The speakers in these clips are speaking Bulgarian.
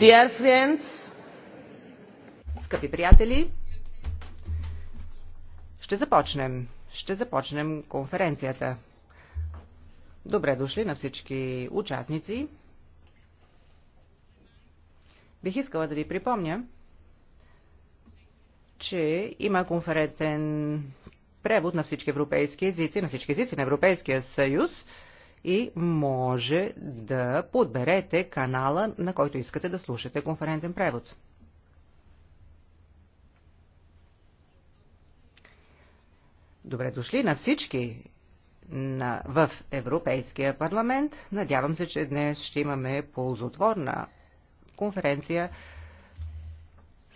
Dear friends, скъпи приятели, ще започнем. Ще започнем конференцията. Добре дошли на всички участници. Бих искала да ви припомня, че има конферентен превод на всички европейски езици, на всички езици на Европейския съюз – и може да подберете канала, на който искате да слушате конферентен превод. Добре дошли на всички на, в Европейския парламент. Надявам се, че днес ще имаме ползотворна конференция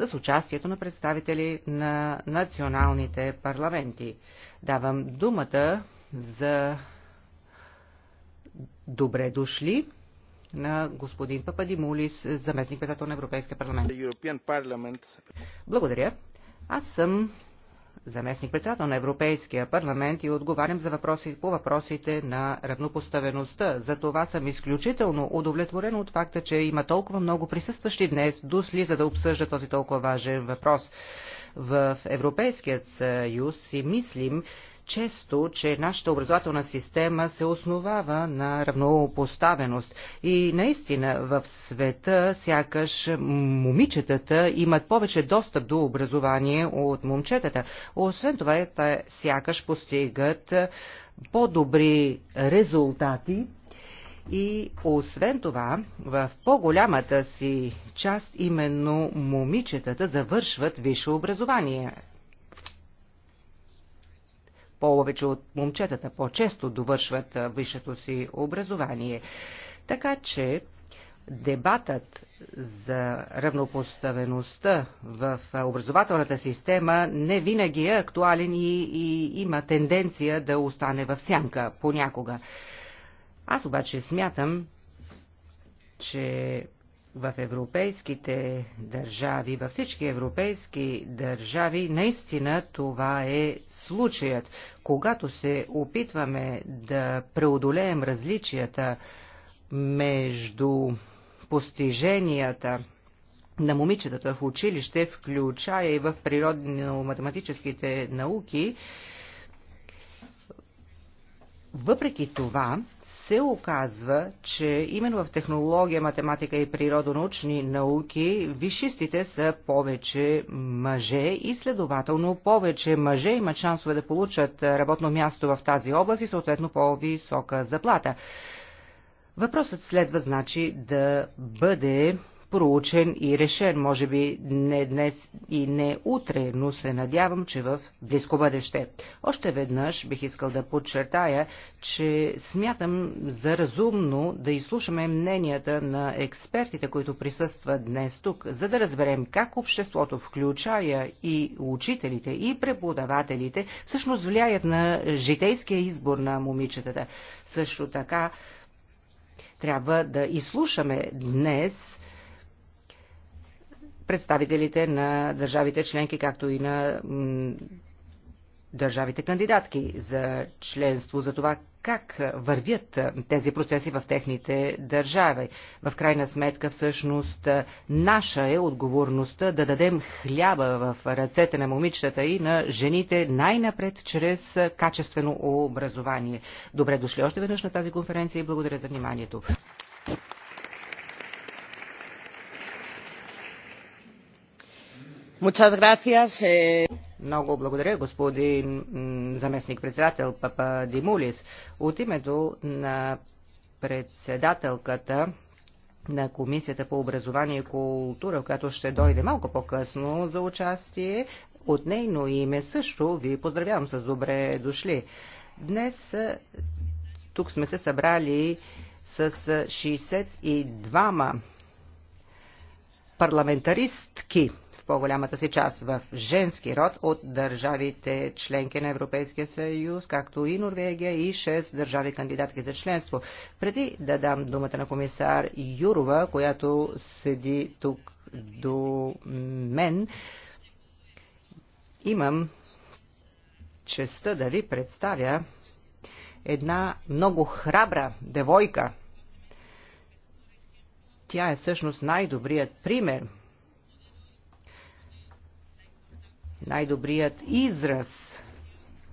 с участието на представители на националните парламенти. Давам думата за добре дошли на господин Пападимулис, заместник председател на Европейския парламент. Благодаря. Аз съм заместник председател на Европейския парламент и отговарям за въпроси, по въпросите на равнопоставеността. За това съм изключително удовлетворен от факта, че има толкова много присъстващи днес дусли, за да обсъжда този толкова важен въпрос. В Европейският съюз си мислим, често, че нашата образователна система се основава на равнопоставеност. И наистина в света сякаш момичетата имат повече достъп до образование от момчетата. Освен това, сякаш постигат по-добри резултати и освен това, в по-голямата си част именно момичетата завършват висше образование повече от момчетата по-често довършват висшето си образование. Така че дебатът за равнопоставеността в образователната система не винаги е актуален и, и има тенденция да остане в сянка понякога. Аз обаче смятам, че в европейските държави, във всички европейски държави, наистина това е случаят. Когато се опитваме да преодолеем различията между постиженията на момичетата в училище, включая и в природно-математическите науки, въпреки това, се оказва, че именно в технология, математика и природонаучни науки висшистите са повече мъже и следователно повече мъже имат шансове да получат работно място в тази област и съответно по-висока заплата. Въпросът следва значи да бъде проучен и решен, може би не днес и не утре, но се надявам, че в близко бъдеще. Още веднъж бих искал да подчертая, че смятам за разумно да изслушаме мненията на експертите, които присъстват днес тук, за да разберем как обществото, включая и учителите, и преподавателите, всъщност влияят на житейския избор на момичетата. Също така, трябва да изслушаме днес представителите на държавите членки, както и на държавите кандидатки за членство, за това как вървят тези процеси в техните държави. В крайна сметка, всъщност, наша е отговорността да дадем хляба в ръцете на момичетата и на жените най-напред чрез качествено образование. Добре дошли още веднъж на тази конференция и благодаря за вниманието. Eh. Много благодаря, господин заместник-председател Папа Димулис. От името на председателката на Комисията по образование и култура, която ще дойде малко по-късно за участие, от нейно име също ви поздравявам с добре дошли. Днес е, тук сме се събрали с 62 е, парламентаристки – в по-голямата си част в женски род от държавите членки на Европейския съюз, както и Норвегия и 6 държави кандидатки за членство. Преди да дам думата на комисар Юрова, която седи тук до мен, имам честа да ви представя една много храбра девойка. Тя е всъщност най-добрият пример – най-добрият израз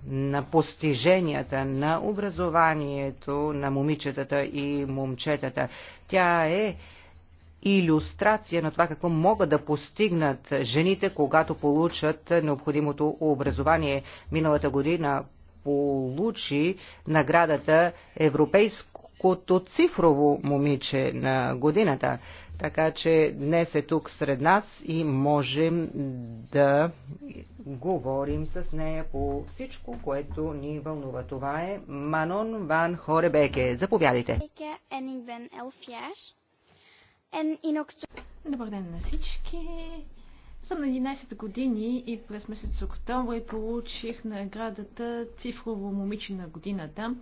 на постиженията на образованието на момичетата и момчетата. Тя е иллюстрация на това какво могат да постигнат жените, когато получат необходимото образование. Миналата година получи наградата Европейското цифрово момиче на годината. Така че днес е тук сред нас и можем да говорим с нея по всичко, което ни вълнува. Това е Манон Ван Хоребеке. Заповядайте. Добър ден на всички. Съм на 11 години и през месец октомври получих наградата Цифрово момиче на годината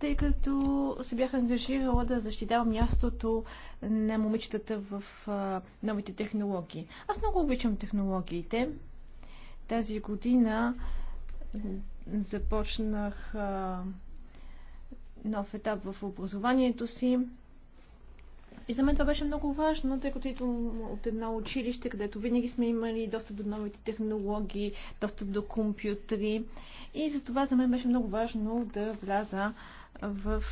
тъй като се бях ангажирала да защитавам мястото на момичетата в новите технологии. Аз много обичам технологиите. Тази година започнах нов етап в образованието си. И за мен това беше много важно, тъй като идвам от едно училище, където винаги сме имали достъп до новите технологии, достъп до компютри. И за това за мен беше много важно да вляза в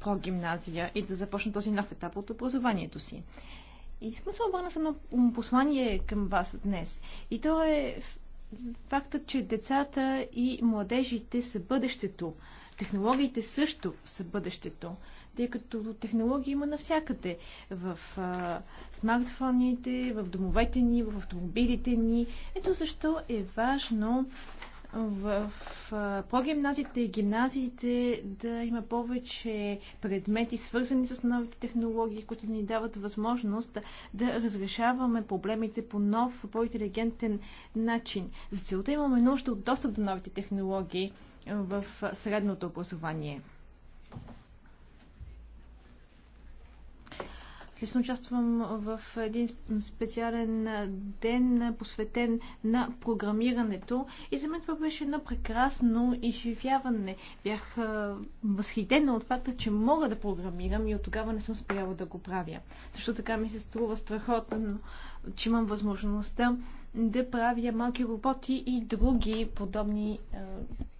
прогимназия и да започна този нов етап от образованието си. И искам да се обърна с едно послание към вас днес. И то е фактът, че децата и младежите са бъдещето. Технологиите също са бъдещето, тъй като технологии има навсякъде. В а, смартфоните, в домовете ни, в автомобилите ни. Ето защо е важно в прогимназиите и гимназиите да има повече предмети, свързани с новите технологии, които ни дават възможност да разрешаваме проблемите по нов, по-интелигентен начин. За целта имаме нужда от достъп до новите технологии в средното образование. Лично участвам в един специален ден, посветен на програмирането. И за мен това беше едно прекрасно изживяване. Бях възхитена от факта, че мога да програмирам и от тогава не съм спряла да го правя. Също така ми се струва страхотно, че имам възможността да правя малки роботи и други подобни е,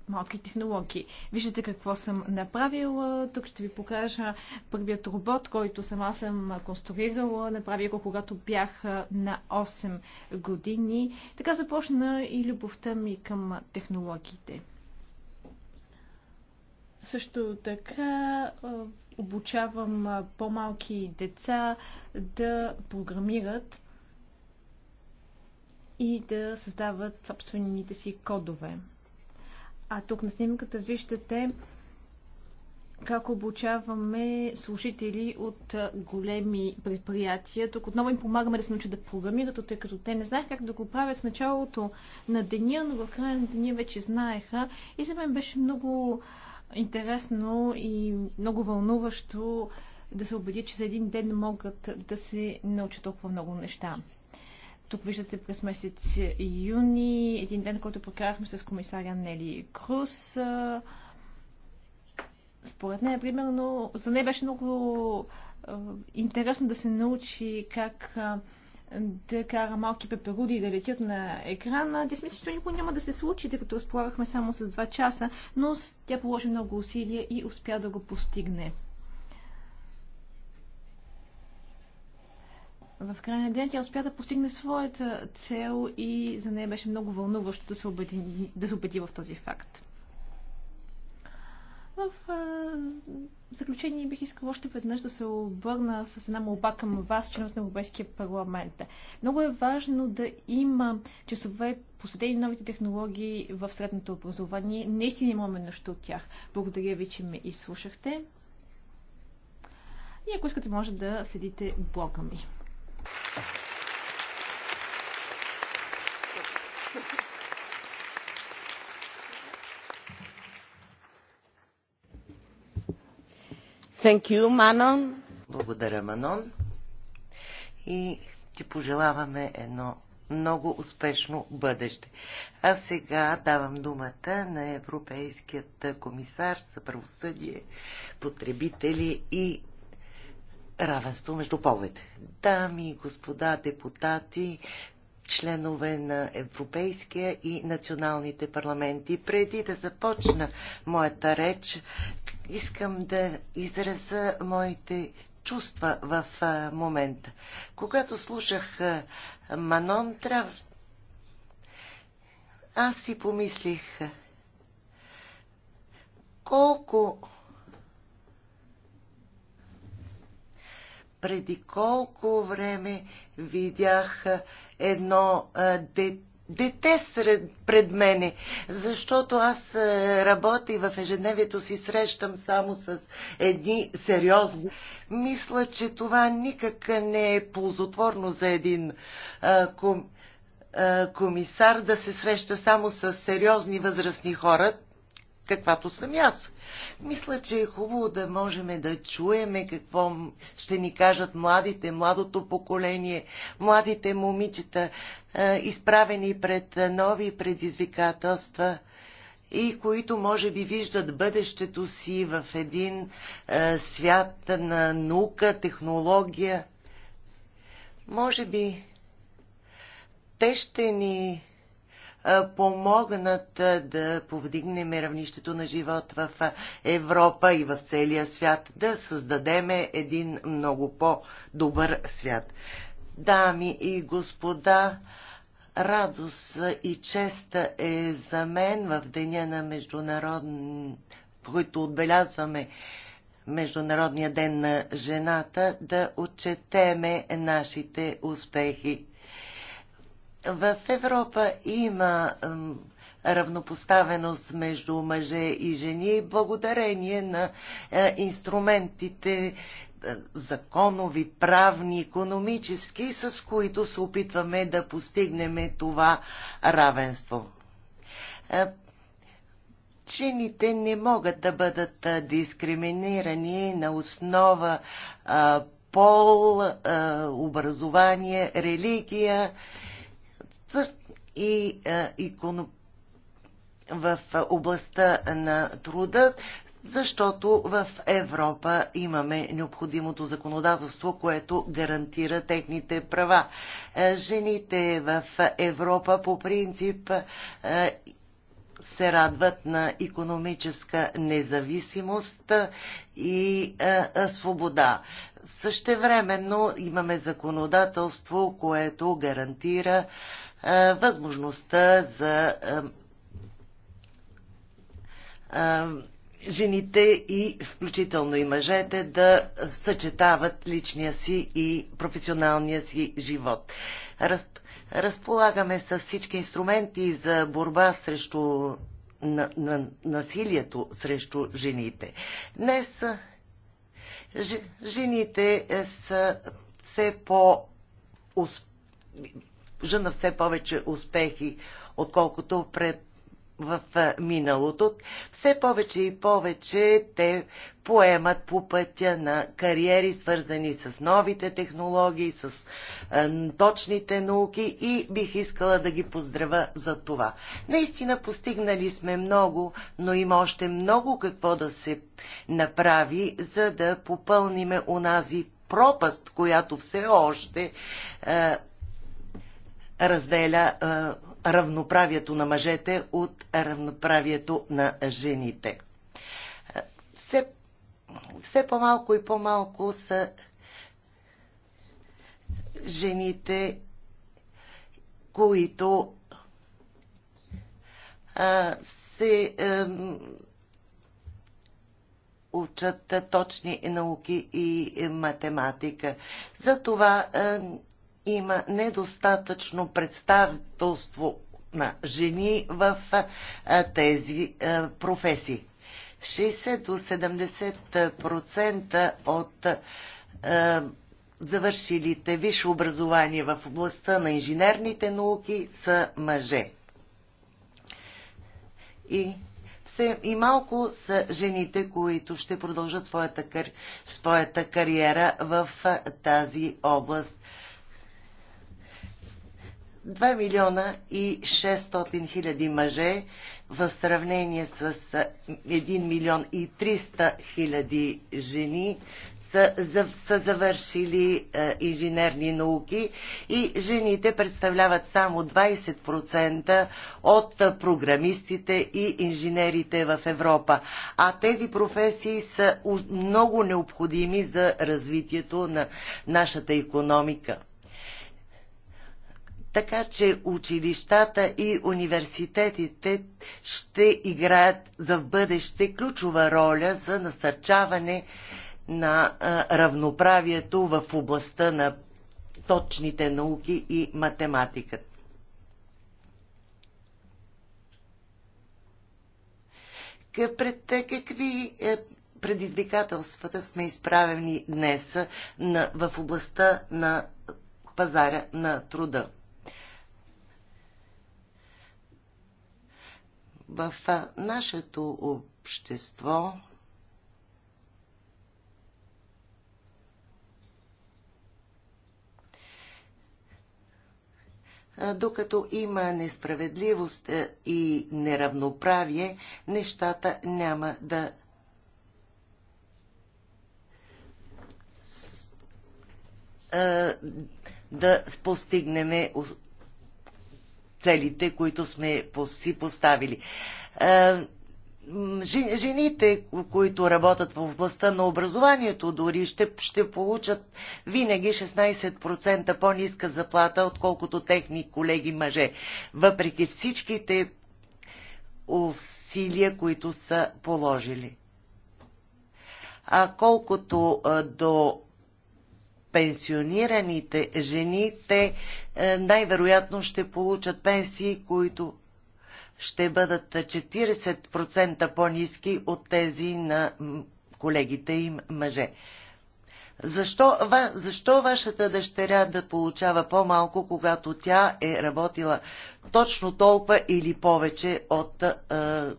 малки технологии. Виждате какво съм направила. Тук ще ви покажа първият робот, който сама съм конструирала. Направих го, когато бях е, на 8 години. Така започна и любовта ми към технологиите. Също така е, обучавам по-малки деца да програмират и да създават собствените си кодове. А тук на снимката виждате как обучаваме служители от големи предприятия. Тук отново им помагаме да се научат да програмират, тъй като те не знаеха как да го правят в началото на деня, но в края на деня вече знаеха. И за мен беше много интересно и много вълнуващо да се убедя, че за един ден могат да се научат толкова много неща. Тук виждате през месец юни един ден, който прокарахме с комисаря Нели Круз. Според нея, примерно, за нея беше много интересно да се научи как да кара малки пеперуди да летят на екрана. Те смисля, че никога няма да се случи, тъй като разполагахме само с 2 часа, но тя положи много усилия и успя да го постигне. в крайна ден тя успя да постигне своята цел и за нея беше много вълнуващо да се, убеди, да се убеди в този факт. В а, заключение бих искала още веднъж да се обърна с една молба към вас, членът на Европейския парламент. Много е важно да има часове посветени новите технологии в средното образование. Наистина имаме нещо от тях. Благодаря ви, че ме изслушахте. И ако искате, може да следите блога ми. Thank you, Manon. Благодаря, Манон. И ти пожелаваме едно много успешно бъдеще. А сега давам думата на Европейският комисар за правосъдие, потребители и равенство между половете. Дами и господа депутати, членове на Европейския и националните парламенти. Преди да започна моята реч, искам да изреза моите чувства в момента. Когато слушах Манон, трав... аз си помислих колко преди колко време видях едно дете дете сред, пред мене, защото аз работя и в ежедневието си срещам само с едни сериозни. Мисля, че това никак не е ползотворно за един а, ком, а, комисар да се среща само с сериозни възрастни хора каквато съм аз. Мисля, че е хубаво да можем да чуеме какво ще ни кажат младите, младото поколение, младите момичета, е, изправени пред нови предизвикателства и които може би виждат бъдещето си в един е, свят на наука, технология. Може би те ще ни помогнат да повдигнем равнището на живот в Европа и в целия свят, да създадем един много по-добър свят. Дами и господа, радост и чест е за мен в деня на международен, който отбелязваме Международния ден на жената, да отчетеме нашите успехи. В Европа има равнопоставеност между мъже и жени благодарение на е, инструментите е, законови, правни, економически, с които се опитваме да постигнем това равенство. Чините е, не могат да бъдат дискриминирани на основа пол, образование, религия и е, иконо... в областта на труда, защото в Европа имаме необходимото законодателство, което гарантира техните права. Е, жените в Европа по принцип е, се радват на економическа независимост и свобода. Същевременно имаме законодателство, което гарантира е, възможността за е, е, жените и включително и мъжете да съчетават личния си и професионалния си живот. Раз, разполагаме с всички инструменти за борба срещу на, на, насилието срещу жените. Днес ж, жените са все по жена все повече успехи, отколкото пред в миналото. Все повече и повече те поемат по пътя на кариери, свързани с новите технологии, с е, точните науки и бих искала да ги поздравя за това. Наистина постигнали сме много, но има още много какво да се направи, за да попълниме унази пропаст, която все още е, разделя равноправието на мъжете от равноправието на жените. Все, все по-малко и по-малко са жените, които а, се а, учат точни науки и математика. Затова а, има недостатъчно представителство на жени в тези професии. 60 до 70% от завършилите висше образование в областта на инженерните науки са мъже. И все и малко са жените, които ще продължат своята, своята кариера в тази област. 2 милиона и 600 хиляди мъже в сравнение с 1 милион и 300 хиляди жени са, за, са завършили е, инженерни науки и жените представляват само 20% от програмистите и инженерите в Европа. А тези професии са много необходими за развитието на нашата економика така че училищата и университетите ще играят за в бъдеще ключова роля за насърчаване на равноправието в областта на точните науки и математиката. Пред какви е, предизвикателствата сме изправени днес в областта на пазара на труда? в нашето общество докато има несправедливост и неравноправие, нещата няма да да постигнем целите, които сме си поставили. Е, жените, които работят в областта на образованието, дори ще, ще получат винаги 16% по-ниска заплата, отколкото техни колеги мъже, въпреки всичките усилия, които са положили. А колкото до пенсионираните жени, те е, най-вероятно ще получат пенсии, които ще бъдат 40% по-низки от тези на колегите им мъже. Защо, ва, защо вашата дъщеря да получава по-малко, когато тя е работила точно толкова или повече от е,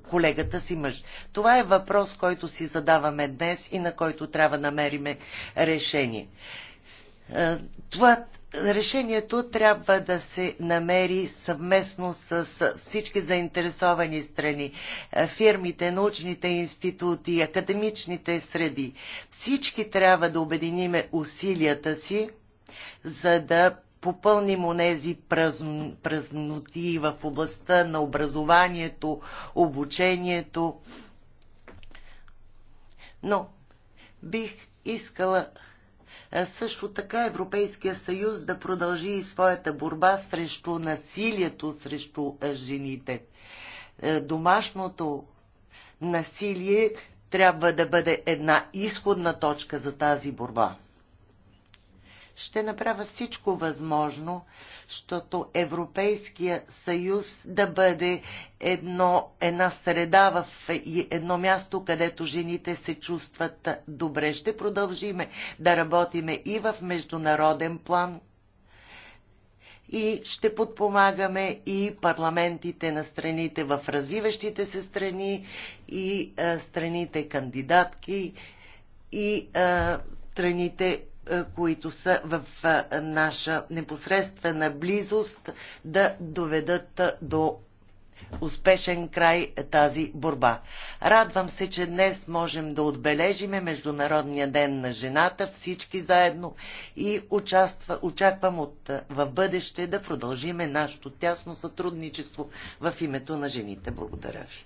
колегата си мъж? Това е въпрос, който си задаваме днес и на който трябва да намериме решение. Е, това решението трябва да се намери съвместно с всички заинтересовани страни, е, фирмите, научните институти, академичните среди. Всички трябва да обединиме усилията си, за да попълним онези празно, празноти в областта на образованието, обучението. Но бих искала е, също така Европейския съюз да продължи и своята борба срещу насилието срещу е, жените. Е, домашното насилие трябва да бъде една изходна точка за тази борба ще направя всичко възможно, защото Европейския съюз да бъде едно, една среда в едно място, където жените се чувстват добре. Ще продължиме да работиме и в международен план, и ще подпомагаме и парламентите на страните в развиващите се страни и а, страните кандидатки и а, страните е, които са в е, наша непосредствена близост, да доведат е, до успешен край тази борба. Радвам се, че днес можем да отбележиме Международния ден на жената всички заедно и участва, очаквам от, в бъдеще да продължиме нашето тясно сътрудничество в името на жените. Благодаря ви.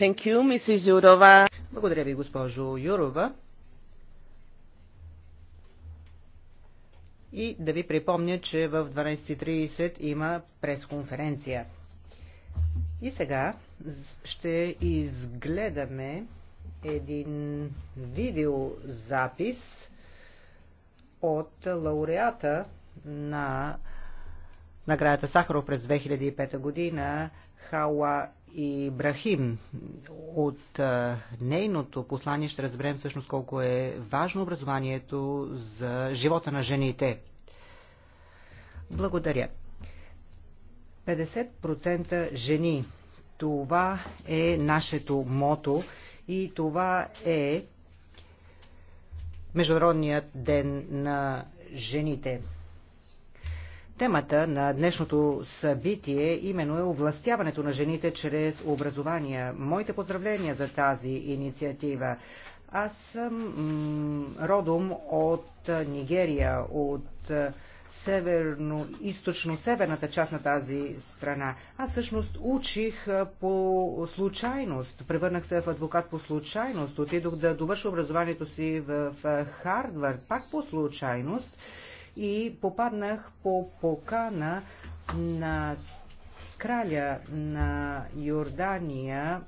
Thank you, Mrs. Благодаря ви, госпожо Юрова. И да ви припомня, че в 12.30 има пресконференция. И сега ще изгледаме един видеозапис от лауреата на наградата Сахаров през 2005 година Хауа Ибрахим. От а, нейното послание ще разберем всъщност колко е важно образованието за живота на жените. Благодаря. 50% жени. Това е нашето мото и това е Международният ден на жените. Темата на днешното събитие именно е овластяването на жените чрез образование. Моите поздравления за тази инициатива. Аз съм родом от Нигерия, от е, северно-источно-северната част на тази страна. Аз всъщност учих е, по случайност. Превърнах се в адвокат по случайност. Отидох да довърша образованието си в е, Хардвард, пак по случайност и попаднах по покана на краля на Йордания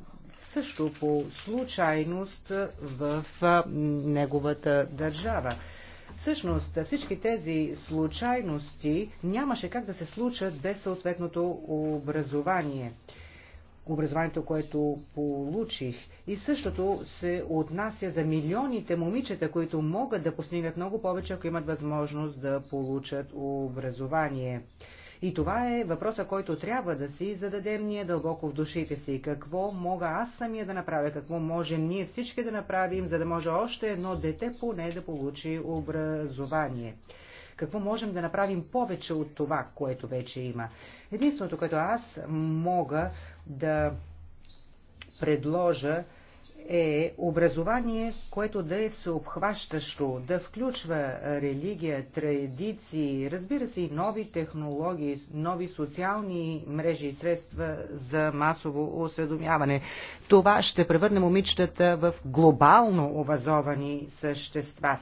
също по случайност в неговата държава. Всъщност всички тези случайности нямаше как да се случат без съответното образование образованието, което получих. И същото се отнася за милионите момичета, които могат да постигнат много повече, ако имат възможност да получат образование. И това е въпроса, който трябва да си зададем ние дълбоко в душите си. Какво мога аз самия да направя, какво можем ние всички да направим, за да може още едно дете поне да получи образование какво можем да направим повече от това, което вече има. Единственото, което аз мога да предложа е образование, което да е всеобхващащо, да включва религия, традиции, разбира се и нови технологии, нови социални мрежи и средства за масово осведомяване. Това ще превърне момичетата в глобално образовани същества.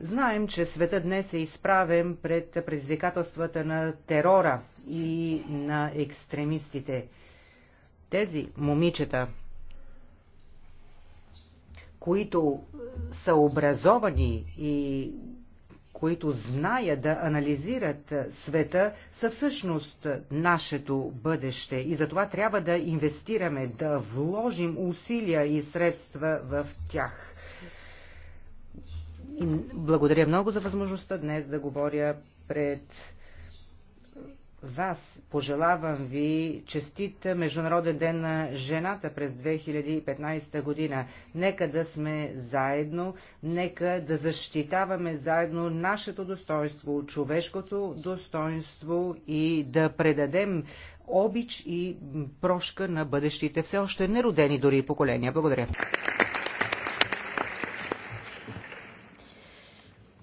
Знаем, че света днес е изправен пред предизвикателствата на терора и на екстремистите тези момичета, които са образовани и които знаят да анализират света, са всъщност нашето бъдеще. И затова трябва да инвестираме, да вложим усилия и средства в тях. И благодаря много за възможността днес да говоря пред вас. Пожелавам ви честит Международен ден на жената през 2015 година. Нека да сме заедно, нека да защитаваме заедно нашето достоинство, човешкото достоинство и да предадем обич и прошка на бъдещите, все още неродени дори поколения. Благодаря.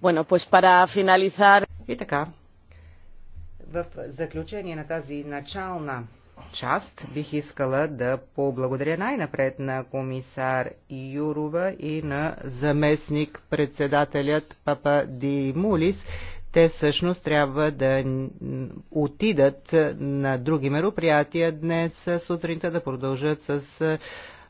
Bueno, pues para finalizar... И така, в заключение на тази начална част бих искала да поблагодаря най-напред на комисар Юрова и на заместник председателят Папа Димулис. Те всъщност трябва да отидат на други мероприятия днес сутринта да продължат с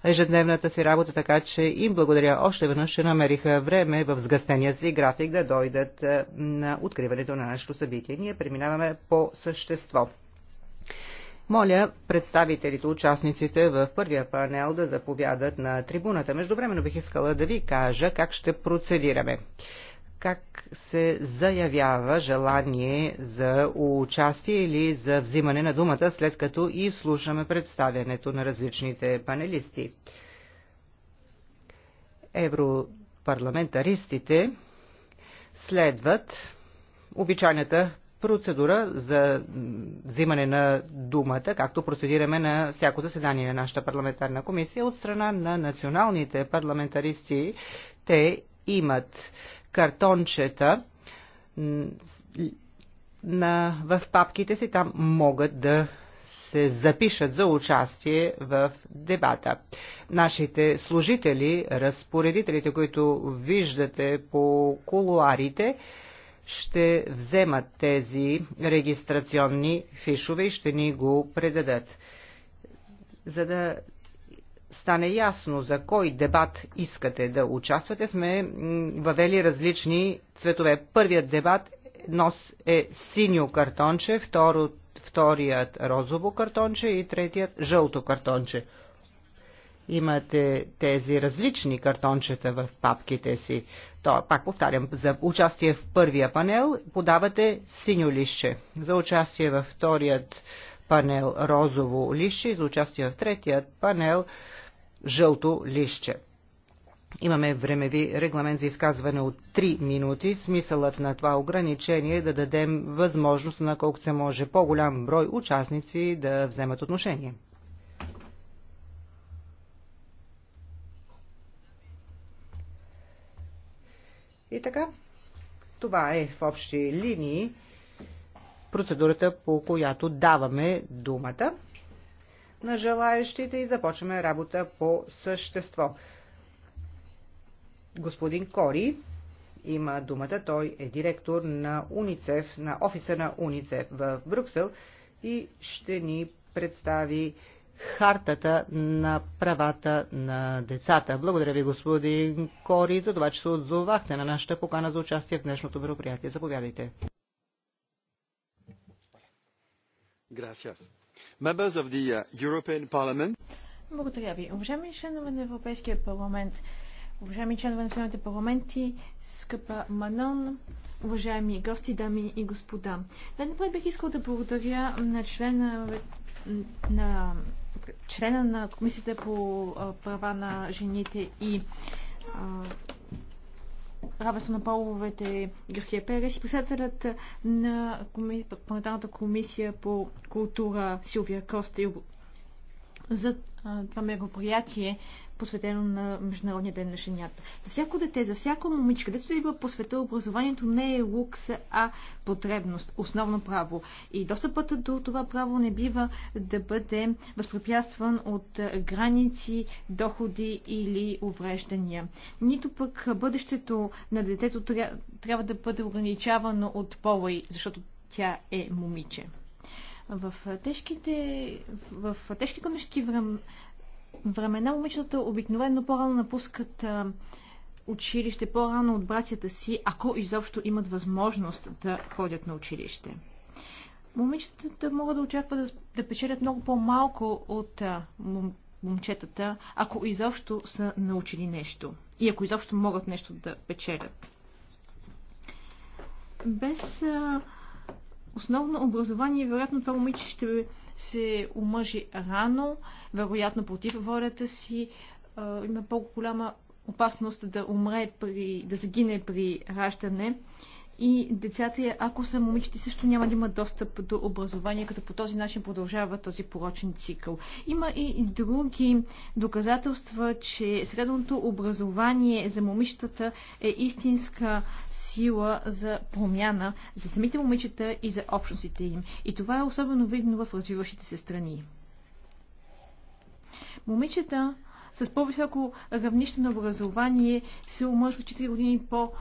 ежедневната си работа, така че им благодаря още веднъж, че намериха време в сгъстения си график да дойдат е, на откриването на нашето събитие. Ние преминаваме по същество. Моля представителите, участниците в първия панел да заповядат на трибуната. Междувременно бих искала да ви кажа как ще процедираме как се заявява желание за участие или за взимане на думата, след като и слушаме представянето на различните панелисти. Европарламентаристите следват обичайната процедура за взимане на думата, както процедираме на всяко заседание на нашата парламентарна комисия. От страна на националните парламентаристи те имат картончета на, в папките си, там могат да се запишат за участие в дебата. Нашите служители, разпоредителите, които виждате по колуарите, ще вземат тези регистрационни фишове и ще ни го предадат. За да стане ясно за кой дебат искате да участвате, сме въвели различни цветове. Първият дебат нос е синьо картонче, второ, вторият розово картонче и третият жълто картонче. Имате тези различни картончета в папките си. То, пак повтарям, за участие в първия панел подавате синьо лище. За участие във вторият панел розово лище и за участие в третият панел жълто лище. Имаме времеви регламент за изказване от 3 минути. Смисълът на това ограничение е да дадем възможност на колкото се може по-голям брой участници да вземат отношение. И така, това е в общи линии процедурата, по която даваме думата на желаящите и започваме работа по същество. Господин Кори има думата. Той е директор на УНИЦЕФ, на офиса на УНИЦЕФ в Брюксел и ще ни представи хартата на правата на децата. Благодаря ви, господин Кори, за това, че се отзовахте на нашата покана за участие в днешното мероприятие. Заповядайте. Gracias members of the uh, European Parliament. Благодаря ви. Уважаеми членове на Европейския парламент, уважаеми членове на националните парламенти, скъпа Манон, уважаеми гости, дами и господа. Най-напред бих искал да благодаря на члена на члена на Комисията по права на жените и равенство на половете Гарсия Перес и председателят на коми... парламентарната комисия по култура Силвия Коста за това мероприятие посветено на Международния ден на женята. За всяко дете, за всяко момиче, дето да по света, образованието не е лукс, а потребност, основно право. И достъпът до това право не бива да бъде възпрепятстван от граници, доходи или увреждания. Нито пък бъдещето на детето трябва да бъде ограничавано от пола и защото тя е момиче. В тежките, в тежки економически времена момичетата обикновено по-рано напускат училище по-рано от братята си, ако изобщо имат възможност да ходят на училище. Момичетата могат да очакват да, да печелят много по-малко от мом, момчетата, ако изобщо са научили нещо и ако изобщо могат нещо да печелят. Без а, основно образование, вероятно това момиче ще се омъжи рано, вероятно против волята си, е, има по-голяма опасност да умре при, да загине при раждане и децата, ако са момичета, също няма да имат достъп до образование, като по този начин продължава този порочен цикъл. Има и други доказателства, че средното образование за момичетата е истинска сила за промяна за самите момичета и за общностите им. И това е особено видно в развиващите се страни. Момичета с по-високо равнище на образование се омъжват 4 години по-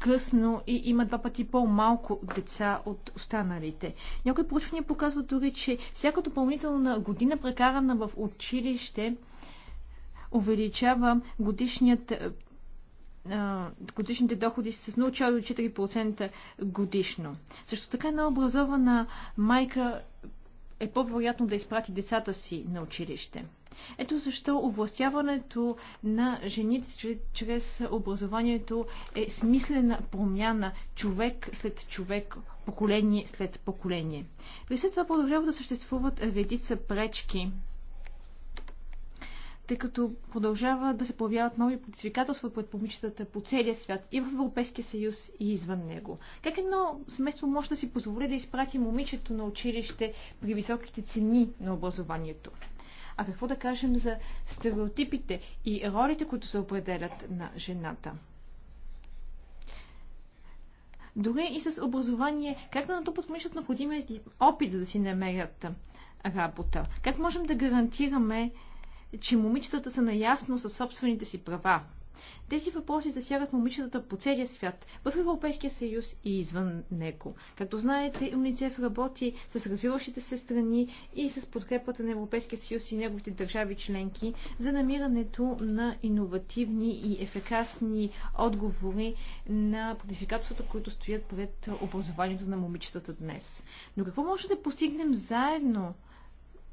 късно и има два пъти по-малко деца от останалите. Някои проучвания показват дори, че всяка допълнителна година, прекарана в училище, увеличава годишният е, годишните доходи с 0,4% годишно. Също така една образована майка е по-вероятно да изпрати децата си на училище. Ето защо овластяването на жените чрез образованието е смислена промяна човек след човек, поколение след поколение. При след това продължава да съществуват редица пречки тъй като продължава да се появяват нови предизвикателства пред помичетата по целия свят и в Европейския съюз и извън него. Как едно семейство може да си позволи да изпрати момичето на училище при високите цени на образованието? А какво да кажем за стереотипите и ролите, които се определят на жената? Дори и с образование, как да натрупат момичетата необходимият опит, за да си намерят работа? Как можем да гарантираме че момичетата са наясно със собствените си права. Тези въпроси засягат момичетата по целия свят, в Европейския съюз и извън него. Както знаете, УНИЦЕФ работи с развиващите се страни и с подкрепата на Европейския съюз и неговите държави членки за намирането на иновативни и ефекасни отговори на предизвикателствата, които стоят пред образованието на момичетата днес. Но какво може да постигнем заедно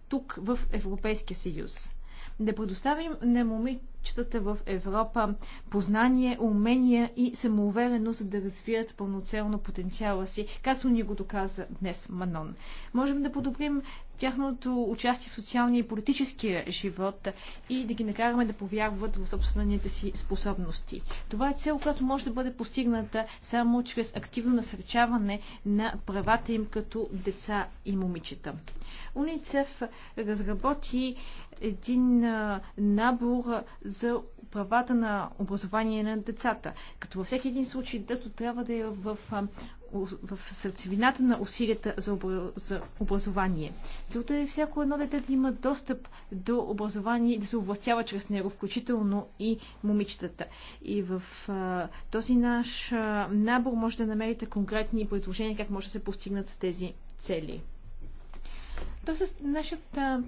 тук в Европейския съюз? да предоставим на момичетата в Европа познание, умения и самоувереност, да развият пълноценно потенциала си, както ни го доказа днес Манон. Можем да подобрим тяхното участие в социалния и политическия живот и да ги накараме да повярват в собствените си способности. Това е цел, която може да бъде постигната само чрез активно насърчаване на правата им като деца и момичета. УНИЦЕФ разработи един набор за правата на образование на децата. Като във всеки един случай детето трябва да е в, в сърцевината на усилията за, за образование. Целта е всяко едно дете да има достъп до образование и да се областява чрез него, включително и момичетата. И в а, този наш а, набор може да намерите конкретни предложения как може да се постигнат тези цели. Тоест, нашата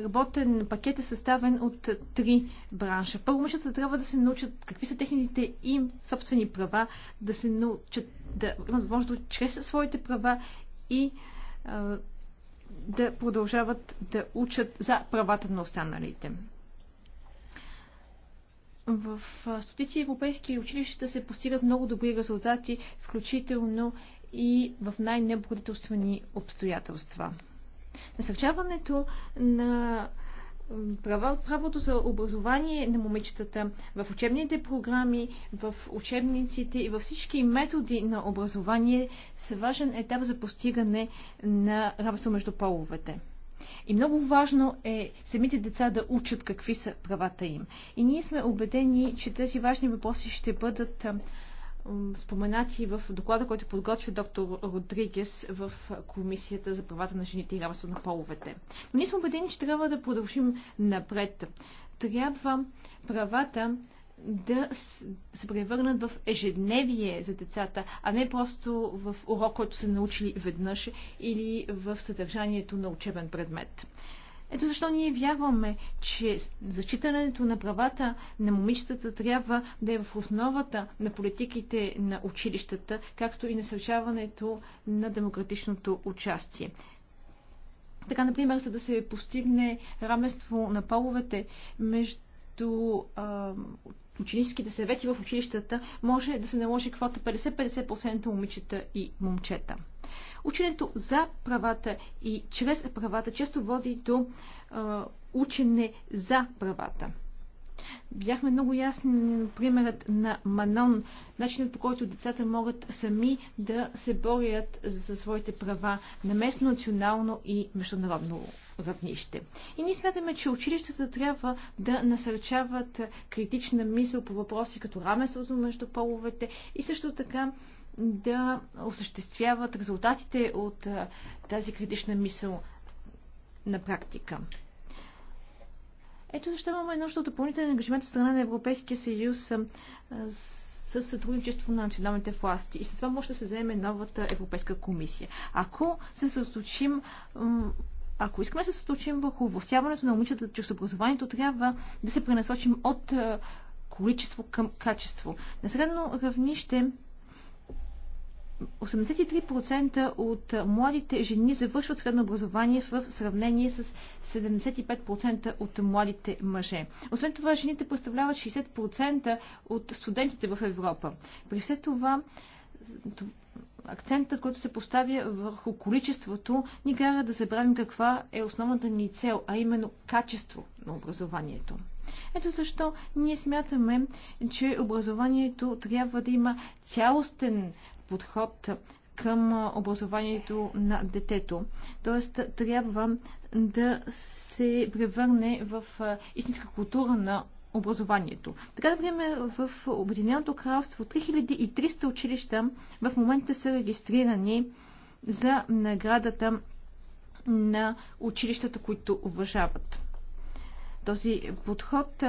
работен пакет е съставен от три бранша. Първо, мъжата трябва да се научат какви са техните им собствени права, да се научат да имат възможност чрез своите права и а, да продължават да учат за правата на останалите. В стотици европейски училища се постигат много добри резултати, включително и в най-неблагодетелствени обстоятелства. Насърчаването на правото за образование на момичетата в учебните програми, в учебниците и във всички методи на образование са важен етап за постигане на равенство между половете. И много важно е самите деца да учат какви са правата им. И ние сме убедени, че тези важни въпроси ще бъдат споменати в доклада, който подготвя доктор Родригес в Комисията за правата на жените и равенство на половете. Но ние сме убедени, че трябва да продължим напред. Трябва правата да се превърнат в ежедневие за децата, а не просто в урок, който са научили веднъж или в съдържанието на учебен предмет. Ето защо ние вярваме, че зачитането на правата на момичетата трябва да е в основата на политиките на училищата, както и насърчаването на демократичното участие. Така, например, за да се постигне равенство на половете между а, ученическите съвети в училищата, може да се наложи квота 50-50% момичета и момчета. Ученето за правата и чрез правата често води до а, учене за правата. Бяхме много ясни примерът на Манон, начинът по който децата могат сами да се борят за своите права на местно, национално и международно равнище. И ние смятаме, че училищата трябва да насърчават критична мисъл по въпроси като равенството между половете и също така да осъществяват резултатите от тази критична мисъл на практика. Ето защо имаме нужда от допълнителен ангажимент от страна на Европейския съюз с сътрудничество на националните власти. И след това може да се заеме новата Европейска комисия. Ако се състочим, ако искаме да се състочим върху въвсяването на момичетата чрез образованието, трябва да се пренасочим от количество към качество. На средно равнище 83% от младите жени завършват средно образование в сравнение с 75% от младите мъже. Освен това, жените представляват 60% от студентите в Европа. При все това, акцентът, който се поставя върху количеството, ни кара да забравим каква е основната ни цел, а именно качество на образованието. Ето защо ние смятаме, че образованието трябва да има цялостен подход към образованието на детето. Тоест, трябва да се превърне в истинска култура на образованието. Така, например, в Обединеното кралство 3300 училища в момента са регистрирани за наградата на училищата, които уважават. Този подход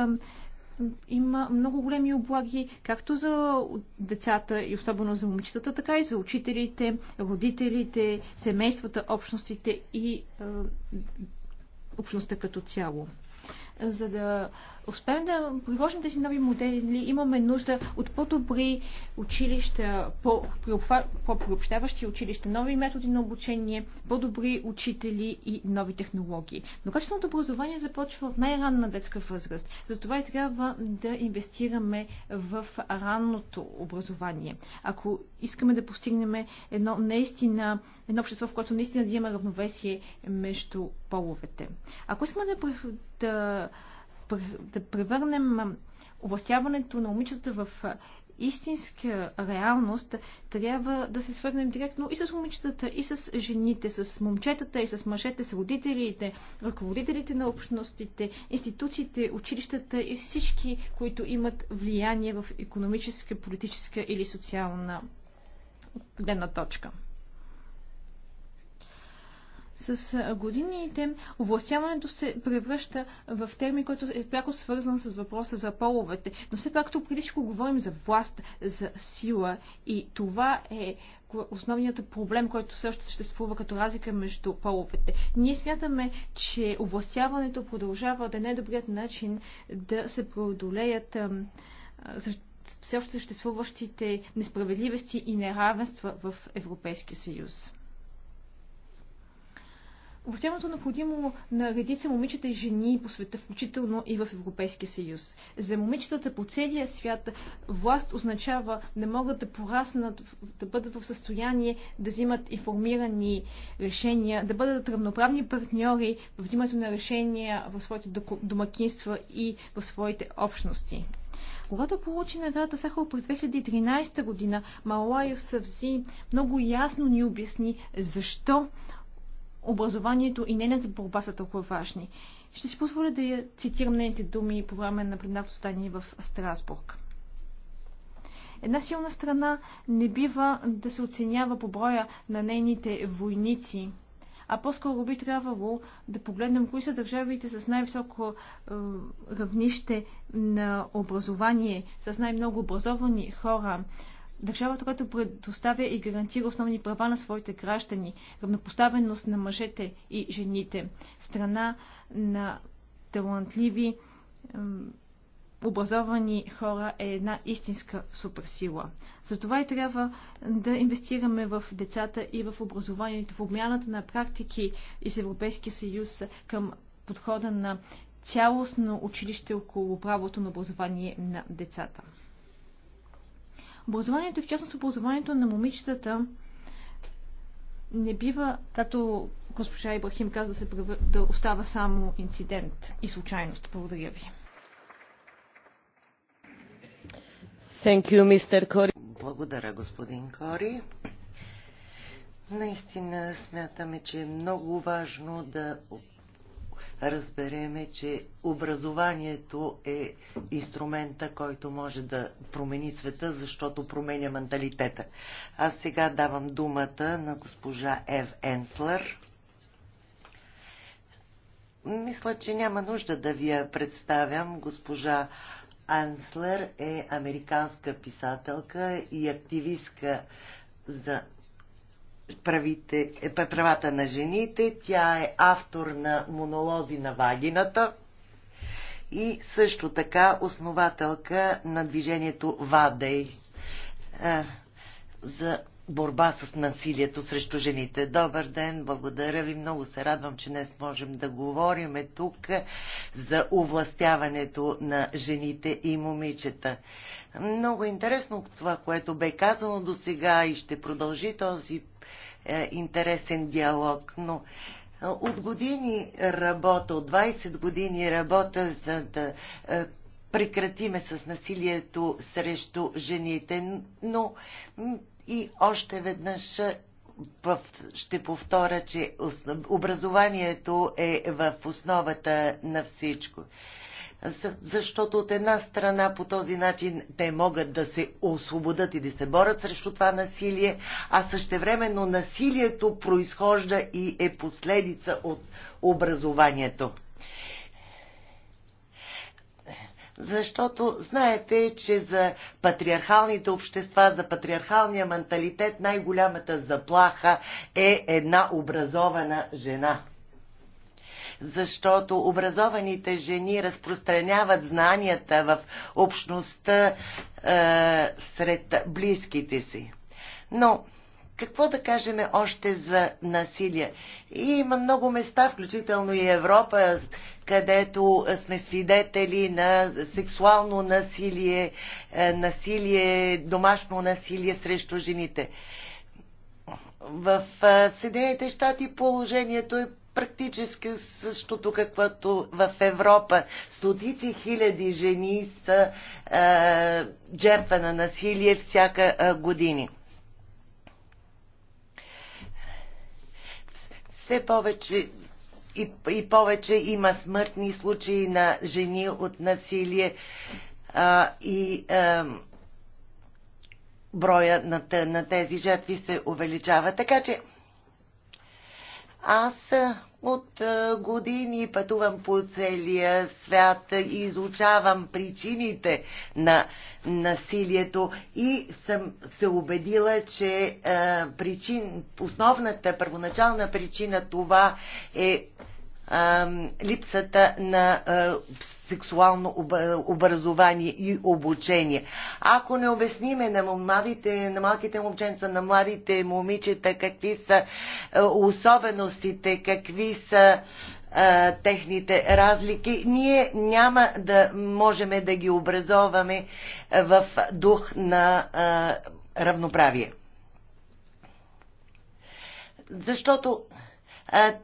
има много големи облаги, както за децата и особено за момичетата, така и за учителите, родителите, семействата, общностите и е, общността като цяло. За да успеем да приложим тези нови модели, имаме нужда от по-добри училища, по-приобщаващи училища, нови методи на обучение, по-добри учители и нови технологии. Но качественото образование започва от най-ранна детска възраст. Затова и трябва да инвестираме в ранното образование. Ако искаме да постигнем едно наистина, едно общество, в което наистина да има равновесие между половете. Ако искаме да, да да превърнем овластяването на момичетата в истинска реалност, трябва да се свърнем директно и с момичетата, и с жените, с момчетата, и с мъжете, с родителите, ръководителите на общностите, институциите, училищата и всички, които имат влияние в економическа, политическа или социална гледна точка. С годините овластяването се превръща в термин, който е пряко свързан с въпроса за половете. Но все пак тук преди всичко говорим за власт, за сила и това е основният проблем, който също съществува като разлика между половете. Ние смятаме, че овластяването продължава да е най-добрият начин да се преодолеят все още съществуващите несправедливости и неравенства в Европейския съюз. Обосяването необходимо на редица момичета и жени по света, включително и в Европейския съюз. За момичетата по целия свят власт означава да могат да пораснат, да бъдат в състояние да взимат информирани решения, да бъдат равноправни партньори в взимането на решения в своите домакинства и в своите общности. Когато получи наградата Сахал през 2013 година, Малайов Савзи много ясно ни обясни защо образованието и нейната борба са толкова важни. Ще си позволя да я цитирам нейните думи по време на пленарното стание в Страсбург. Една силна страна не бива да се оценява по броя на нейните войници, а по-скоро би трябвало да погледнем кои са държавите с най-високо е, равнище на образование, с най-много образовани хора, държавата, която предоставя и гарантира основни права на своите граждани, равнопоставеност на мъжете и жените, страна на талантливи, образовани хора е една истинска суперсила. Затова и трябва да инвестираме в децата и в образованието, в обмяната на практики из Европейския съюз към подхода на цялостно училище около правото на образование на децата. Образованието и в частност образованието на момичетата не бива, както госпожа Ибрахим каза, да, се превър... да остава само инцидент и случайност. Благодаря ви. Thank you, Mr. Кори. Благодаря, господин Кори. Наистина смятаме, че е много важно да разбереме, че образованието е инструмента, който може да промени света, защото променя менталитета. Аз сега давам думата на госпожа Ев Енслер. Мисля, че няма нужда да ви я представям. Госпожа Анслер е американска писателка и активистка за правите, е, правата на жените. Тя е автор на монолози на вагината и също така основателка на движението ВАДЕЙС е, за борба с насилието срещу жените. Добър ден, благодаря ви. Много се радвам, че днес можем да говорим тук за овластяването на жените и момичета. Много интересно това, което бе казано до сега и ще продължи този е, интересен диалог, но е, от години работа, от 20 години работа за да е, прекратиме с насилието срещу жените, но и още веднъж ще повторя, че образованието е в основата на всичко. Защото от една страна по този начин те могат да се освободят и да се борят срещу това насилие, а същевременно насилието произхожда и е последица от образованието. защото знаете, че за патриархалните общества, за патриархалния менталитет най-голямата заплаха е една образована жена защото образованите жени разпространяват знанията в общността е, сред близките си. Но какво да кажем още за насилие? И има много места, включително и Европа, където сме свидетели на сексуално насилие, е, насилие, домашно насилие срещу жените. В е, Съединените щати положението е практически същото, каквото в Европа. Стотици хиляди жени са е, жертва на насилие всяка е, години. все повече и, и повече има смъртни случаи на жени от насилие а, и а, броя на, на тези жертви се увеличава. Така че аз от е, години пътувам по целия свят и изучавам причините на насилието и съм се убедила, че е, причин, основната, първоначална причина това е липсата на сексуално образование и обучение. Ако не обясниме на, младите, на малките момченца, на младите момичета какви са особеностите, какви са техните разлики, ние няма да можем да ги образоваме в дух на равноправие. Защото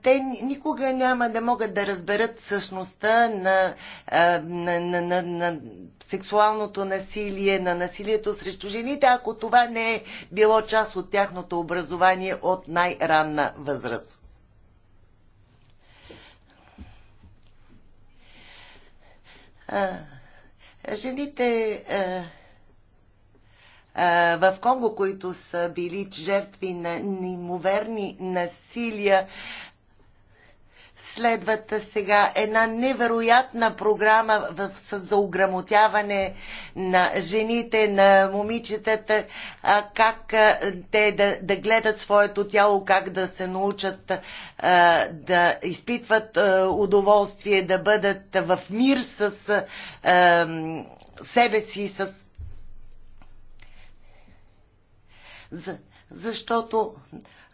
те никога няма да могат да разберат същността на, на, на, на, на сексуалното насилие, на насилието срещу жените, ако това не е било част от тяхното образование от най-ранна възраст. А, жените. А, в Конго, които са били жертви на неимоверни насилия, следват сега една невероятна програма в, за ограмотяване на жените, на момичетата, как те да, да гледат своето тяло, как да се научат да изпитват удоволствие, да бъдат в мир с себе си, с За, защото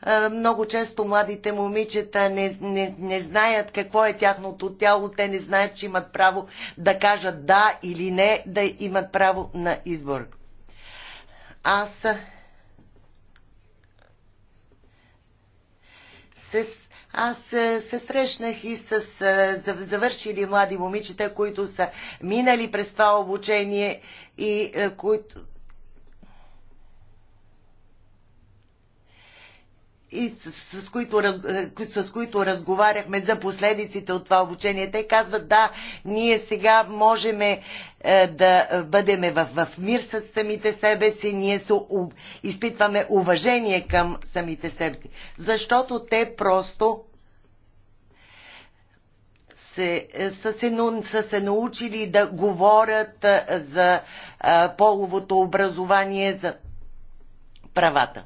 а, е, много често младите момичета не, не, не знаят какво е тяхното тяло, те не знаят, че имат право да кажат да или не, да имат право на избор. Аз се, аз се срещнах и с е, завършили млади момичета, които са минали през това обучение и е, които и с, с, които, е, с които разговаряхме за последиците от това обучение. Те казват, да, ние сега можем е, да бъдем в, в мир с самите себе си, ние се, у, изпитваме уважение към самите себе си, защото те просто се, е, са, се, са се научили да говорят е, за половото образование, за правата.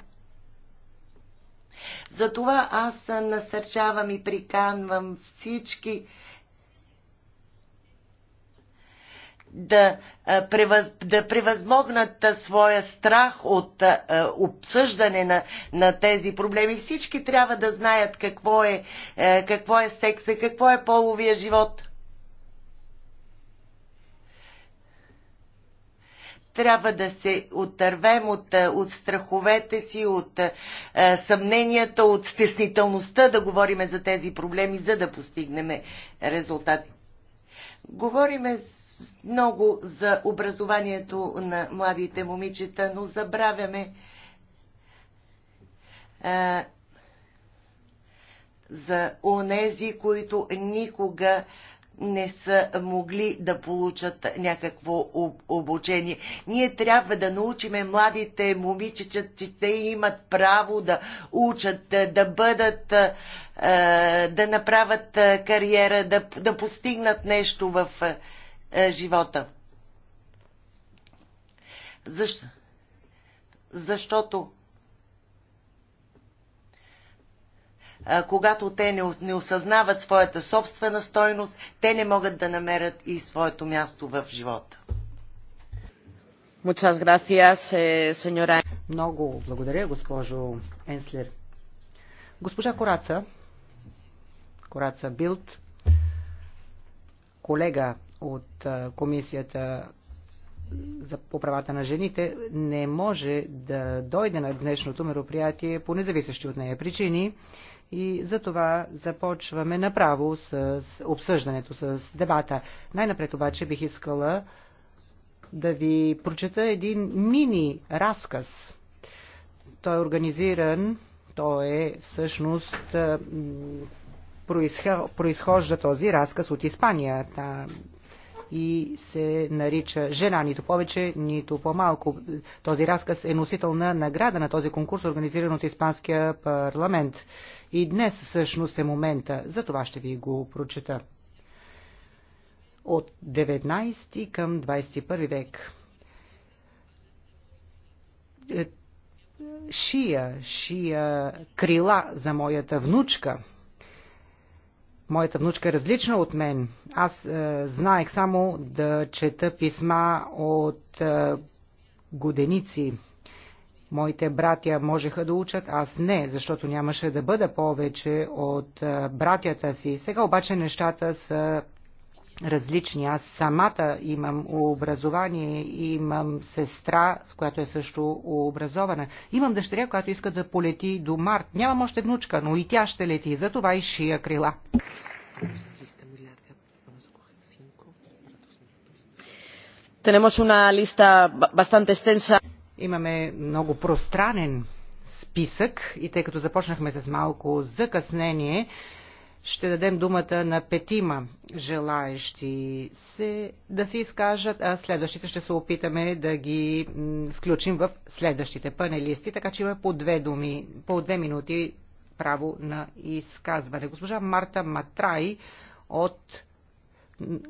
Затова аз насърчавам и приканвам всички да, превъз, да превъзмогнат своя страх от обсъждане на, на тези проблеми. Всички трябва да знаят какво е, какво е секса, какво е половия живот. трябва да се отървем от, е, от страховете си, от е, съмненията, от стеснителността да говориме за тези проблеми, за да постигнем резултати. Говориме много за образованието на младите момичета, но забравяме е, за онези, които никога е, не са могли да получат някакво обучение. Ние трябва да научиме младите момичета, че те имат право да учат, да бъдат, е, да направят е, кариера, да, да постигнат нещо в е, живота. Защо? Защото когато те не, осъзнават своята собствена стойност, те не могат да намерят и своето място в живота. Eh, Много благодаря, госпожо Енслер. Госпожа Кораца, Кораца Билт, колега от комисията за, по правата на жените не може да дойде на днешното мероприятие по независещи от нея причини и за това започваме направо с обсъждането, с дебата. Най-напред обаче бих искала да ви прочета един мини разказ. Той е организиран, той е всъщност произхожда този разказ от Испания. Та, и се нарича жена, нито повече, нито по-малко. Този разказ е носител на награда на този конкурс, организиран от Испанския парламент. И днес всъщност е момента, за това ще ви го прочета. От 19 към 21 век. Е, шия, шия крила за моята внучка – Моята внучка е различна от мен. Аз е, знаех само да чета писма от е, годеници. Моите братя можеха да учат, аз не, защото нямаше да бъда повече от е, братята си. Сега обаче нещата са различни. Аз самата имам образование, имам сестра, с която е също образована. Имам дъщеря, която иска да полети до март. Нямам още внучка, но и тя ще лети. Затова и шия крила. Tenemos una lista bastante extensa. Имаме много пространен списък и тъй като започнахме с малко закъснение, ще дадем думата на петима желаещи се да се изкажат, а следващите ще се опитаме да ги включим в следващите панелисти, така че има по две, думи, по две минути право на изказване. Госпожа Марта Матрай от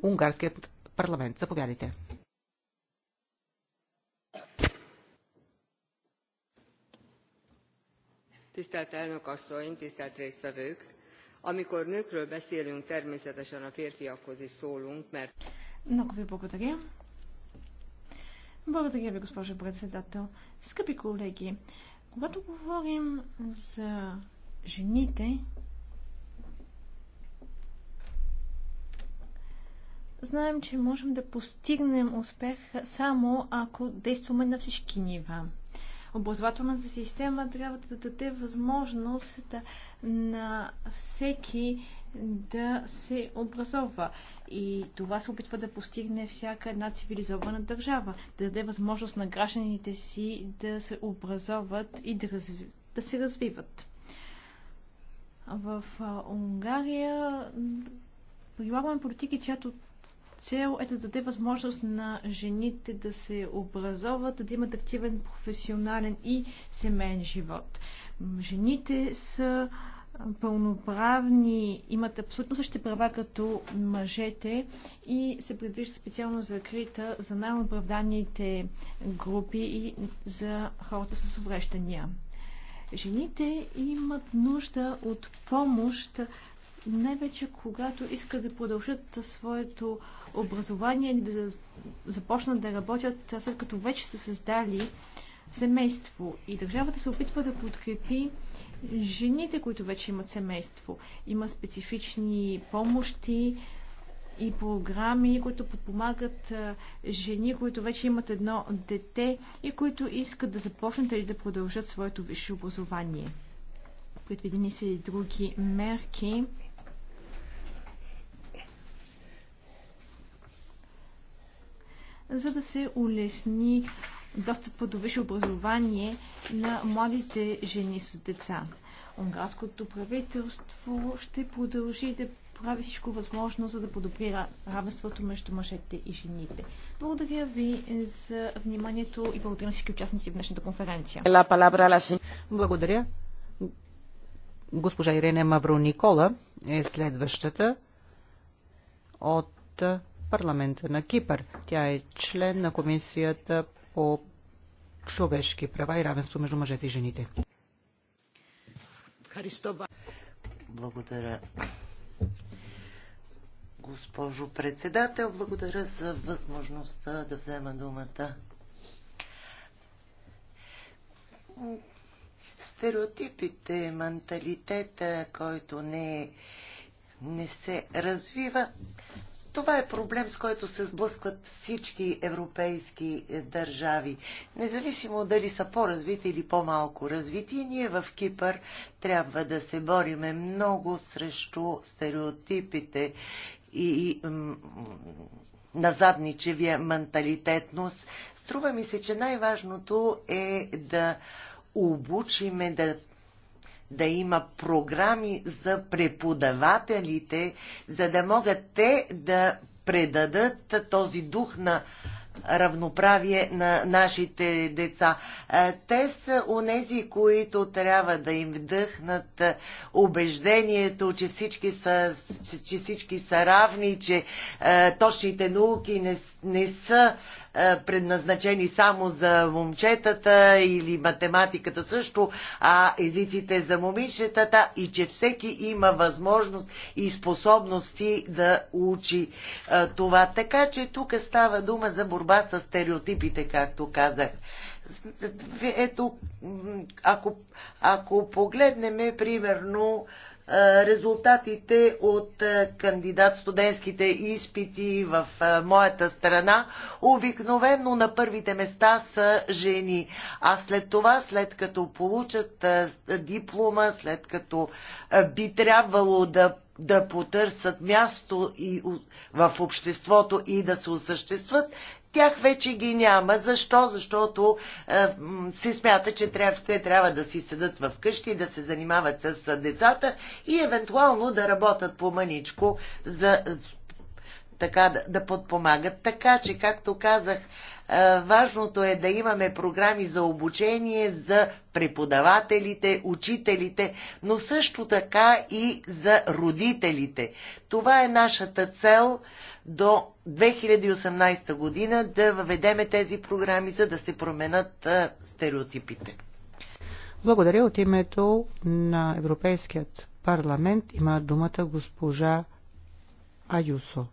Унгарският парламент. Заповядайте. Tisztelt elnök asszony, tisztelt résztvevők! Amikor nőkről beszélünk, természetesen a férfiakhoz is szólunk, mert... Много ви благодаря. Благодаря ви, госпожо председател. Скъпи колеги, когато говорим за жените, знаем, че можем да постигнем успех само ако действаме на всички нива – Образователната система трябва да даде възможност на всеки да се образова. И това се опитва да постигне всяка една цивилизована държава. Да даде възможност на гражданите си да се образоват и да, разви... да се развиват. В Унгария прилагаме политики, чиято Цел е да даде възможност на жените да се образоват, да имат активен професионален и семейен живот. Жените са пълноправни, имат абсолютно същите права като мъжете и се предвижда специално закрита за най-оправданите групи и за хората с обрещания. Жените имат нужда от помощ най-вече когато искат да продължат своето образование или да започнат да работят, след като вече са създали семейство. И държавата се опитва да подкрепи жените, които вече имат семейство. Има специфични помощи и програми, които подпомагат жени, които вече имат едно дете и които искат да започнат или да продължат своето висше образование. Предвидени са и други мерки за да се улесни достъпа до висше образование на младите жени с деца. Унгарското правителство ще продължи да прави всичко възможно, за да подобри равенството между мъжете и жените. Благодаря ви за вниманието и благодаря на всички участници в днешната конференция. Благодаря. Госпожа Ирена Мавро Никола е следващата от парламента на Кипър. Тя е член на Комисията по човешки права и равенство между мъжете и жените. Благодаря. Госпожо председател, благодаря за възможността да взема думата. Стереотипите, менталитета, който не, не се развива, това е проблем, с който се сблъскват всички европейски е, държави. Независимо дали са по-развити или по-малко развити, ние в Кипър трябва да се бориме много срещу стереотипите и назадничевия менталитетност. Струва ми се, че най-важното е да обучиме, да да има програми за преподавателите, за да могат те да предадат този дух на равноправие на нашите деца. Е, те са онези, които трябва да им вдъхнат е, убеждението, че всички са, че, всички са равни, че е, точните науки не, не са е, предназначени само за момчетата или математиката също, а езиците за момичетата и че всеки има възможност и способности да учи е, това. Така че тук става дума за борба с стереотипите, както казах ето, ако, ако погледнем, примерно, резултатите от кандидат студентските изпити в моята страна обикновено на първите места са жени. А след това, след като получат диплома, след като би трябвало да да потърсят място и в обществото и да се осъществят, тях вече ги няма. Защо? Защото е, се смята, че трябва, те трябва да си седат в къщи, да се занимават с децата и евентуално да работят по маничко за е, така да, да подпомагат. Така че, както казах, е, важното е да имаме програми за обучение за преподавателите, учителите, но също така и за родителите. Това е нашата цел – до 2018 година да въведеме тези програми, за да се променят стереотипите. Благодаря от името на Европейският парламент. Има думата госпожа Аюсо.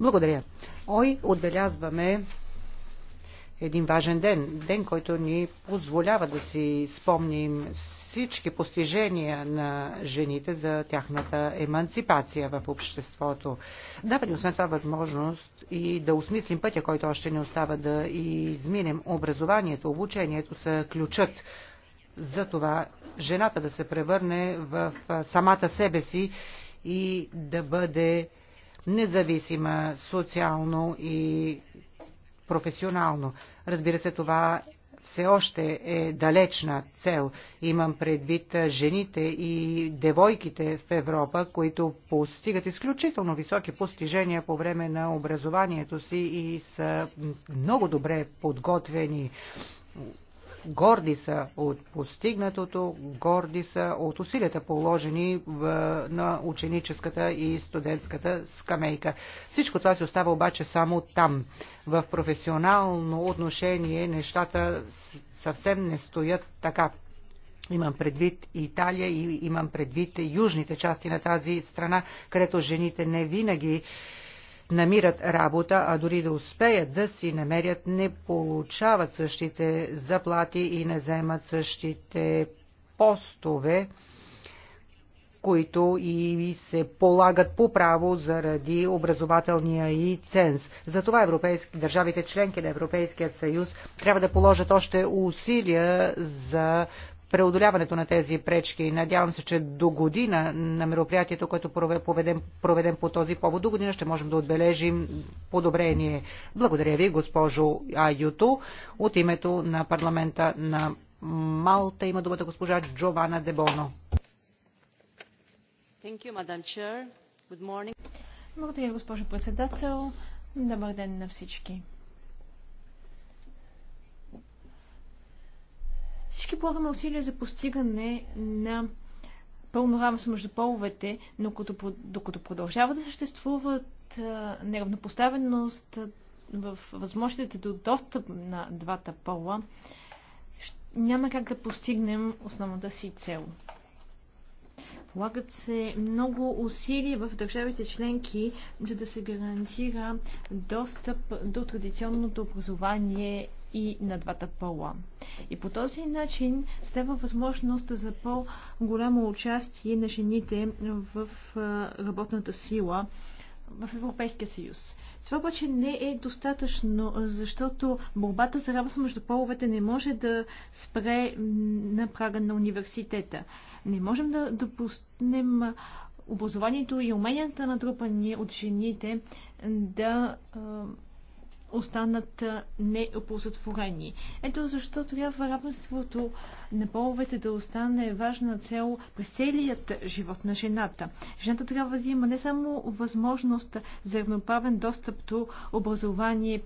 Благодаря. Ой, отбелязваме един важен ден. Ден, който ни позволява да си спомним всички постижения на жените за тяхната еманципация в обществото. Дава ни освен това възможност и да осмислим пътя, който още не остава да изминем. Образованието, обучението са ключът за това жената да се превърне в самата себе си и да бъде независима социално и професионално. Разбира се, това все още е далечна цел. Имам предвид жените и девойките в Европа, които постигат изключително високи постижения по време на образованието си и са много добре подготвени Горди са от постигнатото, горди са от усилията положени в, на ученическата и студентската скамейка. Всичко това се остава обаче само там. В професионално отношение нещата съвсем не стоят така. Имам предвид Италия и имам предвид южните части на тази страна, където жените не винаги намират работа, а дори да успеят да си намерят, не получават същите заплати и не вземат същите постове, които и се полагат по право заради образователния и ценз. Затова европейски, държавите членки на Европейският съюз трябва да положат още усилия за преодоляването на тези пречки. Надявам се, че до година на мероприятието, което проведем, проведем по този повод, до година ще можем да отбележим подобрение. Благодаря ви, госпожо Аюто. От името на парламента на Малта има думата госпожа Джована Дебоно. Благодаря, госпожо председател. Добър ден на всички. Всички полагаме усилия за постигане на пълно равенство между половете, но като, докато продължава да съществуват неравнопоставеност в възможностите до достъп на двата пола, няма как да постигнем основната си цел. Полагат се много усилия в държавите членки, за да се гарантира достъп до традиционното образование и на двата пола. И по този начин става възможност за по-голямо участие на жените в работната сила в Европейския съюз. Това обаче не е достатъчно, защото борбата за равенство между половете не може да спре на прага на университета. Не можем да допуснем образованието и уменията на натрупани от жените да останат неоползотворени. Ето защо трябва равенството на половете да остане важна цел през целият живот на жената. Жената трябва да има не само възможност за равноправен достъп до образование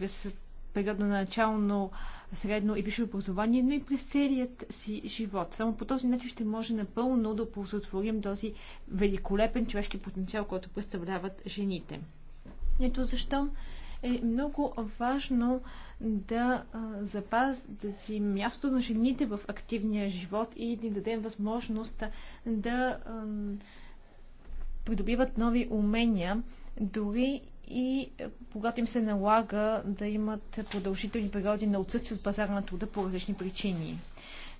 през периода на начално, средно и висше образование, но и през целият си живот. Само по този начин ще може напълно да ползотворим този великолепен човешки потенциал, който представляват жените. Ето защо е много важно да запазят да си място на жените в активния живот и да дадем възможност да придобиват нови умения, дори и е, когато им се налага да имат продължителни периоди на отсъствие от пазара на труда по различни причини.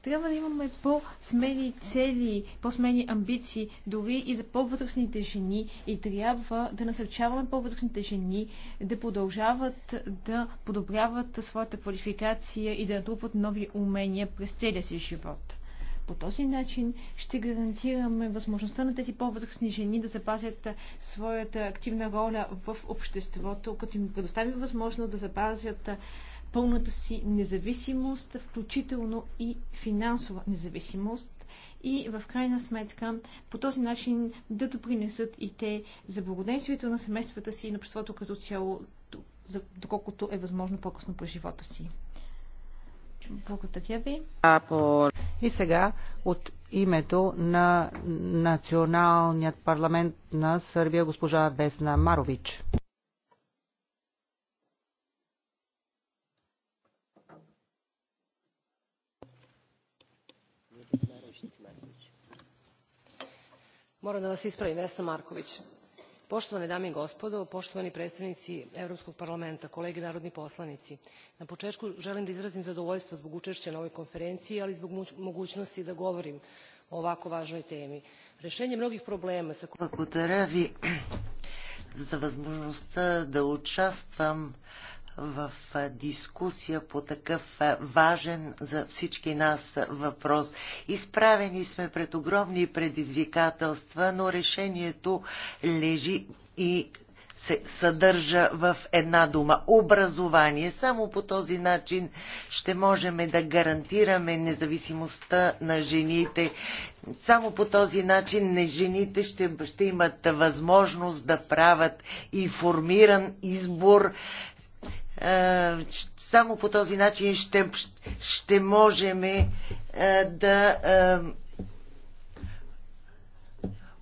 Трябва да имаме по-смели цели, по-смели амбиции, дори и за по-възрастните жени и трябва да насърчаваме по-възрастните жени да продължават да подобряват своята квалификация и да натрупват нови умения през целия си живот. По този начин ще гарантираме възможността на тези по-възрастни жени да запазят своята активна роля в обществото, като им предоставим възможност да запазят пълната си независимост, включително и финансова независимост и в крайна сметка по този начин да допринесат и те за благоденствието на семействата си и на обществото като цяло, доколкото е възможно по-късно по живота си. Благодаря ви. И сега от името на Националният парламент на Сърбия госпожа Весна Марович. moram da vas ispravim vesna marković poštovane dame i gospodo poštovani predstavnici evropskog parlamenta kolege narodni poslanici na početku želim da izrazim zadovoljstvo zbog učešća na ovoj konferenciji ali i zbog mogućnosti da govorim o ovako važnoj temi. rešenje mnogih problema s kojima se suoavamo в дискусия по такъв важен за всички нас въпрос. Изправени сме пред огромни предизвикателства, но решението лежи и се съдържа в една дума образование. Само по този начин ще можем да гарантираме независимостта на жените. Само по този начин жените ще, ще имат възможност да правят информиран избор е, само по този начин ще, ще можем е, да е,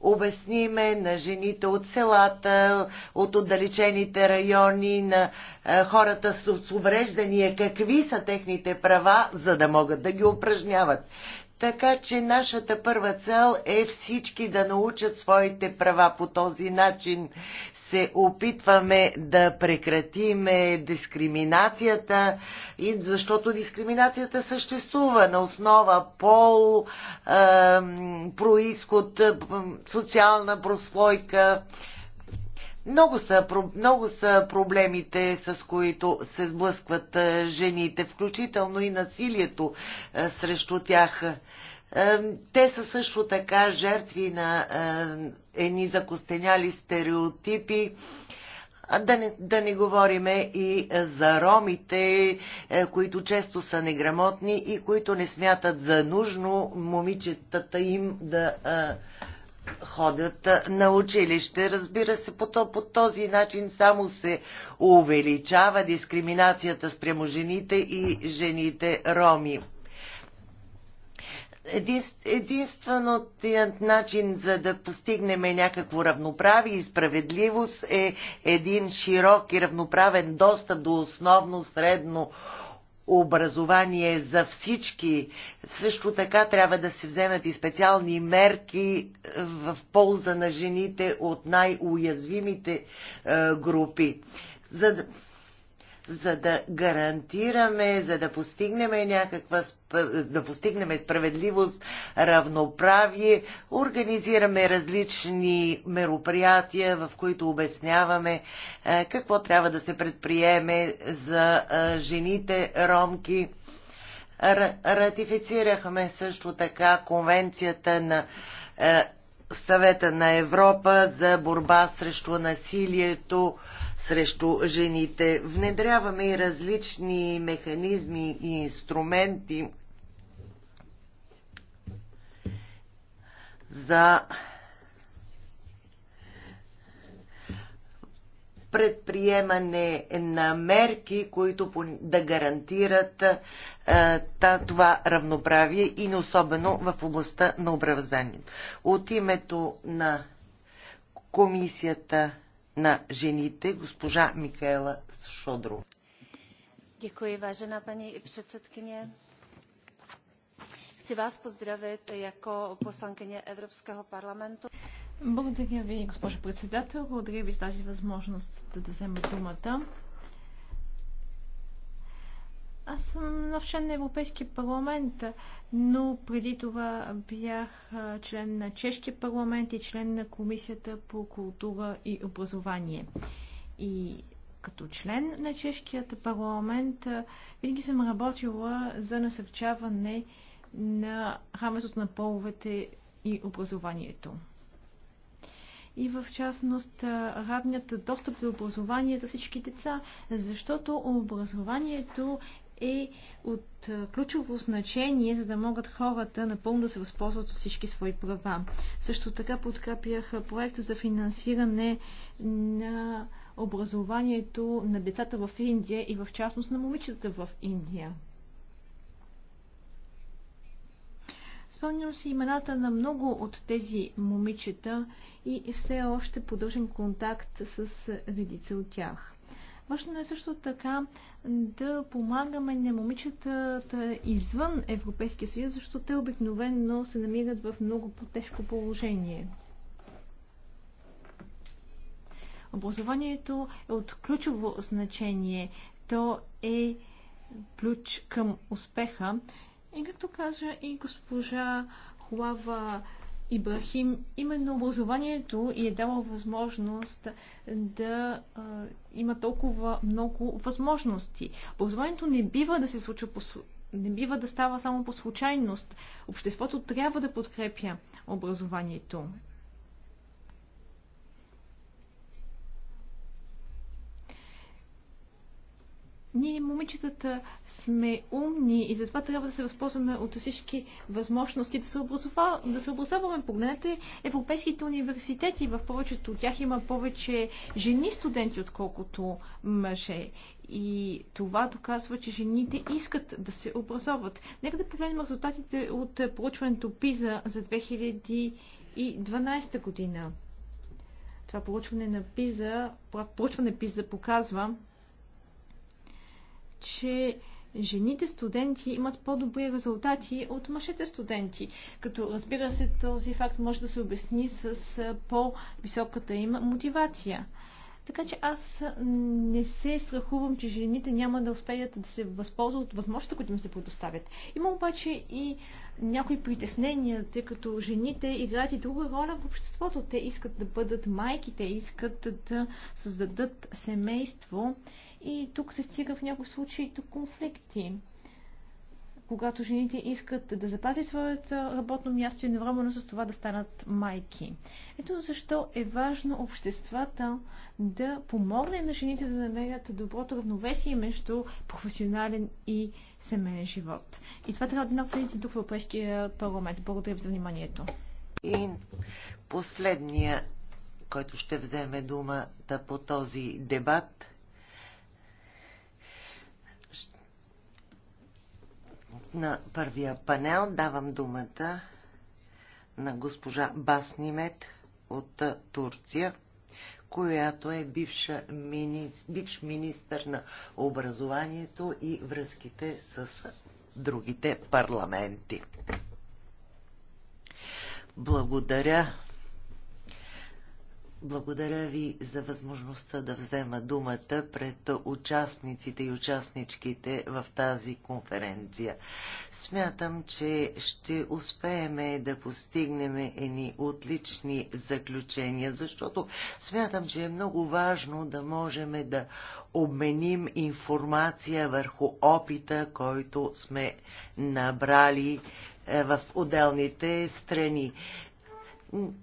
обясниме на жените от селата, от отдалечените райони, на хората с увреждания, какви са техните права, за да могат да ги упражняват. Така че нашата първа цел е всички да научат своите права по този начин се опитваме да прекратиме дискриминацията, и защото дискриминацията съществува на основа пол, е, происход, социална прослойка. Много са, много са проблемите, с които се сблъскват жените, включително и насилието срещу тях. Те са също така жертви на е, едни закостеняли стереотипи. Да не, да не говориме и е, за ромите, е, които често са неграмотни и които не смятат за нужно момичетата им да а, ходят на училище. Разбира се, по, по този начин само се увеличава дискриминацията спрямо жените и жените роми. Единственият начин за да постигнем някакво равноправие и справедливост е един широк и равноправен достъп до основно средно образование за всички. Също така трябва да се вземат и специални мерки е, в полза на жените от най-уязвимите е, групи. За да за да гарантираме, за да постигнем някаква, да постигнем справедливост, равноправие, организираме различни мероприятия, в които обясняваме е, какво трябва да се предприеме за е, жените ромки. Ратифицирахме също така конвенцията на е, съвета на Европа за борба срещу насилието срещу жените. Внедряваме и различни механизми и инструменти за предприемане на мерки, които да гарантират е, това равноправие и не особено в областта на образованието. От името на комисията на жените, госпожа Микаела Шодро. Děkuji, vážená paní předsedkyně. Chci vás pozdravit jako poslankyně Evropského parlamentu. Благодаря ви, госпожа председател. Благодаря ви за тази възможност да взема думата. Аз съм нов член на Европейския парламент, но преди това бях член на Чешкия парламент и член на Комисията по култура и образование. И като член на Чешкият парламент винаги съм работила за насърчаване на хамесото на половете и образованието. И в частност равният достъп до образование за всички деца, защото образованието е от ключово значение, за да могат хората напълно да се възползват от всички свои права. Също така подкрепях проекта за финансиране на образованието на децата в Индия и в частност на момичетата в Индия. Спомням си имената на много от тези момичета и все още поддържам контакт с редица от тях. Важно е също така да помагаме на момичетата извън Европейския съюз, защото те обикновено се намират в много по-тежко положение. Образованието е от ключово значение. То е ключ към успеха. И както каза и госпожа Хуава Ибрахим, именно образованието и е дало възможност да а, има толкова много възможности. Образованието не бива да се случва по, не бива да става само по случайност. Обществото трябва да подкрепя образованието. Ние, момичетата, сме умни и затова трябва да се възползваме от всички възможности да се, да се образоваме. Погледнете европейските университети. В повечето от тях има повече жени студенти, отколкото мъже. И това доказва, че жените искат да се образоват. Нека да погледнем резултатите от проучването ПИЗА за 2012 година. Това проучване на ПИЗА, проучване ПИЗА показва, че жените студенти имат по-добри резултати от мъжете студенти. Като разбира се, този факт може да се обясни с по-високата им мотивация. Така че аз не се страхувам, че жените няма да успеят да се възползват от възможностите, които им се предоставят. Има обаче и някои притеснения, тъй като жените играят и друга роля в обществото. Те искат да бъдат майки, те искат да създадат семейство и тук се стига в някои случаи до конфликти когато жените искат да запазят своето работно място и едновременно с това да станат майки. Ето защо е важно обществата да помогне на жените да намерят доброто равновесие между професионален и семейен живот. И това трябва да е една от тук в Европейския парламент. Благодаря ви за вниманието. И последния, който ще вземе думата по този дебат, на първия панел. Давам думата на госпожа Баснимет от Турция, която е бивша мини... бивш министър на образованието и връзките с другите парламенти. Благодаря, благодаря ви за възможността да взема думата пред участниците и участничките в тази конференция. Смятам, че ще успеем да постигнем едни отлични заключения, защото смятам, че е много важно да можем да обменим информация върху опита, който сме набрали е, в отделните страни.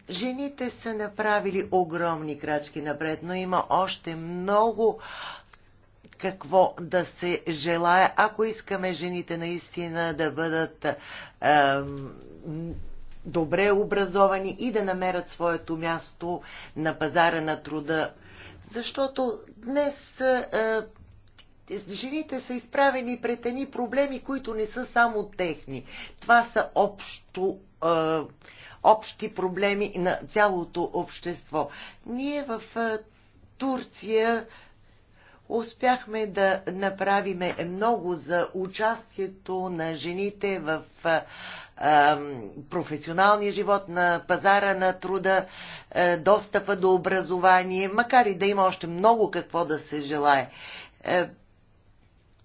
Жените са направили огромни крачки напред, но има още много какво да се желая, ако искаме жените наистина да бъдат е, добре образовани и да намерят своето място на пазара на труда. Защото днес е, жените са изправени пред едни проблеми, които не са само техни. Това са общо. Е, общи проблеми на цялото общество. Ние в Турция успяхме да направиме много за участието на жените в професионалния живот, на пазара на труда, достъпа до образование, макар и да има още много какво да се желае. Е,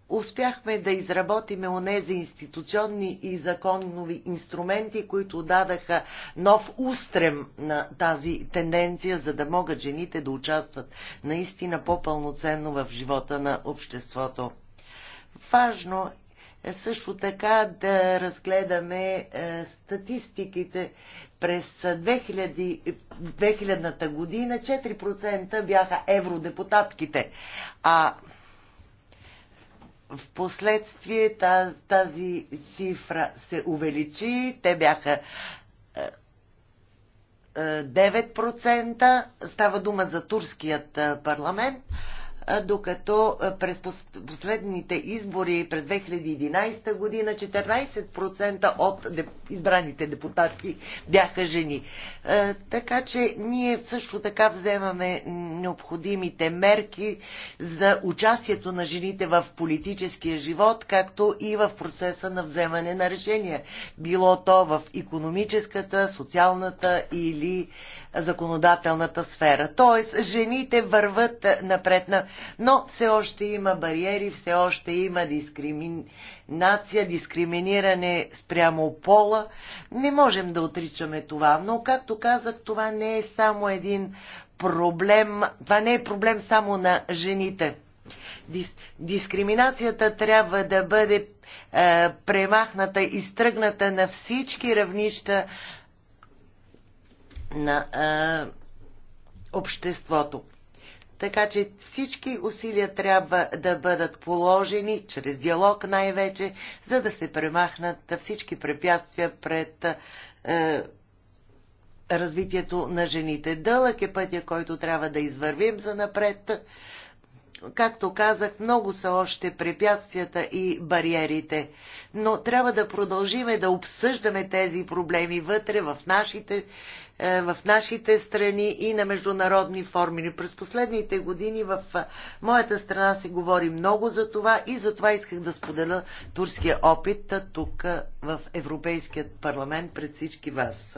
успяхме да изработиме онези институционни и законови инструменти, които дадаха нов устрем на тази тенденция, за да могат жените да участват наистина по-пълноценно в живота на обществото. Важно е също така да разгледаме е, статистиките. През 2000, е, 2000 година 4% бяха евродепутатките, а в последствие тази, цифра се увеличи. Те бяха 9%. Е, е, Става дума за турският е, парламент докато през последните избори през 2011 година 14% от избраните депутатки бяха жени. Така че ние също така вземаме необходимите мерки за участието на жените в политическия живот, както и в процеса на вземане на решения. Било то в економическата, социалната или законодателната сфера. Тоест, жените върват напред, но все още има бариери, все още има дискриминация, дискриминиране спрямо пола. Не можем да отричаме това, но както казах, това не е само един проблем, това не е проблем само на жените. Дис, дискриминацията трябва да бъде е, премахната, изтръгната на всички равнища на а, обществото. Така че всички усилия трябва да бъдат положени чрез диалог най-вече, за да се премахнат всички препятствия пред е, развитието на жените. Дълъг е пътя, който трябва да извървим за напред. Както казах, много са още препятствията и бариерите, но трябва да продължиме да обсъждаме тези проблеми вътре в нашите е, в нашите страни и на международни форми. През последните години в е, моята страна се говори много за това и за това исках да споделя турския опит е, тук в Европейският парламент пред всички вас.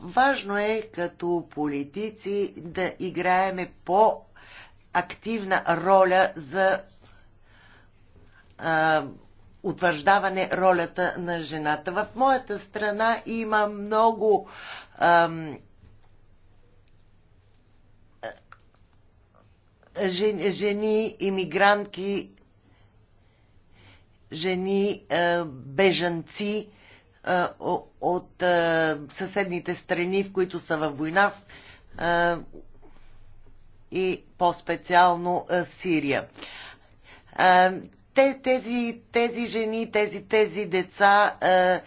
Важно е като политици да играеме по-активна роля за утвърждаване ролята на жената. В моята страна има много ам, жени, жени иммигрантки, жени а, бежанци а, от а, съседните страни, в които са във война а, и по-специално Сирия. А, те, тези, тези жени, тези, тези деца е,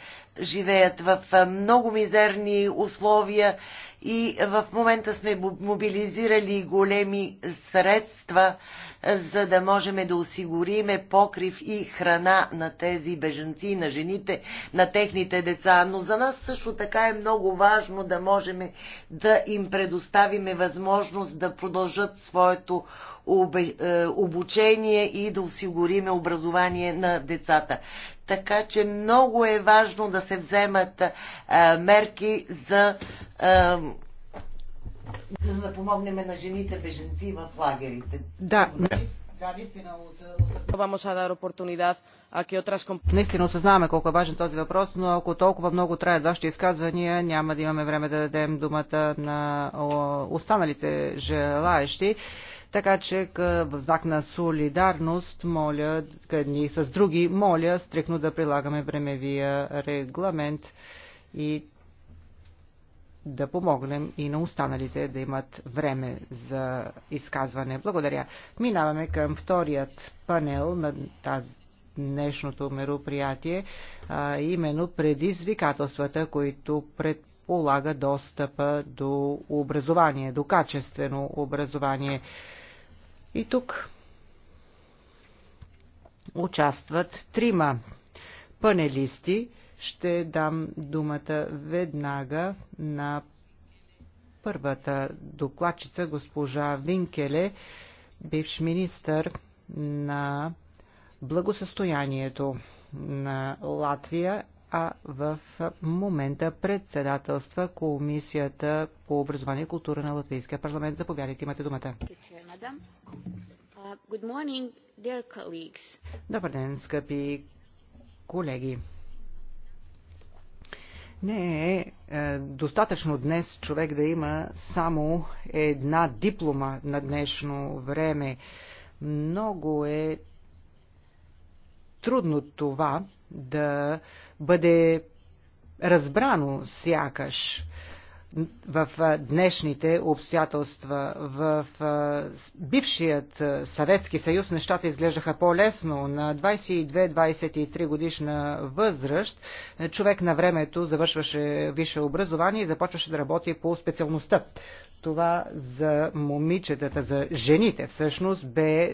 живеят в е, много мизерни условия и в момента сме мобилизирали големи средства за да можем да осигуриме покрив и храна на тези беженци, на жените, на техните деца. Но за нас също така е много важно да можем да им предоставиме възможност да продължат своето е, обучение и да осигуриме образование на децата. Така че много е важно да се вземат е, мерки за е, за да помогнем на жените беженци в лагерите. Да. Наистина осъзнаваме колко е важен този въпрос, но ако толкова много траят вашите изказвания, няма да имаме време да дадем думата на останалите желаещи. Така че в знак на солидарност, моля, едни с други, моля стрикно да прилагаме времевия регламент и да помогнем и на останалите да имат време за изказване. Благодаря. Минаваме към вторият панел на тази днешното мероприятие, а именно предизвикателствата, които предполага достъпа до образование, до качествено образование. И тук участват трима панелисти – ще дам думата веднага на първата докладчица, госпожа Винкеле, бивш министър на благосъстоянието на Латвия, а в момента председателства Комисията по образование и култура на Латвийския парламент. Заповядайте, имате думата. Добър ден, скъпи колеги. Не е, е достатъчно днес човек да има само една диплома на днешно време. Много е трудно това да бъде разбрано сякаш. Е, в днешните обстоятелства. В бившият Съветски съюз нещата изглеждаха по-лесно. На 22-23 годишна възраст човек на времето завършваше висше образование и започваше да работи по специалността, това за момичетата, за жените всъщност, бе е,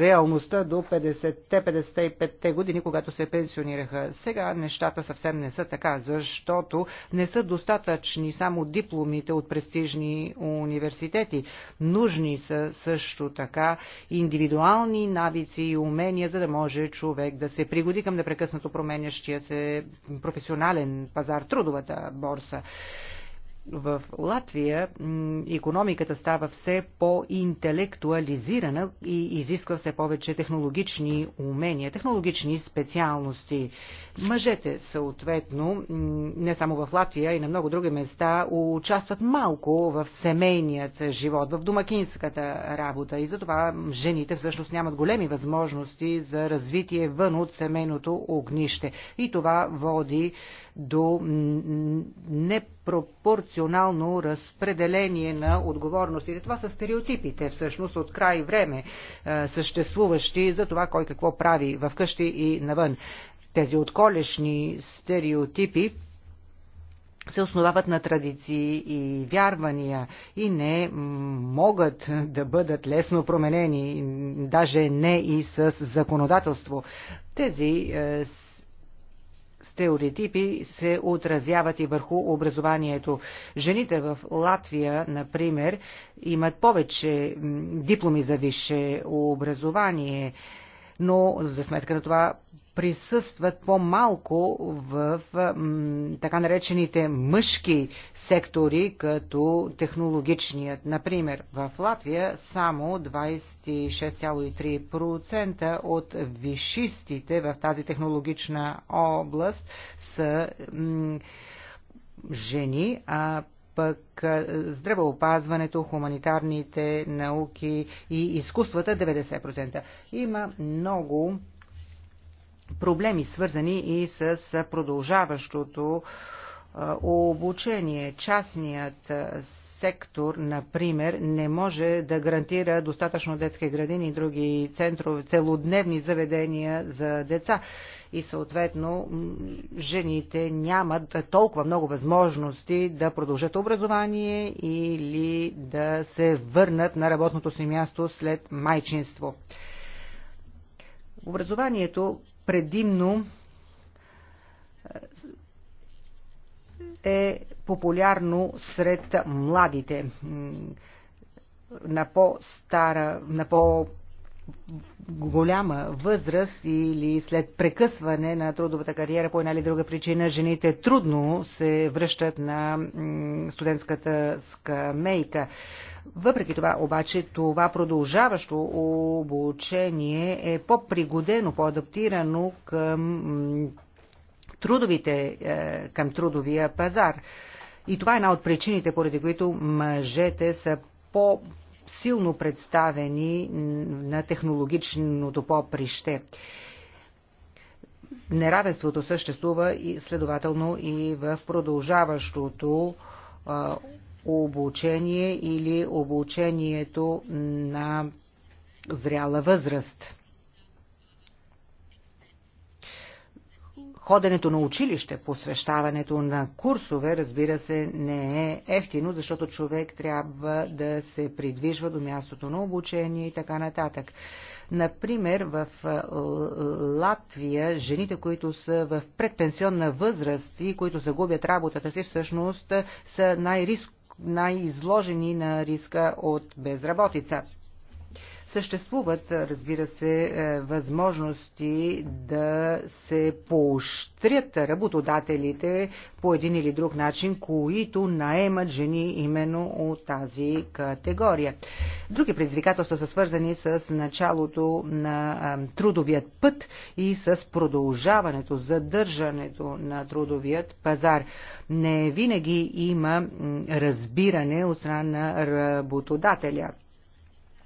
реалността до 50-те, 55-те години, когато се пенсионираха. Сега нещата съвсем не са така, защото не са достатъчни само дипломите от престижни университети. Нужни са също така индивидуални навици и умения, за да може човек да се пригоди към непрекъснато променящия се професионален пазар, трудовата борса в Латвия економиката става все по-интелектуализирана и изисква все повече технологични умения, технологични специалности. Мъжете съответно, не само в Латвия и на много други места, участват малко в семейният живот, в домакинската работа и затова жените всъщност нямат големи възможности за развитие вън от семейното огнище. И това води до непропорционално Национално разпределение на отговорностите. Това са стереотипите всъщност от край време е, съществуващи за това кой какво прави в къщи и навън. Тези отколешни стереотипи се основават на традиции и вярвания и не могат да бъдат лесно променени, даже не и с законодателство. Тези е, стереотипи се отразяват и върху образованието. Жените в Латвия, например, имат повече дипломи за висше образование, но за сметка на това присъстват по-малко в така наречените мъжки сектори, като технологичният. Например, в Латвия само 26,3% от вишистите в тази технологична област са жени, а пък здравеопазването, хуманитарните науки и изкуствата 90%. Има много проблеми, свързани и с продължаващото обучение. Частният сектор, например, не може да гарантира достатъчно детски градини и други центрове, целодневни заведения за деца. И съответно жените нямат толкова много възможности да продължат образование или да се върнат на работното си място след майчинство. Образованието предимно е популярно сред младите на по-стара, на по голяма възраст или след прекъсване на трудовата кариера по една или друга причина, жените трудно се връщат на студентската скамейка. Въпреки това, обаче, това продължаващо обучение е по-пригодено, по-адаптирано към трудовите, е, към трудовия пазар. И това е една от причините, поради които мъжете са по силно представени на технологичното поприще. Неравенството съществува и следователно и в продължаващото обучение или обучението на зряла възраст. ходенето на училище, посвещаването на курсове, разбира се, не е ефтино, защото човек трябва да се придвижва до мястото на обучение и така нататък. Например, в Латвия жените, които са в предпенсионна възраст и които загубят работата си, всъщност са най най-изложени на риска от безработица. Съществуват, разбира се, е, възможности да се поощрят работодателите по един или друг начин, които наемат жени именно от тази категория. Други предизвикателства са свързани с началото на е, трудовият път и с продължаването, задържането на трудовият пазар. Не винаги има разбиране от страна на работодателя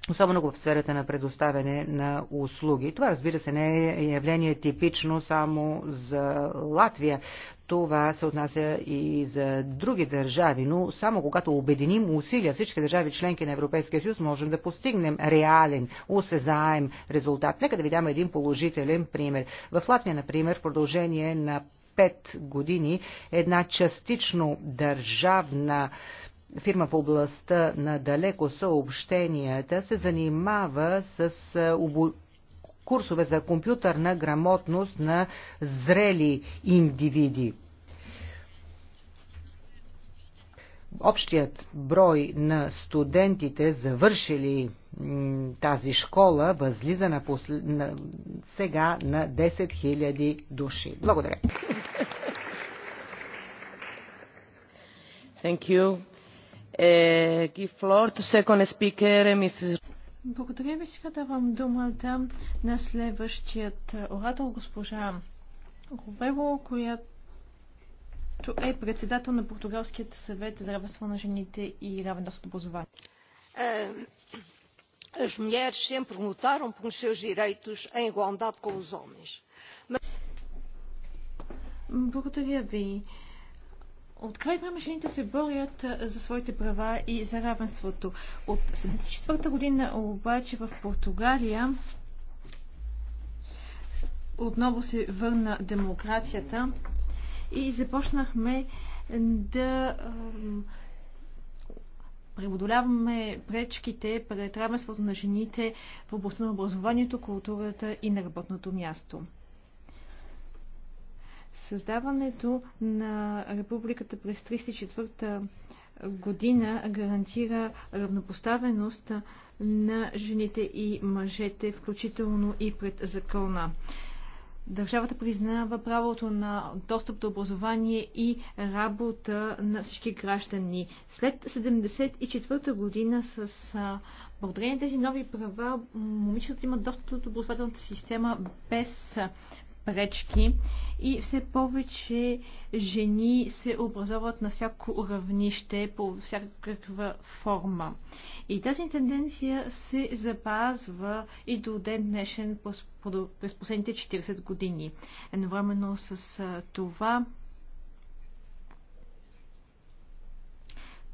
особено в сферата на предоставяне на услуги. Това, разбира се, не е явление типично само за Латвия. Това се отнася и за други държави, но само когато обединим усилия всички държави членки на Европейския съюз, можем да постигнем реален, усезаем резултат. Нека да ви дам един положителен пример. В Латвия, например, в продължение на 5 години една частично държавна фирма в областта на далеко съобщенията се занимава с е, обо... курсове за компютърна грамотност на зрели индивиди. Общият брой на студентите, завършили тази школа, възлиза на посл... на... сега на 10 000 души. Благодаря. Thank you. Е, е, Благодаря ви. Сега давам думата на следващият оратор, госпожа Ровело, която е председател на Португалският съвет за равенство на жените и равенство на образование. Е, As mulheres sempre lutaram pelos seus direitos em igualdade com os homens. Благодаря ви. От край време жените се борят за своите права и за равенството. От 74-та година обаче в Португалия отново се върна демокрацията и започнахме да преодоляваме пречките пред равенството на жените в областта на образованието, културата и на работното място. Създаването на републиката през 34-та година гарантира равнопоставеност на жените и мъжете, включително и пред закона. Държавата признава правото на достъп до образование и работа на всички граждани. След 1974 година с а, благодарение на тези нови права момичетата имат достъп до образователната система без пречки и все повече жени се образоват на всяко равнище, по всякаква форма. И тази тенденция се запазва и до ден днешен през последните 40 години. Едновременно с това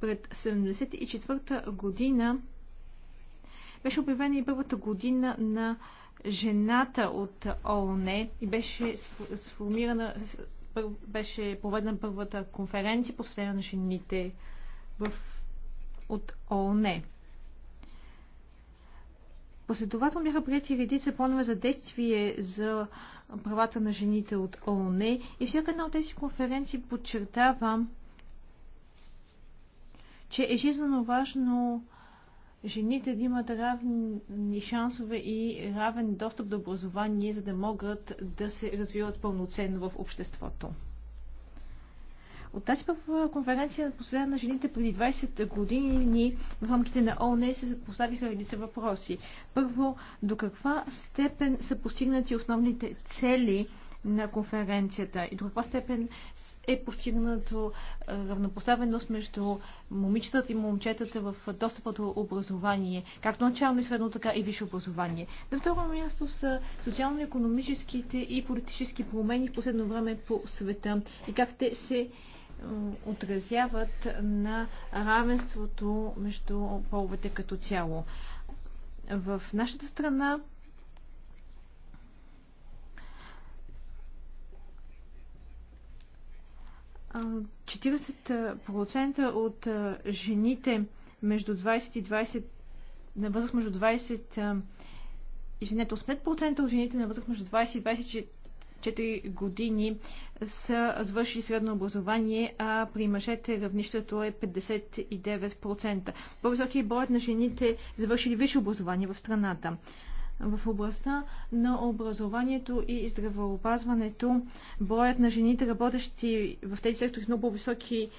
пред 74-та година беше обявена и първата година на жената от ООН и беше сформирана, беше проведена първата конференция, посветена на жените в, от ООН. Последователно бяха прияти редица планове за действие за правата на жените от ООН и всяка една от тези конференции подчертава, че е жизненно важно жените да имат равни шансове и равен достъп до образование, за да могат да се развиват пълноценно в обществото. От тази първа конференция на на жените преди 20 години в рамките на ООН се поставиха редица въпроси. Първо, до каква степен са постигнати основните цели – на конференцията и до каква степен е постигнато е, равнопоставеност между момичетата и момчетата в достъпа до образование, както начално и средно, така и висше образование. На второ място са социално-економическите и политически промени в последно време по света и как те се е, отразяват на равенството между половете като цяло. В нашата страна 40% от жените между 20 и 20 на възраст между 20 извинете, 80% от жените на възраст между 20 и 20, 4 години са завършили средно образование, а при мъжете равнището е 59%. по високи е броят на жените завършили висше образование в страната в областта на образованието и здравеопазването. Броят на жените, работещи в тези сектори, е много по-високи,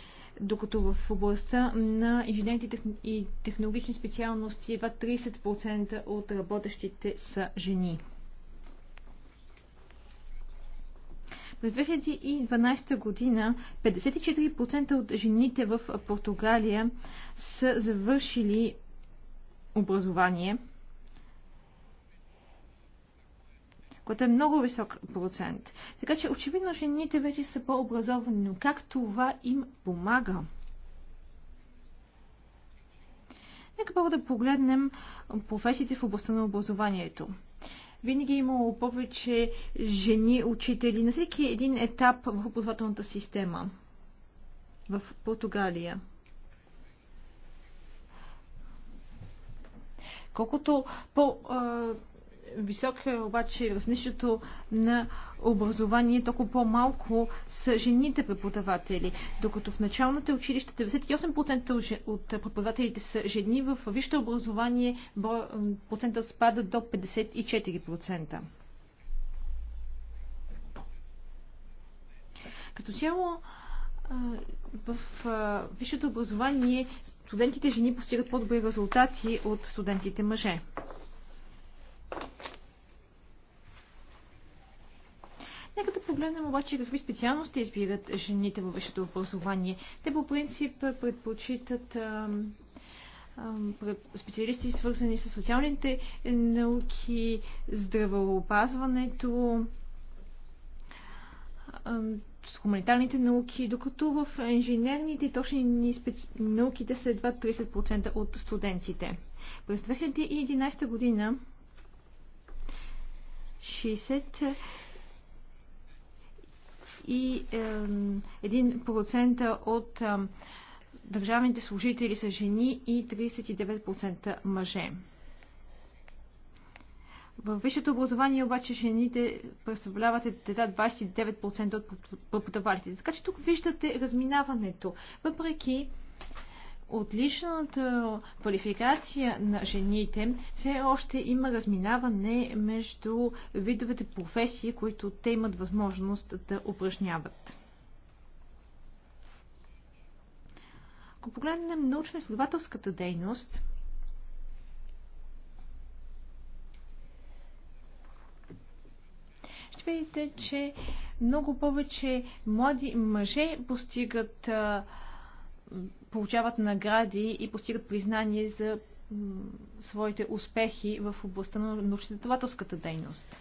докато в областта на инженерните и технологични специалности едва 30% от работещите са жени. През 2012 година 54% от жените в Португалия са завършили образование – което е много висок процент. Така че очевидно жените вече са по-образовани, но как това им помага? Нека първо да погледнем професиите в областта на образованието винаги е имало повече жени учители на всеки един етап в образователната система в Португалия. Колкото по, висок е обаче нищото на образование, толкова по-малко са жените преподаватели. Докато в началните училища 98% от преподавателите са жени, в висшето образование процентът спада до 54%. Като цяло, в висшето образование студентите жени постигат по-добри резултати от студентите мъже. Нека да погледнем обаче какви специалности избират жените във висшето образование. Те по принцип предпочитат специалисти, свързани с социалните науки, здравеопазването, с хуманитарните науки, докато в инженерните и точни науки науките са едва 30% от студентите. През 2011 година 60 и 1% от държавните служители са жени и 39% мъже. В висшето образование обаче жените представляват да, 29% от преподавателите. Така че тук виждате разминаването. Въпреки отличната квалификация на жените все още има разминаване между видовете професии, които те имат възможност да упражняват. Ако погледнем научно-изследователската дейност, ще видите, че много повече млади мъже постигат получават награди и постигат признание за своите успехи в областта на научно-изследователската дейност.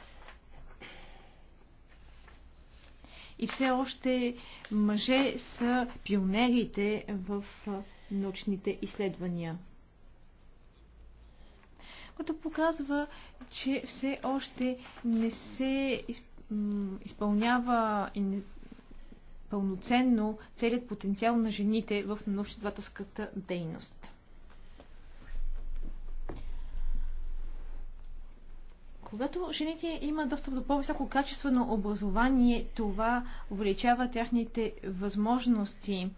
И все още мъже са пионерите в научните изследвания. Което показва, че все още не се изпълнява и не пълноценно целият потенциал на жените в научно-изследователската дейност. Когато жените имат достъп до по-високо качествено образование, това увеличава тяхните възможности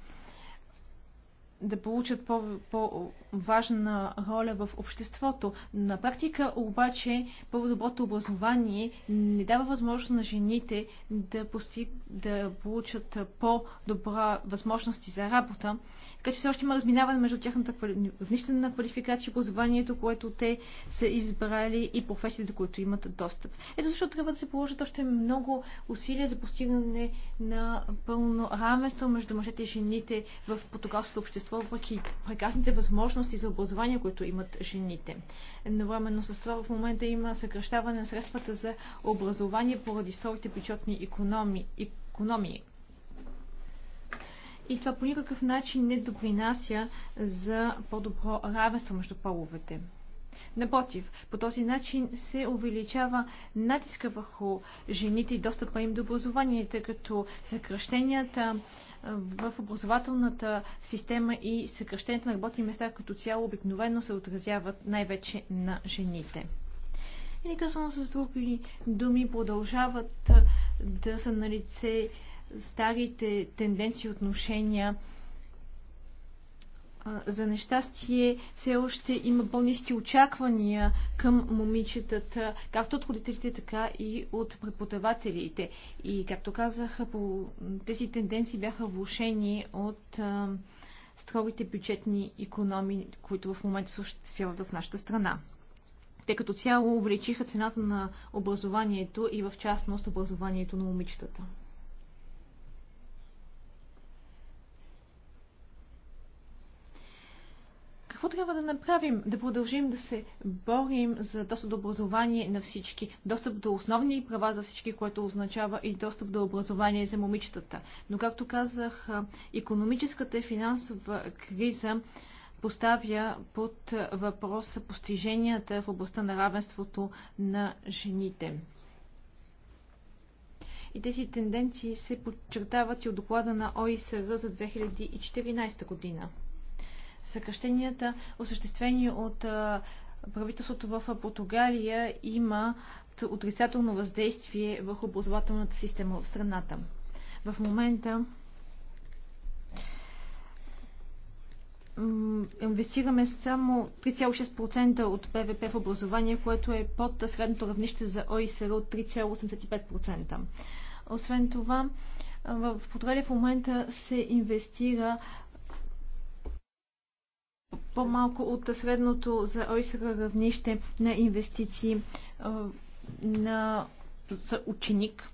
да получат по-, по важна роля в обществото. На практика обаче по-доброто образование не дава възможност на жените да, постиг, да получат по-добра възможности за работа. Така че все още има разминаване между тяхната равнище на квалификация и образованието, което те са избрали и професиите, които имат достъп. Ето защо трябва да се положат още много усилия за постигане на пълно равенство между мъжете и жените в португалското общество, въпреки прекрасните възможности възможности за образование, които имат жените. Едновременно с това в момента има съкръщаване на средствата за образование поради строгите бюджетни економи, економии. И това по никакъв начин не допринася за по-добро равенство между половете. Напротив, по този начин се увеличава натиска върху жените и достъпа им до образование, тъй като съкръщенията в образователната система и съкръщението на работни места като цяло обикновено се отразяват най-вече на жените. Или късно с други думи, продължават да са на лице старите тенденции и отношения за нещастие все още има по-низки очаквания към момичетата, както от родителите, така и от преподавателите. И, както казах, по тези тенденции бяха влушени от а, строгите бюджетни економии, които в момента съществуват в нашата страна. Те като цяло увеличиха цената на образованието и в частност образованието на момичетата. Какво трябва да направим? Да продължим да се борим за достъп до образование на всички, достъп до основни права за всички, което означава и достъп до образование за момичетата. Но, както казах, економическата и финансова криза поставя под въпроса постиженията в областта на равенството на жените. И тези тенденции се подчертават и от доклада на ОИСР за 2014 година съкръщенията, осъществени от правителството в Португалия, има отрицателно въздействие върху образователната система в страната. В момента инвестираме само 3,6% от ПВП в образование, което е под средното равнище за ОИСР от 3,85%. Освен това, в Португалия в момента се инвестира по-малко от средното за ОИСР равнище на инвестиции на, за ученик.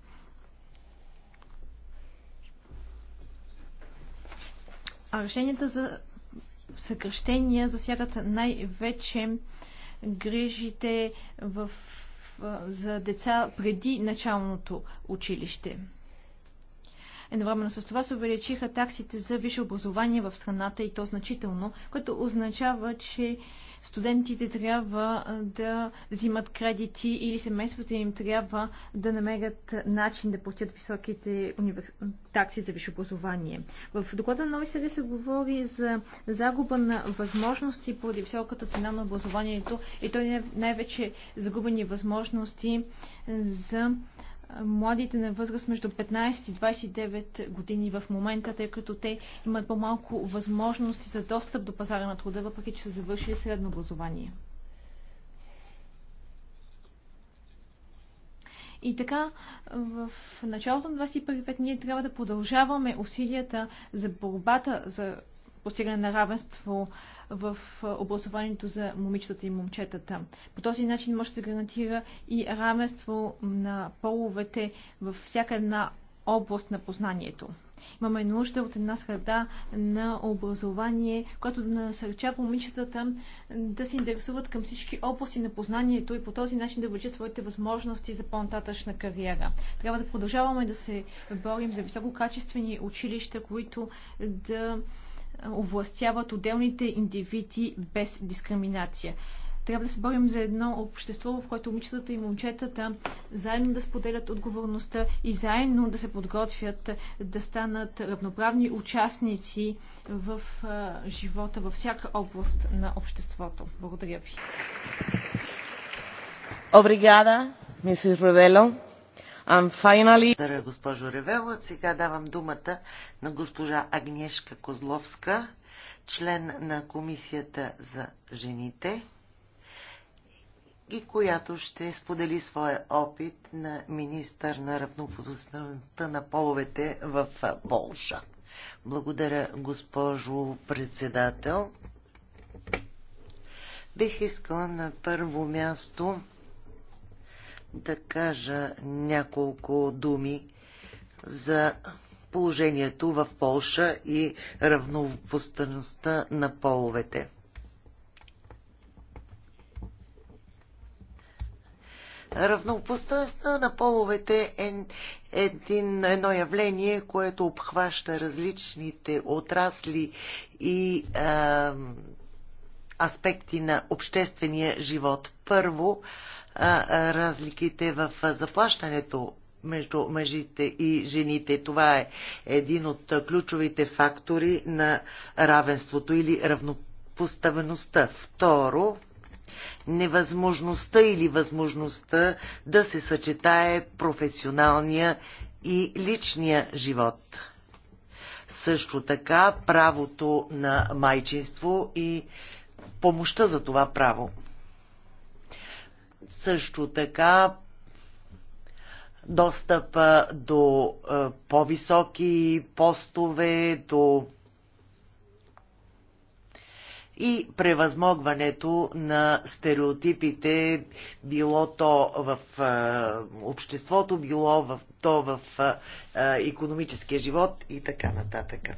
А решенията за съкръщения засягат най-вече грижите в, за деца преди началното училище. Едновременно с това се увеличиха таксите за висше образование в страната и то значително, което означава, че студентите трябва да взимат кредити или семействата им трябва да намерят начин да платят високите универс... такси за висше образование. В доклада на нови се говори за загуба на възможности поради високата цена на образованието и то е най-вече загубени възможности за младите на възраст между 15 и 29 години в момента, тъй като те имат по-малко възможности за достъп до пазара на труда, въпреки че са завършили средно образование. И така, в началото на 21 век ние трябва да продължаваме усилията за борбата за постигане на равенство в образованието за момичетата и момчетата. По този начин може да се гарантира и равенство на половете във всяка една област на познанието. Имаме нужда от една среда на образование, която да насърча момичетата да се интересуват към всички области на познанието и по този начин да влечат своите възможности за по-нататъчна кариера. Трябва да продължаваме да се борим за висококачествени училища, които да овластяват отделните индивиди без дискриминация. Трябва да се борим за едно общество, в което момичетата и момчетата заедно да споделят отговорността и заедно да се подготвят да станат равноправни участници в живота във всяка област на обществото. Благодаря ви. Обригада, мисис Ревело. And finally... Благодаря, госпожо Ревела. Сега давам думата на госпожа Агнешка Козловска, член на Комисията за жените и която ще сподели своя опит на министър на равнопоставеността на половете в Полша. Благодаря, госпожо председател. Бих искала на първо място да кажа няколко думи за положението в Полша и равнопоставеността на половете. Равнопоставеността на половете е един, едно явление, което обхваща различните отрасли и а, аспекти на обществения живот. Първо, а, разликите в заплащането между мъжите и жените. Това е един от ключовите фактори на равенството или равнопоставеността. Второ, невъзможността или възможността да се съчетае професионалния и личния живот. Също така правото на майчинство и помощта за това право също така достъп до е, по-високи постове, до и превъзмогването на стереотипите, било то в е, обществото, било в, то в економическия е, живот и така нататък.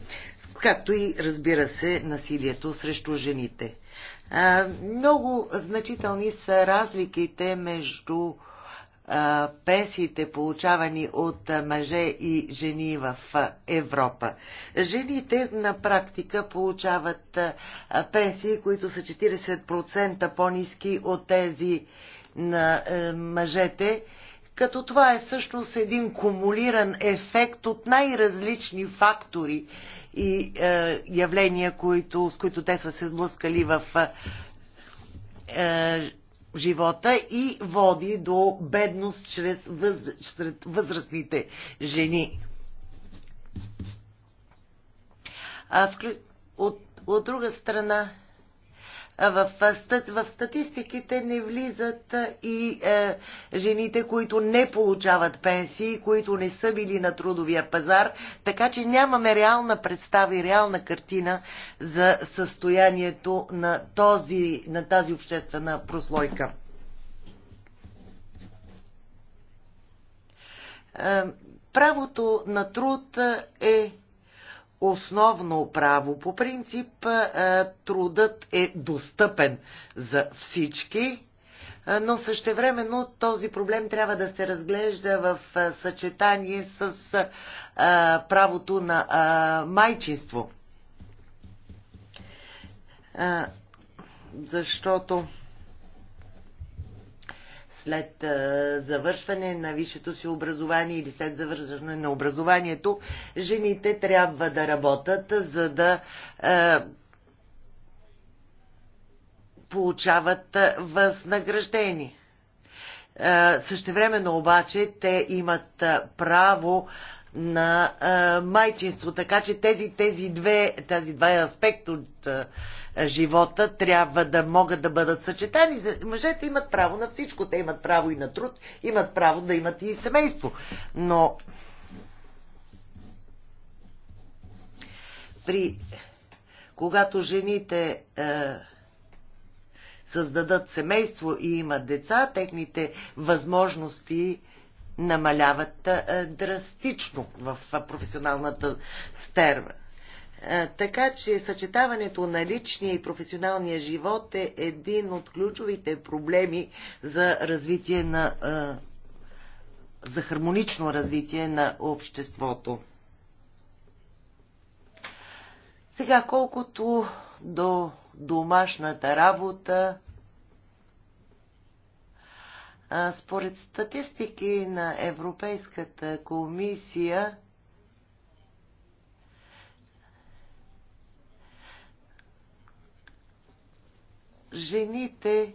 Както и, разбира се, насилието срещу жените. Много значителни са разликите между пенсиите, получавани от мъже и жени в Европа. Жените на практика получават пенсии, които са 40% по-низки от тези на е, мъжете, като това е всъщност един кумулиран ефект от най-различни фактори и е, явления, които, с които те са се сблъскали в е, е живота и води до бедност чрез въз, сред възрастните жени. А, вклю... от, от друга страна, в, в статистиките не влизат и е, жените, които не получават пенсии, които не са били на трудовия пазар, така че нямаме реална представа и реална картина за състоянието на, този, на тази обществена прослойка. Е, правото на труд е основно право. По принцип е, трудът е достъпен за всички, е, но същевременно този проблем трябва да се разглежда в е, съчетание с правото на майчинство. Защото след завършване на висшето си образование или след завършване на образованието, жените трябва да работят, за да получават възнаграждение. Същевременно обаче те имат право на а, майчинство. Така че тези, тези две, тази два аспекта от а, живота трябва да могат да бъдат съчетани. Мъжете имат право на всичко. Те имат право и на труд, имат право да имат и семейство. Но при когато жените а, създадат семейство и имат деца, техните възможности а, намаляват драстично в професионалната стерва. Така че съчетаването на личния и професионалния живот е един от ключовите проблеми за развитие на за хармонично развитие на обществото. Сега колкото до домашната работа, според статистики на Европейската комисия, жените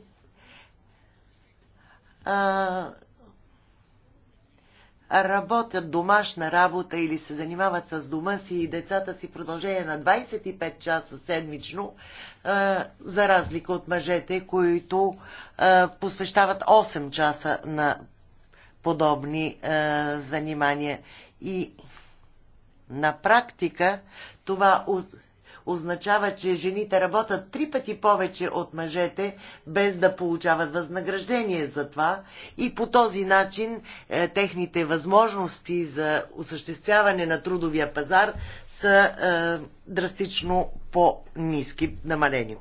а, работят домашна работа или се занимават с дома си и децата си продължение на 25 часа седмично, е, за разлика от мъжете, които е, посвещават 8 часа на подобни е, занимания. И на практика това означава, че жените работят три пъти повече от мъжете, без да получават възнаграждение за това и по този начин е, техните възможности за осъществяване на трудовия пазар са е, драстично по-низки, намалени.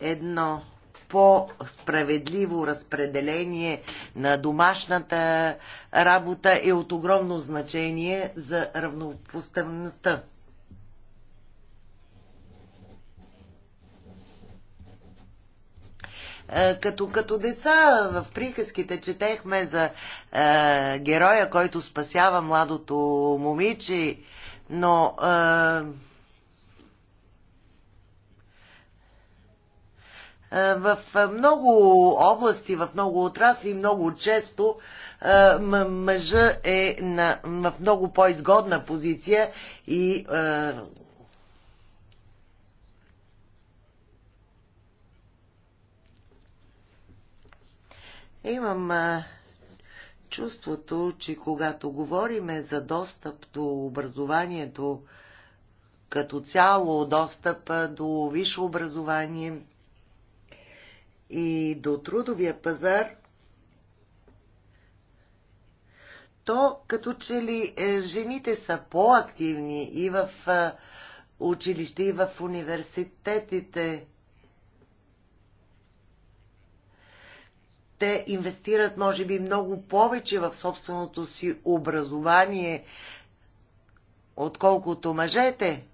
Едно по-справедливо разпределение на домашната работа е от огромно значение за равнопоставеността. Е, като, като деца в приказките четехме за е, героя, който спасява младото момиче, но е, Е, в много области, в много отрасли, много често е, мъжа е на, в много по-изгодна позиция и е, Имам е, чувството, че когато говориме за достъп до образованието като цяло, достъп до висше образование, и до трудовия пазар, то като че ли е, жените са по-активни и в е, училище, и в университетите. Те инвестират, може би, много повече в собственото си образование, отколкото мъжете.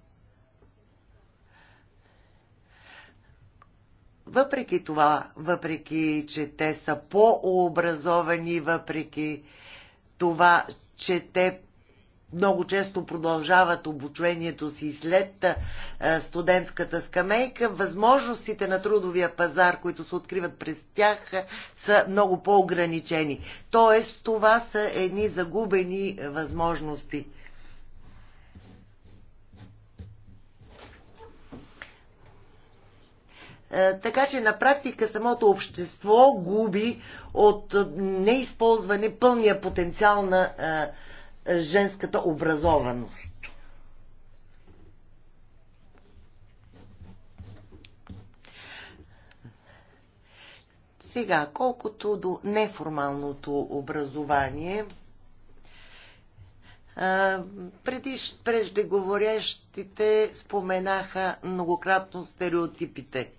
Въпреки това, въпреки, че те са по-образовани, въпреки това, че те много често продължават обучението си след студентската скамейка, възможностите на трудовия пазар, които се откриват през тях, са много по-ограничени. Тоест, това са едни загубени възможности. Е, така че на практика самото общество губи от неизползване пълния потенциал на е, женската образованост. Сега, колкото до неформалното образование, е, предиш, преждеговорящите споменаха многократно стереотипите.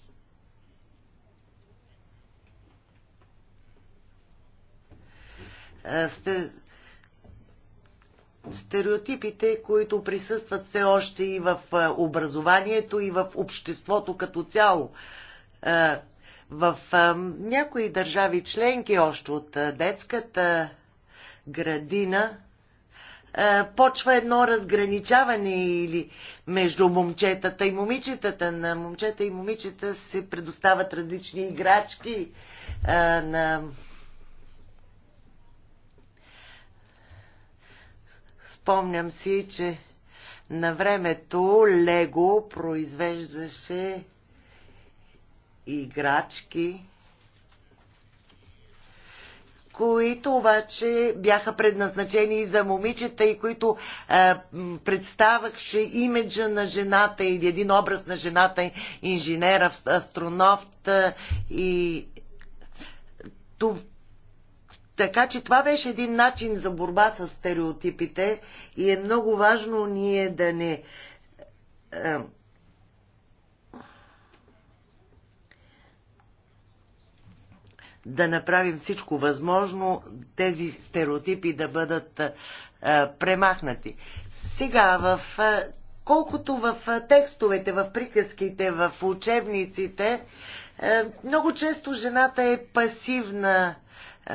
стереотипите, които присъстват все още и в образованието, и в обществото като цяло. В някои държави членки още от детската градина почва едно разграничаване или между момчетата и момичетата. На момчета и момичета се предоставят различни играчки, на Спомням си, че на времето Лего произвеждаше играчки, които обаче бяха предназначени за момичета и които е, представахше имиджа на жената или един образ на жената, инженера, астронавт е, и така че това беше един начин за борба с стереотипите и е много важно ние да не. да направим всичко възможно тези стереотипи да бъдат е, премахнати. Сега в е, колкото в е, текстовете, в приказките, в учебниците, много често жената е пасивна е,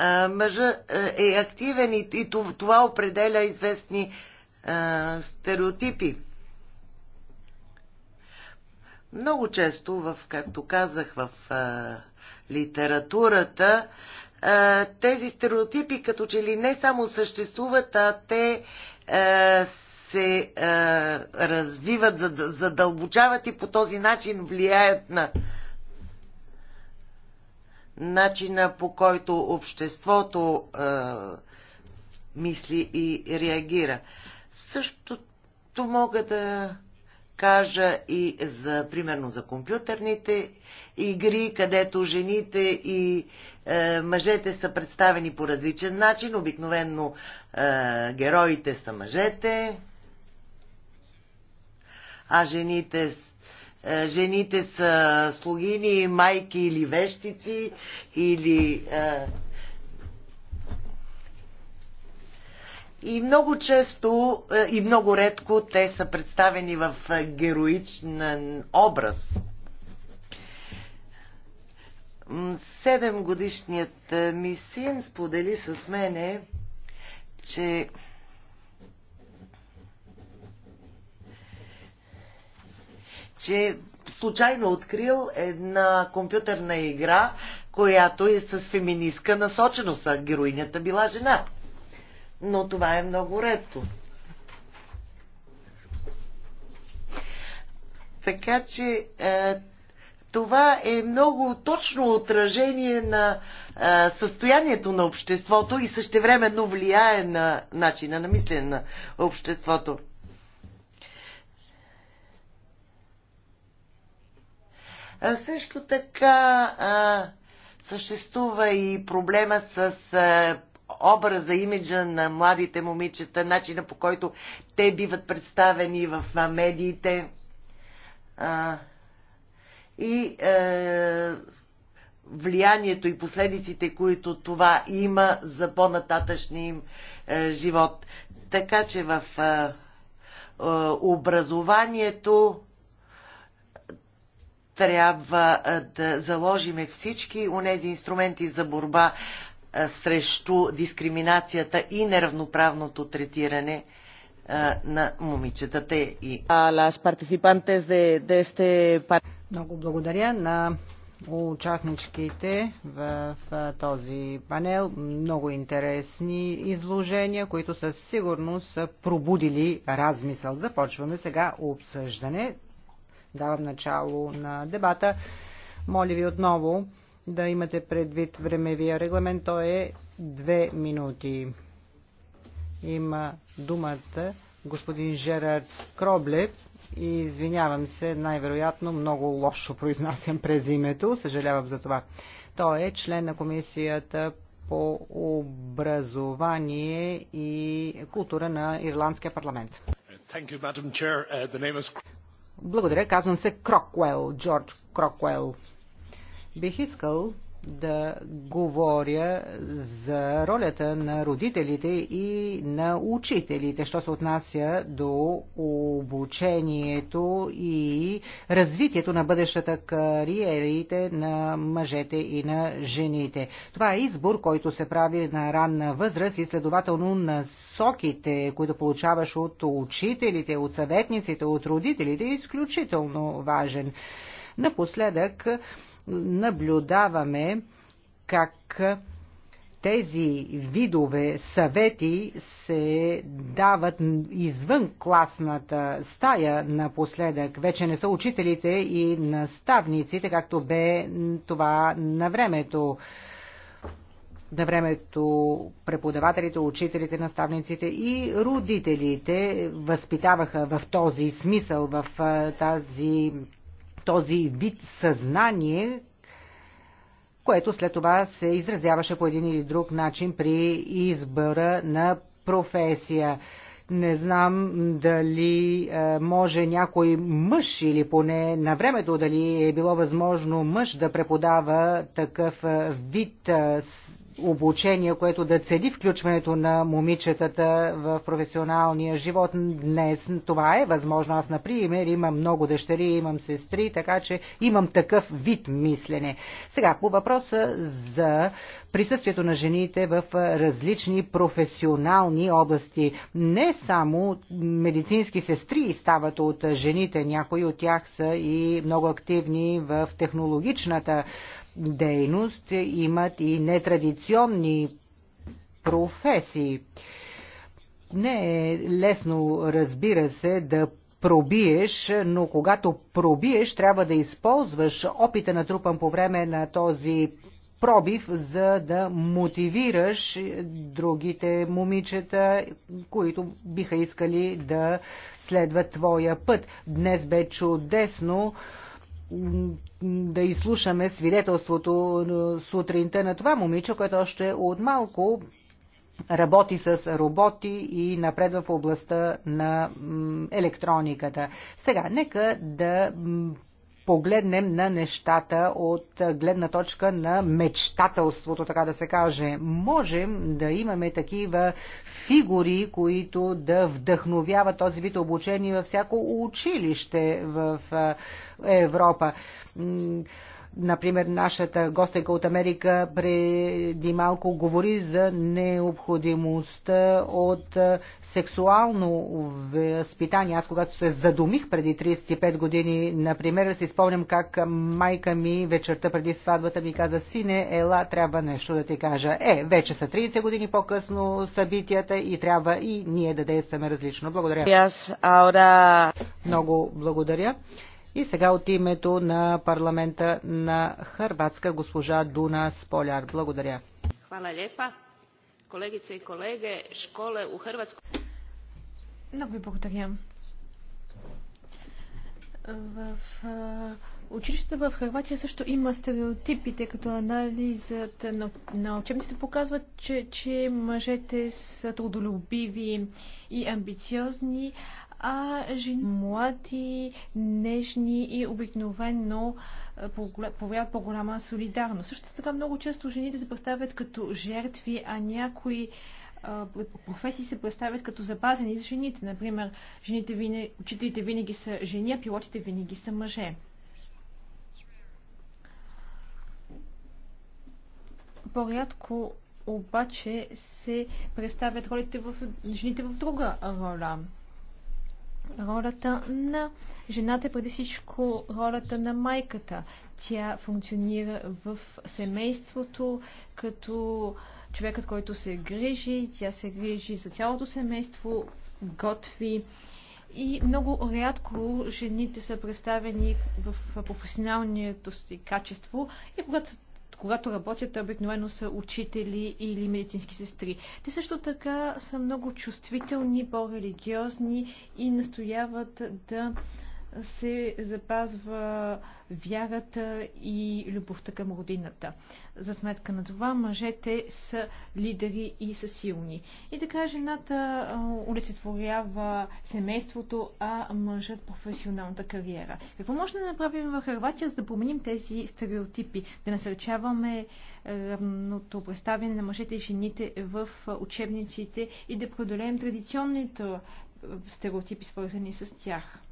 е, мъжа е, е активен и, и това определя известни а, стереотипи. Много често, в, както казах, в а, литературата, а, тези стереотипи като че ли не само съществуват, а те а, се а, е, развиват, задълбочават и по този начин влияят на начина по който обществото а, е, мисли и реагира. Същото мога да кажа и за, примерно, за компютърните игри, където жените и е, мъжете са представени по различен начин. Обикновенно е, героите са мъжете, а жените е, жените са слугини, майки или вещици, или... Е, и много често е, и много редко те са представени в героичен образ. Седем годишният ми син сподели с мене, че че случайно открил една компютърна игра, която е с феминистка насоченост, а героинята била жена. Но това е много редко. Така че е, това е много точно отражение на е, състоянието на обществото и същевременно влияе на начина на мислене на обществото. А, също така а, съществува и проблема с а, образа, имиджа на младите момичета, начина по който те биват представени в а, медиите. А, и е, влиянието и последиците, които това има за по-нататъчния им е, живот. Така че в е, е, образованието трябва да заложиме всички онези инструменти за борба срещу дискриминацията и неравноправното третиране на момичетата и. Много благодаря на участничките в този панел. Много интересни изложения, които със сигурност са пробудили размисъл. Започваме сега обсъждане давам начало на дебата. Моля ви отново да имате предвид времевия регламент. Той е две минути. Има думата господин Жерард Кробле. И извинявам се, най-вероятно много лошо произнасям през името. Съжалявам за това. Той е член на комисията по образование и култура на Ирландския парламент. Благодаря, казвам се Кроквел, Джордж Кроквел. Бих искал да говоря за ролята на родителите и на учителите, що се отнася до обучението и развитието на бъдещата кариерите на мъжете и на жените. Това е избор, който се прави на ранна възраст и следователно насоките, които получаваш от учителите, от съветниците, от родителите е изключително важен. Напоследък наблюдаваме как тези видове съвети се дават извън класната стая напоследък. Вече не са учителите и наставниците, както бе това на времето. На времето преподавателите, учителите, наставниците и родителите възпитаваха в този смисъл, в тази този вид съзнание, което след това се изразяваше по един или друг начин при избора на професия. Не знам дали е, може някой мъж или поне на времето дали е било възможно мъж да преподава такъв е, вид е, обучение, което да цели включването на момичетата в професионалния живот. Днес това е възможно. Аз, например, имам много дъщери, имам сестри, така че имам такъв вид мислене. Сега, по въпроса за присъствието на жените в различни професионални области. Не само медицински сестри стават от жените, някои от тях са и много активни в технологичната дейност имат и нетрадиционни професии. Не е лесно, разбира се, да пробиеш, но когато пробиеш, трябва да използваш опита на трупан по време на този пробив, за да мотивираш другите момичета, които биха искали да следват твоя път. Днес бе чудесно да изслушаме свидетелството е, сутринта на това момиче, което още от малко работи с роботи и напредва в областта на електрониката. Сега, нека да погледнем на нещата от гледна точка на мечтателството, така да се каже. Можем да имаме такива фигури, които да вдъхновяват този вид обучение във всяко училище в Европа. Например, нашата гостека от Америка преди малко говори за необходимостта от сексуално възпитание. Аз когато се задумих преди 35 години, например, си спомням как майка ми вечерта преди сватбата ми каза, сине, ела, трябва нещо да ти кажа. Е, вече са 30 години по-късно събитията и трябва и ние да действаме различно. Благодаря. Много благодаря. И сега от името на парламента на Харватска госпожа Дуна Споляр. Благодаря. Хвала лепа. Колегице и колеги, школе у Хрватска... Много ви благодаря. В училищата в Харватия също има стереотипи, тъй като анализът на, на учебниците показват, че, че мъжете са трудолюбиви и амбициозни, а жени млади, нежни и обикновенно проявяват по-голяма солидарност. Също така много често жените се представят като жертви, а някои професии се представят като запазени за жените. Например, жените винаги, учителите винаги са жени, а пилотите винаги са мъже. По-рядко обаче се представят ролите в жените в друга роля ролята на жената е преди всичко ролята на майката. Тя функционира в семейството като човекът, който се грижи. Тя се грижи за цялото семейство, готви. И много рядко жените са представени в професионалното си качество. И когато когато работят, обикновено са учители или медицински сестри. Те също така са много чувствителни, по-религиозни и настояват да се запазва вярата и любовта към родината. За сметка на това мъжете са лидери и са силни. И така жената олицетворява семейството, а мъжът професионалната кариера. Какво може да направим в Харватия, за да променим тези стереотипи? Да насърчаваме е, равното представяне на мъжете и жените в учебниците и да преодолеем традиционните стереотипи, свързани с тях.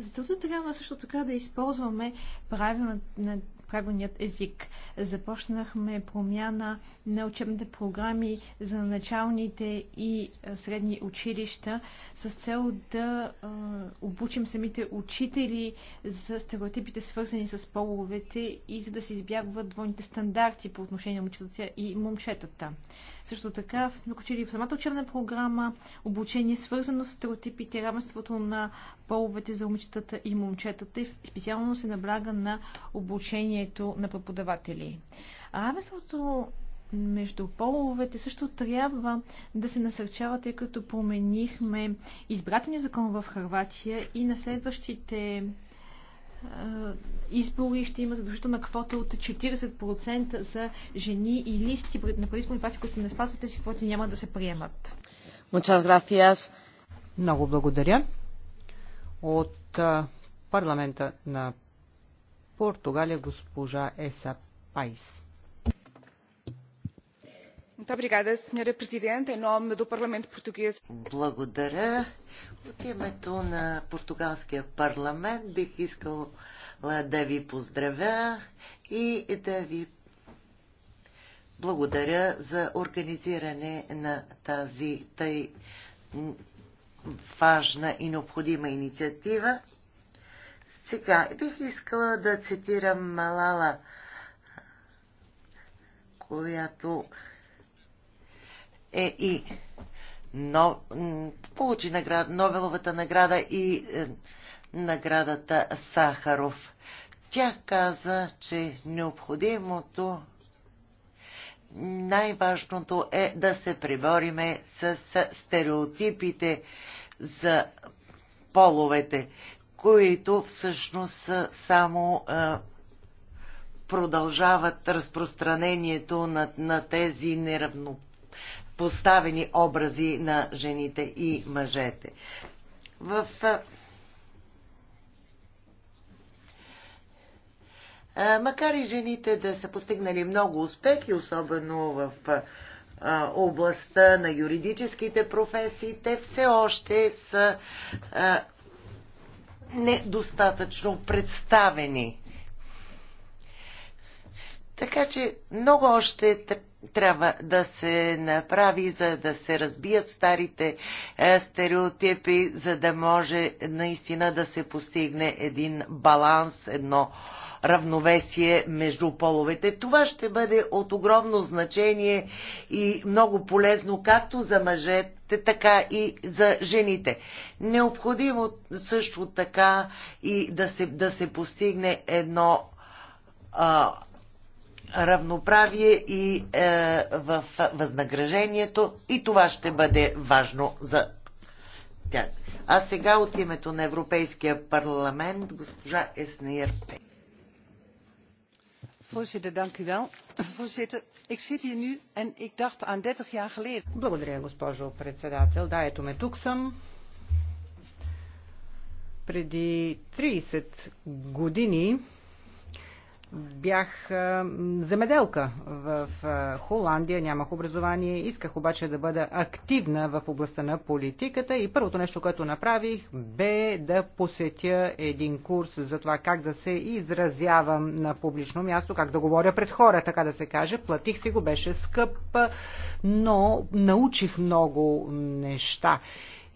Затова трябва също така да използваме правилната правилният език. Започнахме промяна на учебните програми за началните и средни училища с цел да обучим самите учители за стереотипите свързани с половете и за да се избягват двойните стандарти по отношение на момчетата и момчетата. Също така, включили в самата учебна програма обучение свързано с стереотипите, равенството на половете за момчетата и момчетата и специално се набляга на обучение обучението на преподаватели. А равенството между половете също трябва да се насърчава, тъй като променихме избирателния закон в Харватия и на следващите избори ще има задължителна квота от 40% за жени и листи на предизборни партии, които не спазват тези квоти, няма да се приемат. Много благодаря. От парламента на Португалия госпожа Еса Пайс. Благодаря. От името на португалския парламент бих искала да ви поздравя и да ви благодаря за организиране на тази тъй важна и необходима инициатива. Сега бих искала да цитирам Малала, която е и но, получи наград, Нобеловата награда и е, наградата Сахаров. Тя каза, че необходимото най-важното е да се прибориме с стереотипите за половете които всъщност само продължават разпространението на, на тези неравнопоставени образи на жените и мъжете. В Макар и жените да са постигнали много успехи, особено в областта на юридическите професии, те все още са недостатъчно представени. Така че много още трябва да се направи, за да се разбият старите е, стереотипи, за да може наистина да се постигне един баланс, едно равновесие между половете. Това ще бъде от огромно значение и много полезно както за мъжете, така и за жените. Необходимо също така и да се, да се постигне едно а, равноправие и е, в възнаграждението и това ще бъде важно за тях. А сега от името на Европейския парламент госпожа Еснеер Пей. Voorzitter, ik zit hier nu en ik dacht aan 30 jaar geleden. Благодаря, госпожо председател. Да, ето ме тук съм. Преди 30 години бях земеделка в Холандия, нямах образование, исках обаче да бъда активна в областта на политиката и първото нещо, което направих, бе да посетя един курс за това как да се изразявам на публично място, как да говоря пред хора, така да се каже. Платих си го, беше скъп, но научих много неща.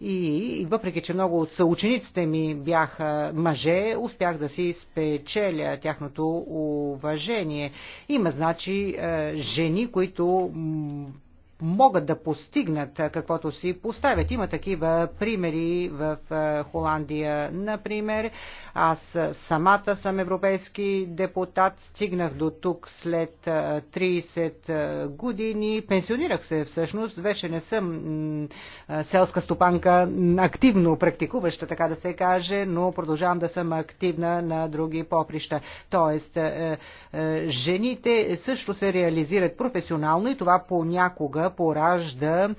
И въпреки, че много от съучениците ми бяха мъже, успях да си спечеля тяхното уважение. Има, значи, е, жени, които могат да постигнат каквото си поставят. Има такива примери в Холандия, например. Аз самата съм европейски депутат, стигнах до тук след 30 години, пенсионирах се всъщност, вече не съм селска стопанка, активно практикуваща, така да се каже, но продължавам да съм активна на други поприща. Тоест, жените също се реализират професионално и това понякога поражда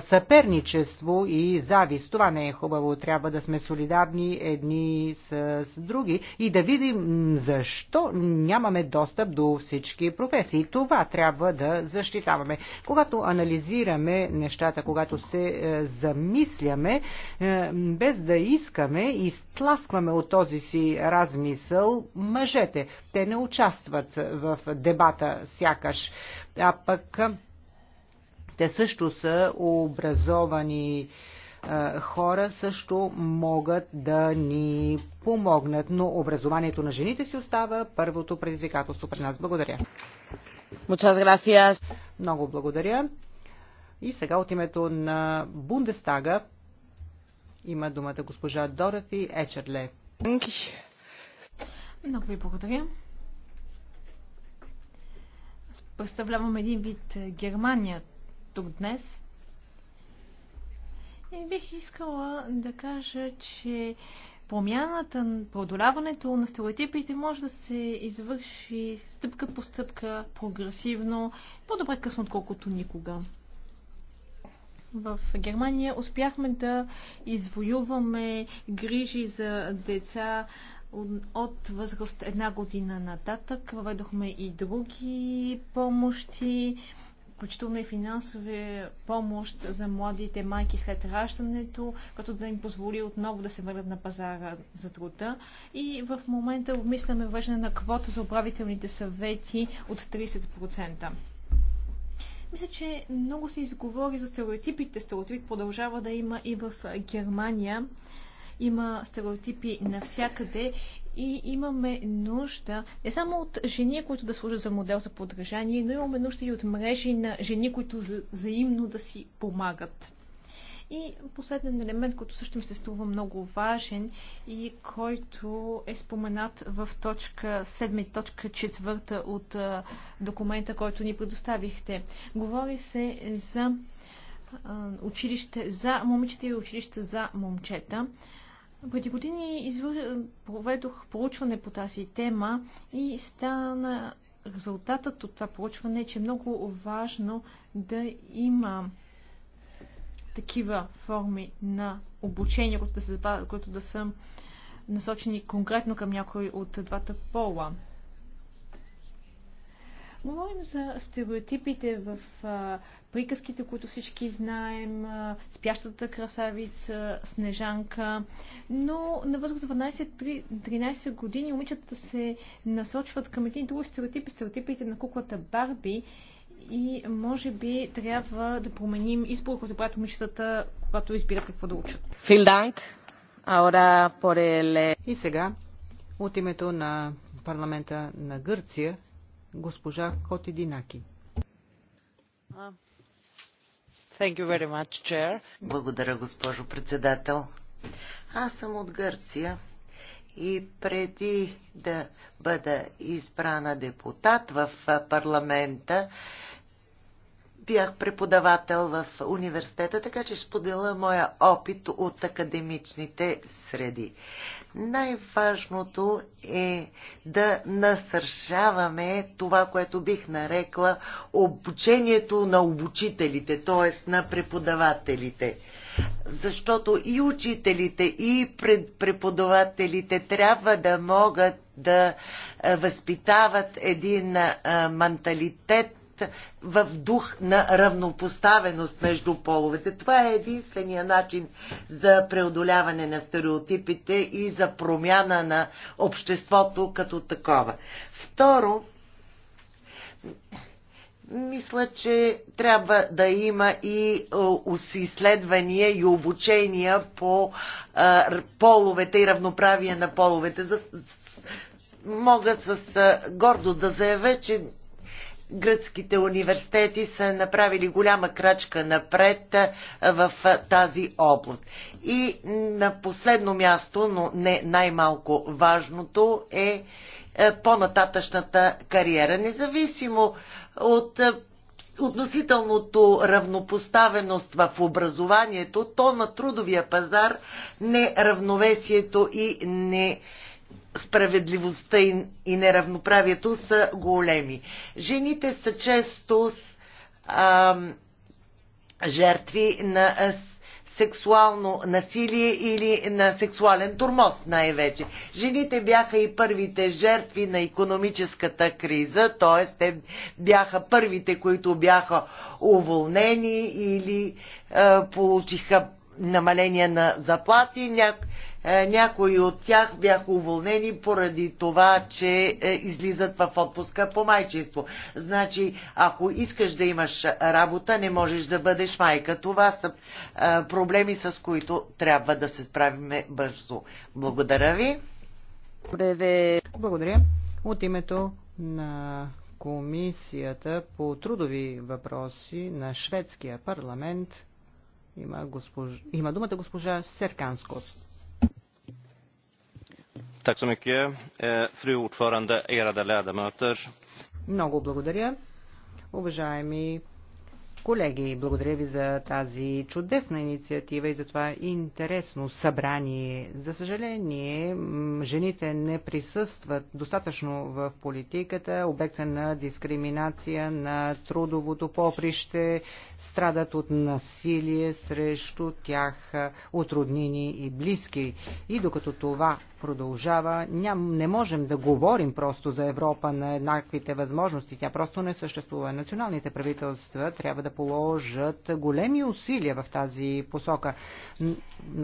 съперничество и завист. Това не е хубаво. Трябва да сме солидарни едни с, с други и да видим защо нямаме достъп до всички професии. Това трябва да защитаваме. Когато анализираме нещата, когато се е, замисляме, е, без да искаме, изтласкваме от този си размисъл мъжете. Те не участват в дебата сякаш. А пък те също са образовани хора също могат да ни помогнат, но образованието на жените си остава първото предизвикателство при нас. Благодаря. Много благодаря. И сега от името на Бундестага има думата госпожа Дороти Ечерле. Много ви благодаря. Представлявам един вид Германият тук днес. И бих искала да кажа, че промяната, преодоляването на стереотипите може да се извърши стъпка по стъпка, прогресивно, по-добре късно, отколкото никога. В Германия успяхме да извоюваме грижи за деца от възраст една година нататък. Въведохме и други помощи включително и финансови помощ за младите майки след раждането, като да им позволи отново да се върнат на пазара за труда. И в момента обмисляме въждане на квота за управителните съвети от 30%. Мисля, че много се изговори за стереотипите. Стереотип продължава да има и в Германия. Има стереотипи навсякъде и имаме нужда не само от жени, които да служат за модел за подражание, но имаме нужда и от мрежи на жени, които взаимно да си помагат. И последен елемент, който също ми се струва много важен и който е споменат в точка 7 и точка 4 от документа, който ни предоставихте. Говори се за училище за момичета и училище за момчета. Преди години извър... проведох проучване по тази тема и стана резултатът от това проучване, че е много важно да има такива форми на обучение, които да, се, които да са насочени конкретно към някой от двата пола. Говорим за стереотипите в а, приказките, които всички знаем, а, спящата красавица, снежанка, но на възраст 12-13 години момичетата се насочват към един друг стереотип, стереотипите на куклата Барби и може би трябва да променим избор, който правят момичетата, когато избират какво да учат. И сега, от името на парламента на Гърция, госпожа Котединаки. Благодаря, госпожо председател. Аз съм от Гърция и преди да бъда избрана депутат в парламента, бях преподавател в университета, така че споделя моя опит от академичните среди. Най-важното е да насършаваме това, което бих нарекла обучението на обучителите, т.е. на преподавателите. Защото и учителите, и преподавателите трябва да могат да възпитават един менталитет в дух на равнопоставеност между половете. Това е единствения начин за преодоляване на стереотипите и за промяна на обществото като такова. Второ, мисля, че трябва да има и изследвания и обучения по половете и равноправие на половете. Мога с гордост да заявя, че гръцките университети са направили голяма крачка напред в тази област. И на последно място, но не най-малко важното е, е по-нататъчната кариера. Независимо от относителното равнопоставеност в образованието, то на трудовия пазар не равновесието и не справедливостта и, неравноправието са големи. Жените са често с, а, жертви на сексуално насилие или на сексуален турмоз най-вече. Жените бяха и първите жертви на економическата криза, т.е. те бяха първите, които бяха уволнени или а, получиха намаления на заплати. Ня... Е, някои от тях бяха уволнени поради това, че е, излизат в отпуска по майчество. Значи, ако искаш да имаш работа, не можеш да бъдеш майка. Това са е, проблеми, с които трябва да се справиме бързо. Благодаря ви. Благодаря. От името на Комисията по трудови въпроси на шведския парламент има, госпож... има думата госпожа Серканскос. Eh, Много благодаря. Уважаеми колеги, благодаря ви за тази чудесна инициатива и за това интересно събрание. За съжаление, жените не присъстват достатъчно в политиката, обекта на дискриминация, на трудовото поприще, страдат от насилие срещу тях от роднини и близки. И докато това продължава. Ням, не можем да говорим просто за Европа на еднаквите възможности. Тя просто не съществува. Националните правителства трябва да положат големи усилия в тази посока.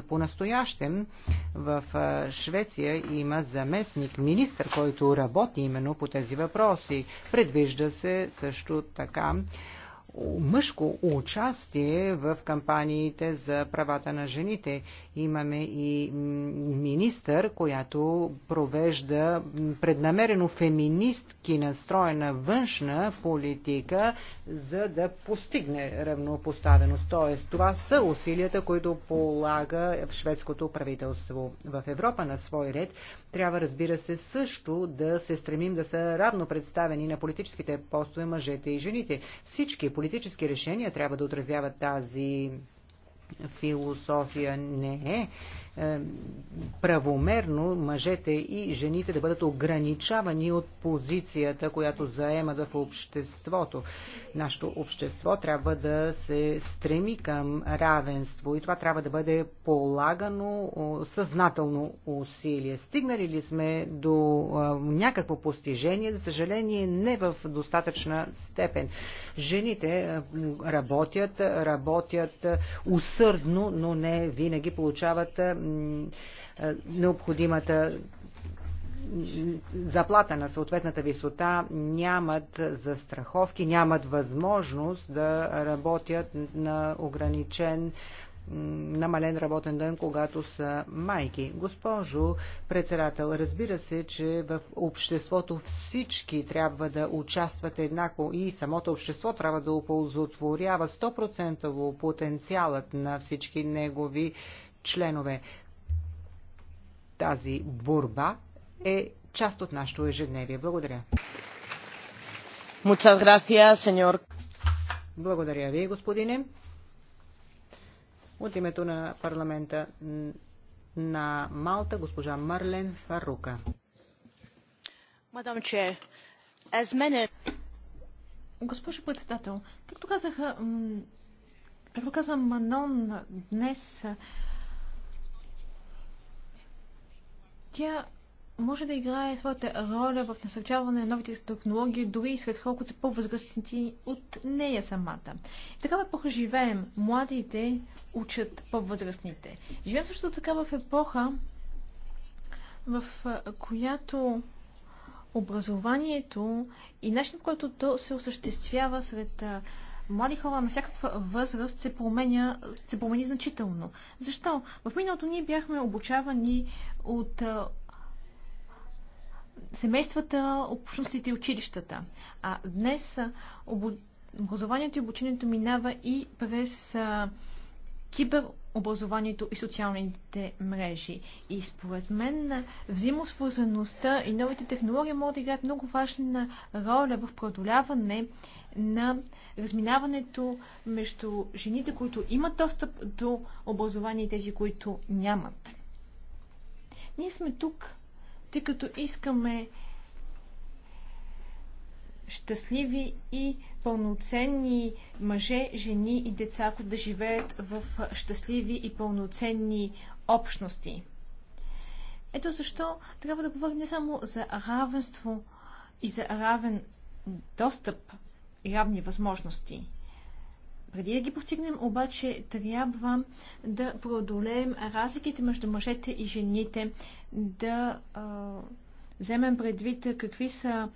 По-настоящем в Швеция има заместник министр, който работи именно по тези въпроси. Предвижда се също така мъжко участие в кампаниите за правата на жените. Имаме и министър, която провежда преднамерено феминистки настроена външна политика, за да постигне равнопоставеност. Тоест, това са усилията, които полага шведското правителство. В Европа на свой ред трябва, разбира се, също да се стремим да са равно представени на политическите постове мъжете и жените. Всички политически решения трябва да отразяват тази философия. Не е е, правомерно мъжете и жените да бъдат ограничавани от позицията, която заемат в обществото. Нашето общество трябва да се стреми към равенство и това трябва да бъде полагано съзнателно усилие. Стигнали ли сме до някакво постижение, за съжаление не в достатъчна степен. Жените работят, работят усърдно, но не винаги получават е, необходимата заплата на съответната висота нямат застраховки, нямат възможност да работят на ограничен намален работен ден, когато са майки. Госпожо председател, разбира се, че в обществото всички трябва да участват еднакво и самото общество трябва да оползотворява 100% потенциалът на всички негови членове. Тази борба е част от нашето ежедневие. Благодаря. Muchas gracias, señor. Благодаря ви, господине. От името на парламента на Малта, госпожа Марлен Фарука. Мадам Че, мене... Госпожа председател, както казаха, както каза Манон днес, Тя може да играе своята роля в насърчаване на новите технологии, дори и сред хора, които са по-възрастни от нея самата. И такава епоха живеем. Младите учат по-възрастните. Живеем също така в епоха, в която образованието и начинът, който то се осъществява сред млади хора на всякаква възраст се, променя, се промени значително. Защо? В миналото ние бяхме обучавани от семействата, общностите и училищата. А днес образованието и обучението минава и през киберобразованието и социалните мрежи. И според мен взаимосвързаността и новите технологии могат да играят много важна роля в преодоляване на разминаването между жените, които имат достъп до образование и тези, които нямат. Ние сме тук, тъй като искаме щастливи и пълноценни мъже, жени и деца, които да живеят в щастливи и пълноценни общности. Ето защо трябва да говорим не само за равенство и за равен достъп равни възможности. Преди да ги постигнем, обаче, трябва да преодолеем разликите между мъжете и жените, да а, вземем предвид какви са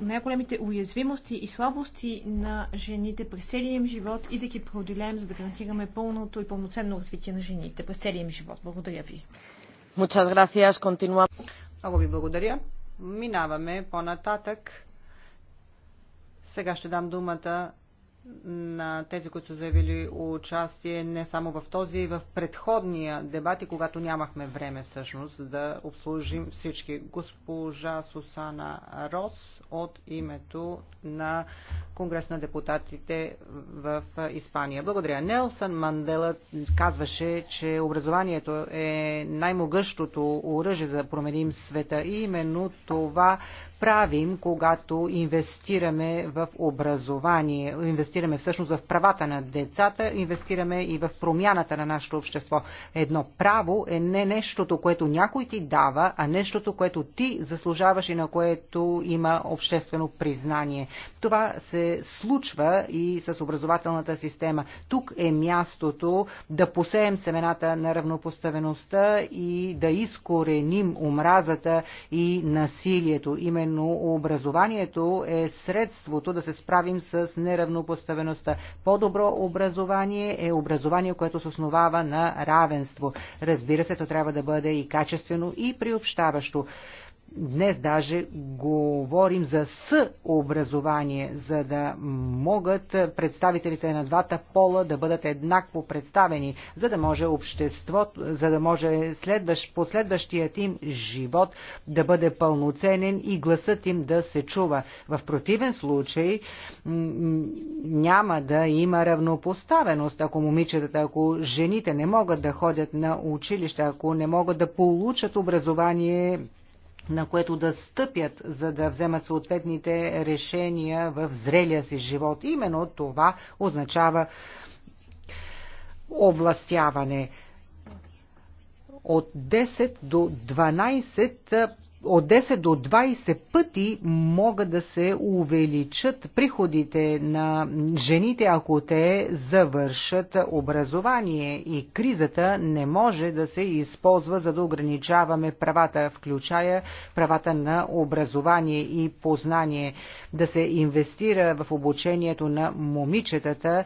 най-големите уязвимости и слабости на жените през целия им живот и да ги преодолеем, за да гарантираме пълното и пълноценно развитие на жените през целия им живот. Благодаря ви. Много ви благодаря. Минаваме по-нататък сега ще дам думата на тези, които са заявили участие не само в този, и в предходния дебат и когато нямахме време всъщност да обслужим всички. Госпожа Сусана Рос от името на Конгрес на депутатите в Испания. Благодаря. Нелсън Мандела казваше, че образованието е най-могъщото оръжие за да променим света и именно това правим, когато инвестираме в образование, инвестираме всъщност в правата на децата, инвестираме и в промяната на нашето общество. Едно право е не нещото, което някой ти дава, а нещото, което ти заслужаваш и на което има обществено признание. Това се случва и с образователната система. Тук е мястото да посеем семената на равнопоставеността и да изкореним омразата и насилието. Именно именно образованието е средството да се справим с неравнопоставеността. По-добро образование е образование, което се основава на равенство. Разбира се, то трябва да бъде и качествено, и приобщаващо. Днес даже говорим за съобразование, за да могат представителите на двата пола да бъдат еднакво представени, за да може обществото, за да може следващ, последващият им живот да бъде пълноценен и гласът им да се чува. В противен случай няма да има равнопоставеност, ако момичетата, ако жените не могат да ходят на училище, ако не могат да получат образование на което да стъпят, за да вземат съответните решения в зрелия си живот. Именно това означава овластяване от 10 до 12 от 10 до 20 пъти могат да се увеличат приходите на жените, ако те завършат образование и кризата не може да се използва за да ограничаваме правата, включая правата на образование и познание. Да се инвестира в обучението на момичетата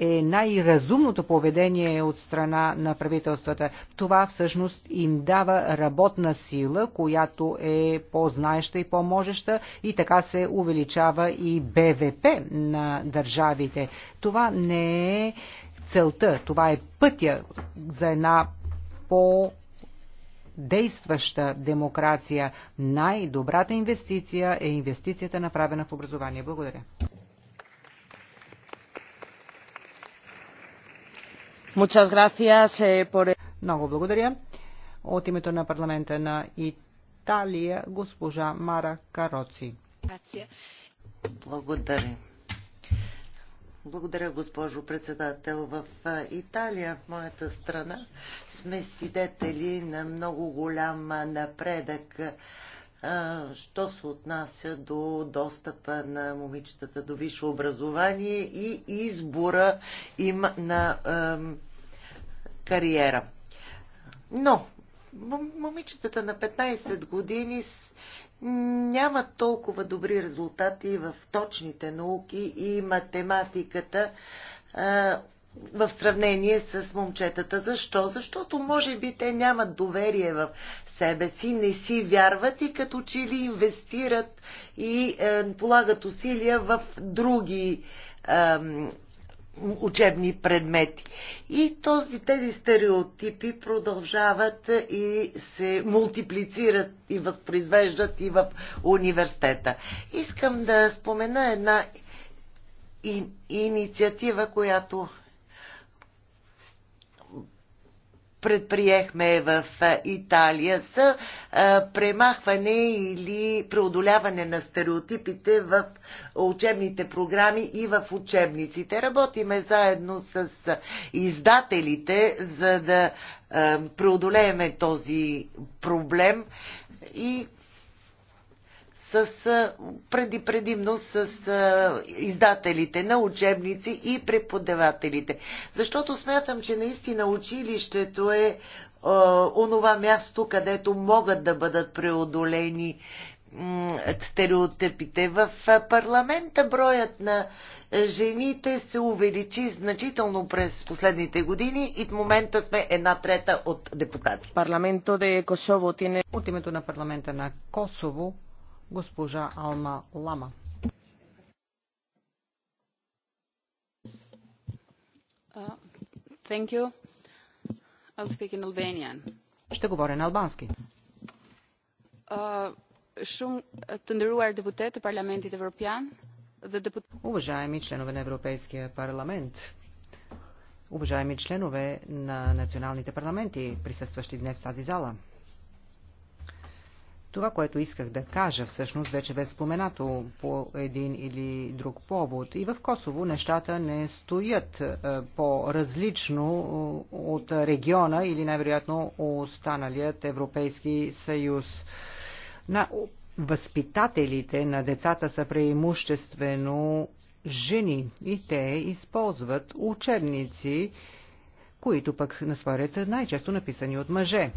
е най-разумното поведение от страна на правителствата. Това всъщност им дава работна сила, която която е по-знаеща и по-можеща и така се увеличава и БВП на държавите. Това не е целта, това е пътя за една по- действаща демокрация. Най-добрата инвестиция е инвестицията направена в образование. Благодаря. Eh, Много благодаря. От името на парламента на ИТ Италия госпожа Мара Кароци. Благодаря. Благодаря, госпожо председател. В Италия, в моята страна, сме свидетели на много голям напредък, що се отнася до достъпа на момичетата до висше образование и избора им на кариера. Но момичетата на 15 години нямат толкова добри резултати в точните науки и математиката в сравнение с момчетата. Защо? Защото може би те нямат доверие в себе си, не си вярват и като че ли инвестират и е, полагат усилия в други учебни предмети. И този, тези стереотипи продължават и се мултиплицират и възпроизвеждат и в университета. Искам да спомена една инициатива, която предприехме в Италия са премахване или преодоляване на стереотипите в учебните програми и в учебниците. Работиме заедно с издателите, за да преодолееме този проблем и с, преди предимно с издателите на учебници и преподавателите. Защото смятам, че наистина училището е онова място, където могат да бъдат преодолени стереотипите. В парламента броят на жените се увеличи значително през последните години и в момента сме една трета от депутати. Парламентът Косово тине... От името на парламента на Косово госпожа Алма Лама. Uh, thank you. I'll speak in Albanian. Ще говоря на албански. Uh, Shumë të nderuar deputet të Уважаеми членове на Европейския парламент, уважаеми членове на националните парламенти, присъстващи днес в тази зала. Това, което исках да кажа, всъщност вече бе споменато по един или друг повод. И в Косово нещата не стоят е, по-различно е, от региона или най-вероятно останалият Европейски съюз. На възпитателите на децата са преимуществено жени и те използват учебници, които пък на своя ред са най-често написани от мъже.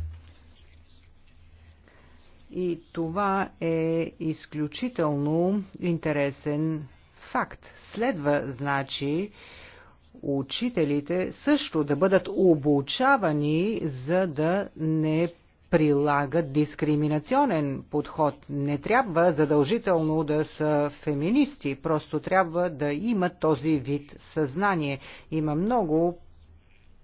И това е изключително интересен факт. Следва, значи, учителите също да бъдат обучавани, за да не прилагат дискриминационен подход. Не трябва задължително да са феминисти, просто трябва да имат този вид съзнание. Има много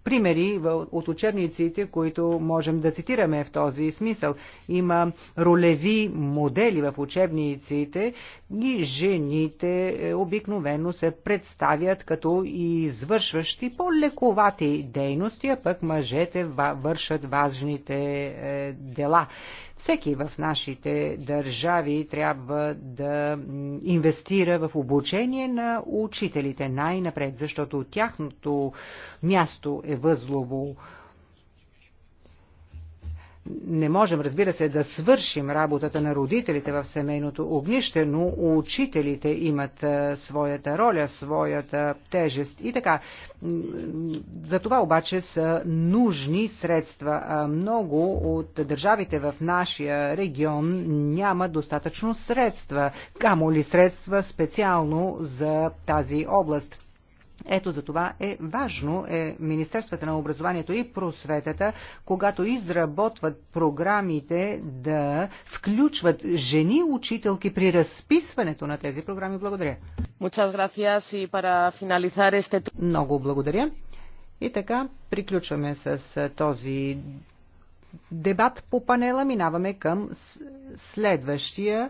примери от учебниците, които можем да цитираме в този смисъл. Има ролеви модели в учебниците и жените е, обикновено се представят като извършващи по-лековати дейности, а пък мъжете вършат важните е, дела. Всеки в нашите държави трябва да инвестира в обучение на учителите най-напред, защото тяхното място е възлово не можем, разбира се, да свършим работата на родителите в семейното огнище, но учителите имат своята роля, своята тежест и така. За това обаче са нужни средства. Много от държавите в нашия регион няма достатъчно средства, камо ли средства специално за тази област. Ето за това е важно е Министерствата на образованието и просветата, когато изработват програмите да включват жени учителки при разписването на тези програми. Благодаря. Много благодаря. И така, приключваме с този дебат по панела. Минаваме към следващия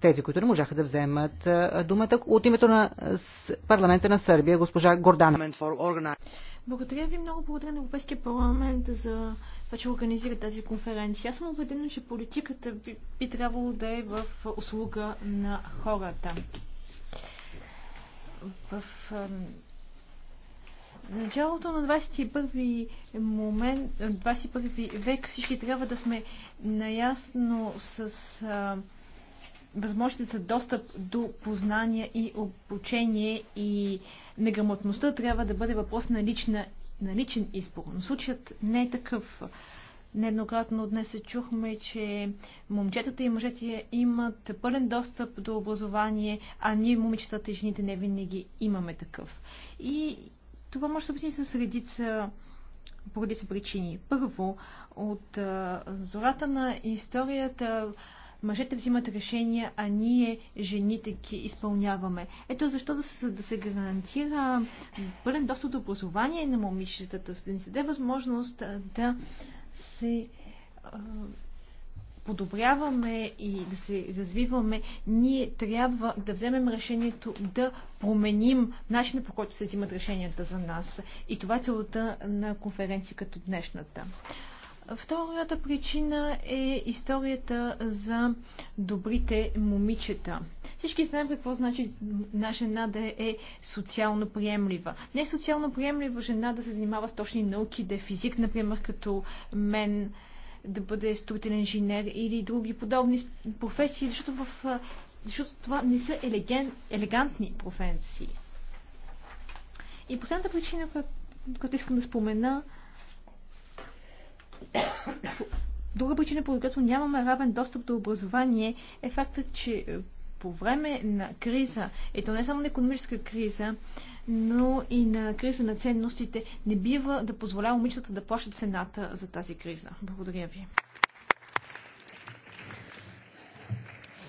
тези, които не можаха да вземат думата. От името на парламента на Сърбия, госпожа Гордана. Благодаря ви много, благодаря на Европейския парламент за това, че организира тази конференция. Аз съм убедена, че политиката би, би трябвало да е в услуга на хората. В началото на 21, момент, 21 век всички трябва да сме наясно с а, възможности за достъп до познания и обучение и неграмотността трябва да бъде въпрос на, лична, на личен избор. Но случаят не е такъв. Нееднократно днес се чухме, че момчетата и мъжете имат пълен достъп до образование, а ние, момичетата и жените, не винаги имаме такъв. И това може да се обясни с редица поради са причини. Първо, от а, зората на историята мъжете взимат решения, а ние, жените, ги изпълняваме. Ето защо да се, да се гарантира пълен достъп до образование на момичетата, да ни се даде възможност да се подобряваме и да се развиваме, ние трябва да вземем решението да променим начина по който се взимат решенията за нас. И това е целта на конференция като днешната. Втората причина е историята за добрите момичета. Всички знаем какво значи наша жена да е социално приемлива. Не е социално приемлива жена да се занимава с точни науки, да е физик, например, като мен, да бъде строителен инженер или други подобни професии, защото, в, защото това не са елеген, елегантни професии. И последната причина, която искам да спомена, Друга причина, по която нямаме равен достъп до образование, е факта, че е, по време на криза, ето не само на економическа криза, но и на криза на ценностите, не бива да позволява момичетата да плащат цената за тази криза. Благодаря ви.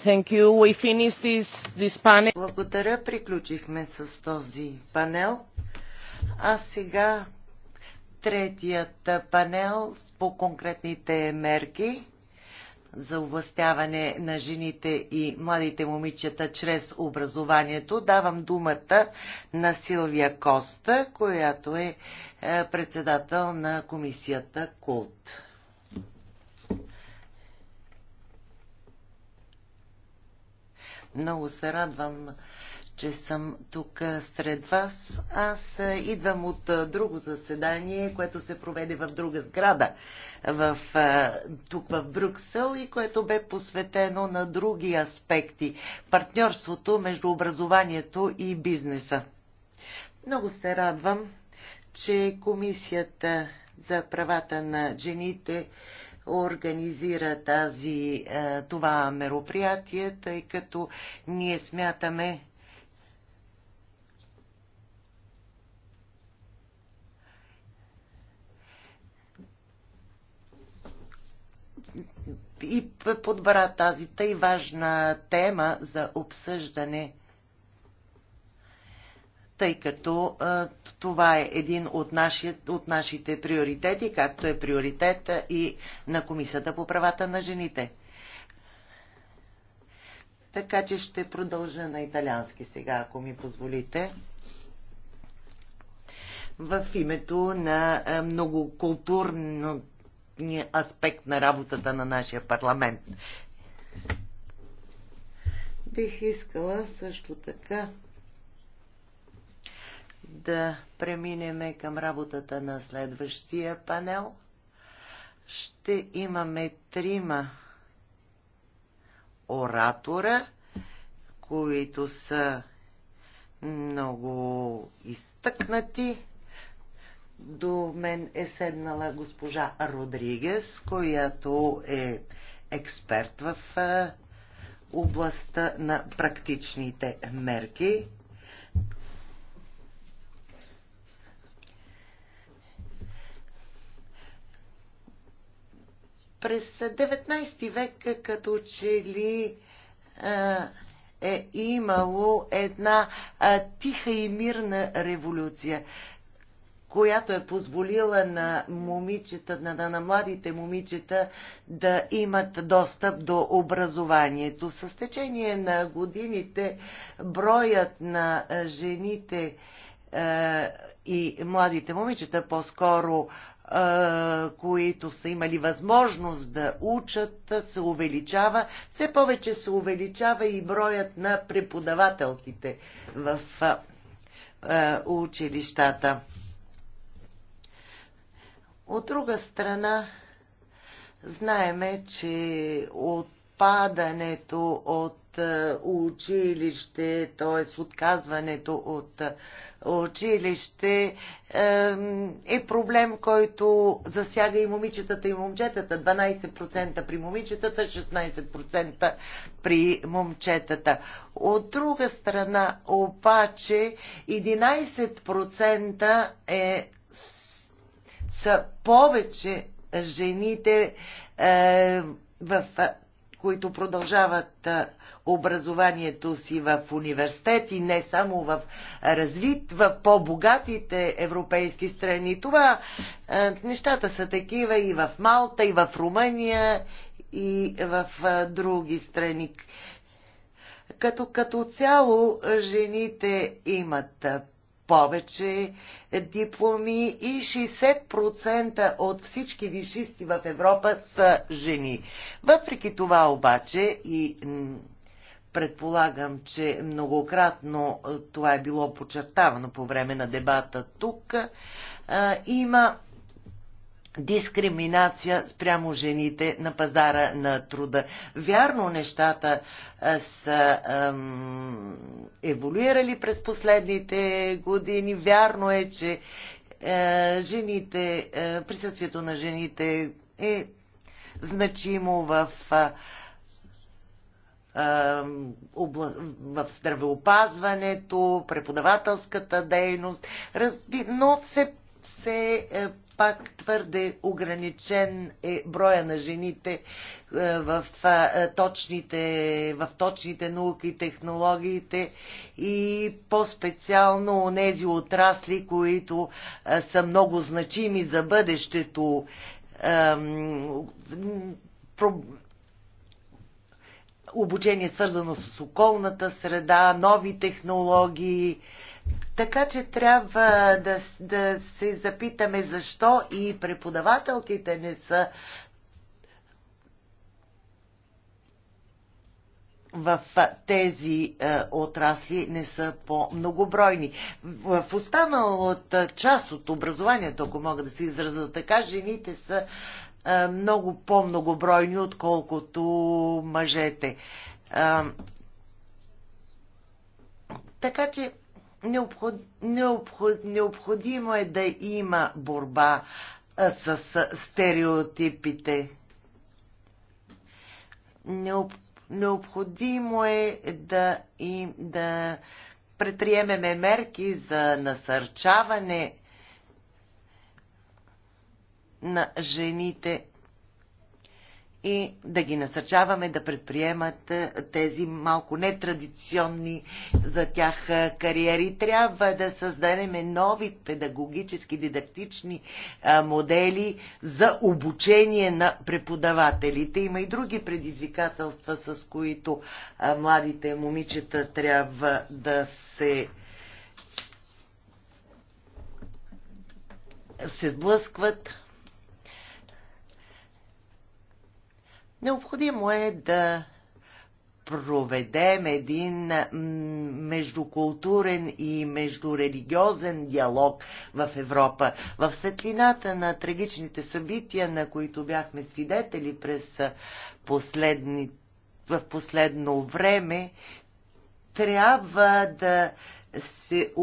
Thank you. We this, this panel. Благодаря. Приключихме с този панел. А сега третият панел по конкретните мерки за областяване на жените и младите момичета чрез образованието. Давам думата на Силвия Коста, която е, е председател на комисията КУЛТ. Много се радвам, че съм тук сред вас. Аз идвам от друго заседание, което се проведе в друга сграда, в, тук в Брюксел и което бе посветено на други аспекти – партньорството между образованието и бизнеса. Много се радвам, че Комисията за правата на жените организира тази, това мероприятие, тъй като ние смятаме, и подбра тази тъй важна тема за обсъждане, тъй като а, това е един от, наши, от нашите приоритети, както е приоритета и на Комисията по правата на жените. Така че ще продължа на италиански сега, ако ми позволите. В името на многокултурното конкретния аспект на работата на нашия парламент. Бих искала също така да преминеме към работата на следващия панел. Ще имаме трима оратора, които са много изтъкнати до мен е седнала госпожа Родригес, която е експерт в областта на практичните мерки. През 19 век като че ли е имало една тиха и мирна революция която е позволила на момичета, на, на, на младите момичета да имат достъп до образованието. С течение на годините броят на жените е, и младите момичета по-скоро които са имали възможност да учат, се увеличава. Все повече се увеличава и броят на преподавателките в училищата. От друга страна, знаеме, че отпадането от е, училище, т.е. отказването от е, училище е, е проблем, който засяга и момичетата и момчетата. 12% при момичетата, 16% при момчетата. От друга страна обаче 11% е са повече жените, е, в, е, които продължават е, образованието си в университет и не само в развит, в по-богатите европейски страни. Това нещата са такива и в Малта, и в Румъния, и в други страни. Като, като цяло жените имат повече дипломи и 60% от всички вишисти в Европа са жени. Въпреки това обаче и предполагам, че многократно това е било подчертавано по време на дебата тук, има дискриминация спрямо жените на пазара на труда. Вярно, нещата са ем, еволюирали през последните години. Вярно е, че е, жените, е, присъствието на жените е значимо в е, в здравеопазването, преподавателската дейност, разби, но все, все е, пак твърде ограничен е броя на жените е, в е, точните, в точните науки, технологиите и по-специално тези отрасли, които е, са много значими за бъдещето обучение свързано с околната среда, нови технологии, така че трябва да, да се запитаме защо и преподавателките не са в тези е, отрасли не са по-многобройни. В останалата част от образованието, ако мога да се изразя така, жените са е, много по-многобройни, отколкото мъжете. Е, така че необход, необход, необходимо е да има борба с стереотипите. Необ, необходимо е да, и, да предприемеме мерки за насърчаване на жените и да ги насърчаваме да предприемат е, тези малко нетрадиционни за тях е, кариери. Трябва да създадем нови педагогически, дидактични е, модели за обучение на преподавателите. Има и други предизвикателства, с които младите момичета трябва да се се сблъскват Необходимо е да проведем един междукултурен и междурелигиозен диалог в Европа. В светлината на трагичните събития, на които бяхме свидетели през последни, в последно време, трябва да се,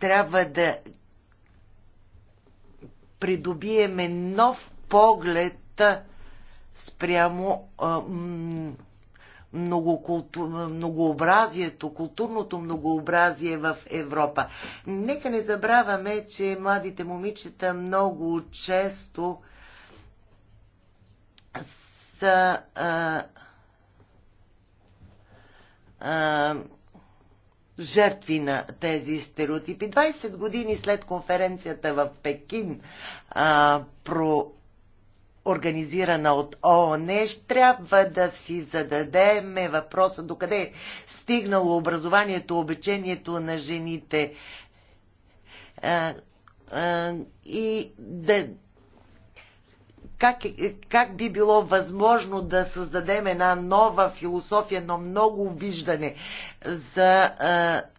трябва да придобиеме нов поглед спрямо а, многообразието, културното многообразие в Европа. Нека не забравяме, че младите момичета много често са а, а, жертви на тези стереотипи. 20 години след конференцията в Пекин а, про организирана от ООН, трябва да си зададем въпроса докъде е стигнало образованието, обечението на жените а, а, и да как, как би било възможно да създадем една нова философия, но много виждане за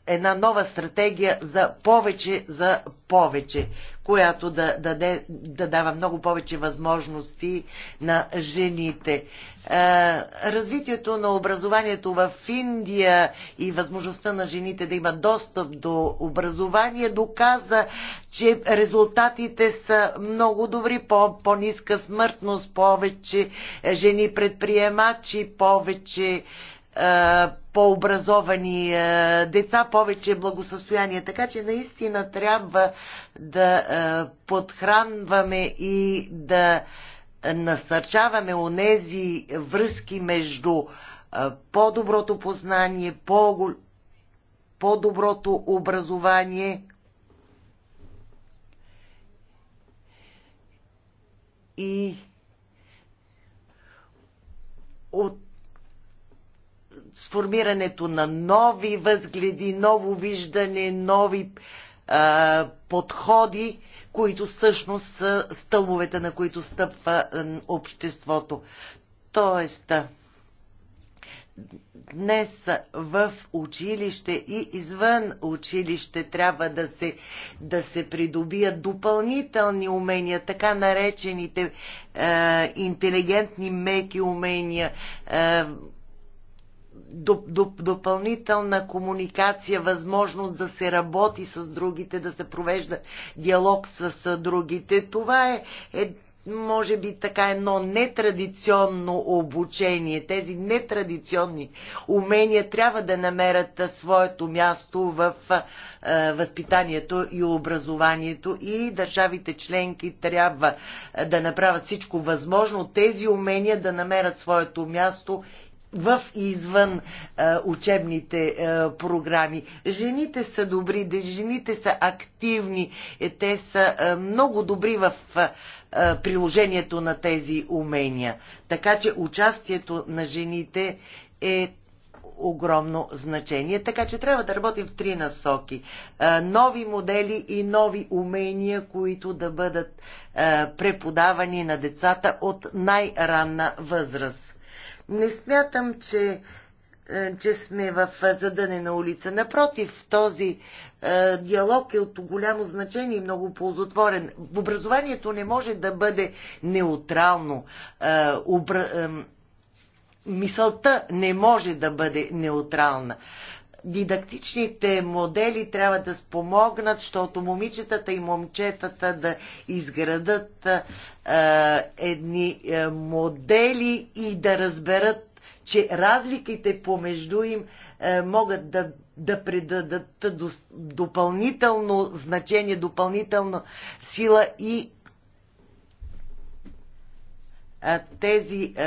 една нова стратегия за повече за повече, която да, даде, да дава много повече възможности на жените. Развитието на образованието в Индия и възможността на жените да имат достъп до образование доказа, че резултатите са много добри, по, по-ниска смъртност, повече жени предприемачи, повече по-образовани деца, повече благосъстояние. Така че наистина трябва да подхранваме и да насърчаваме онези връзки между по-доброто познание, по-доброто образование и от сформирането на нови възгледи, ново виждане, нови а, подходи, които всъщност са стълбовете, на които стъпва обществото. Тоест, днес в училище и извън училище трябва да се, да се придобият допълнителни умения, така наречените е, интелигентни меки умения, е, допълнителна комуникация, възможност да се работи с другите, да се провежда диалог с другите. Това е, е може би така едно нетрадиционно обучение. Тези нетрадиционни умения трябва да намерят своето място в е, възпитанието и образованието и държавите членки трябва да направят всичко възможно тези умения да намерят своето място в и извън а, е, учебните а, е, програми. Жените са добри, жените са активни, е, те са а, много добри в а, приложението на тези умения. Така че участието на жените е огромно значение. Така че трябва да работим в три насоки. А, нови модели и нови умения, които да бъдат а, преподавани на децата от най-ранна възраст. Не смятам, че, е, че сме в е, задънена улица. Напротив, този е, диалог е от голямо значение и много ползотворен. Образованието не може да бъде неутрално. мисълта не може да бъде неутрална дидактичните модели трябва да спомогнат, защото момичетата и момчетата да изградат а, едни а, модели и да разберат, че разликите помежду им а, могат да, да предадат допълнително значение, допълнителна сила и тези а,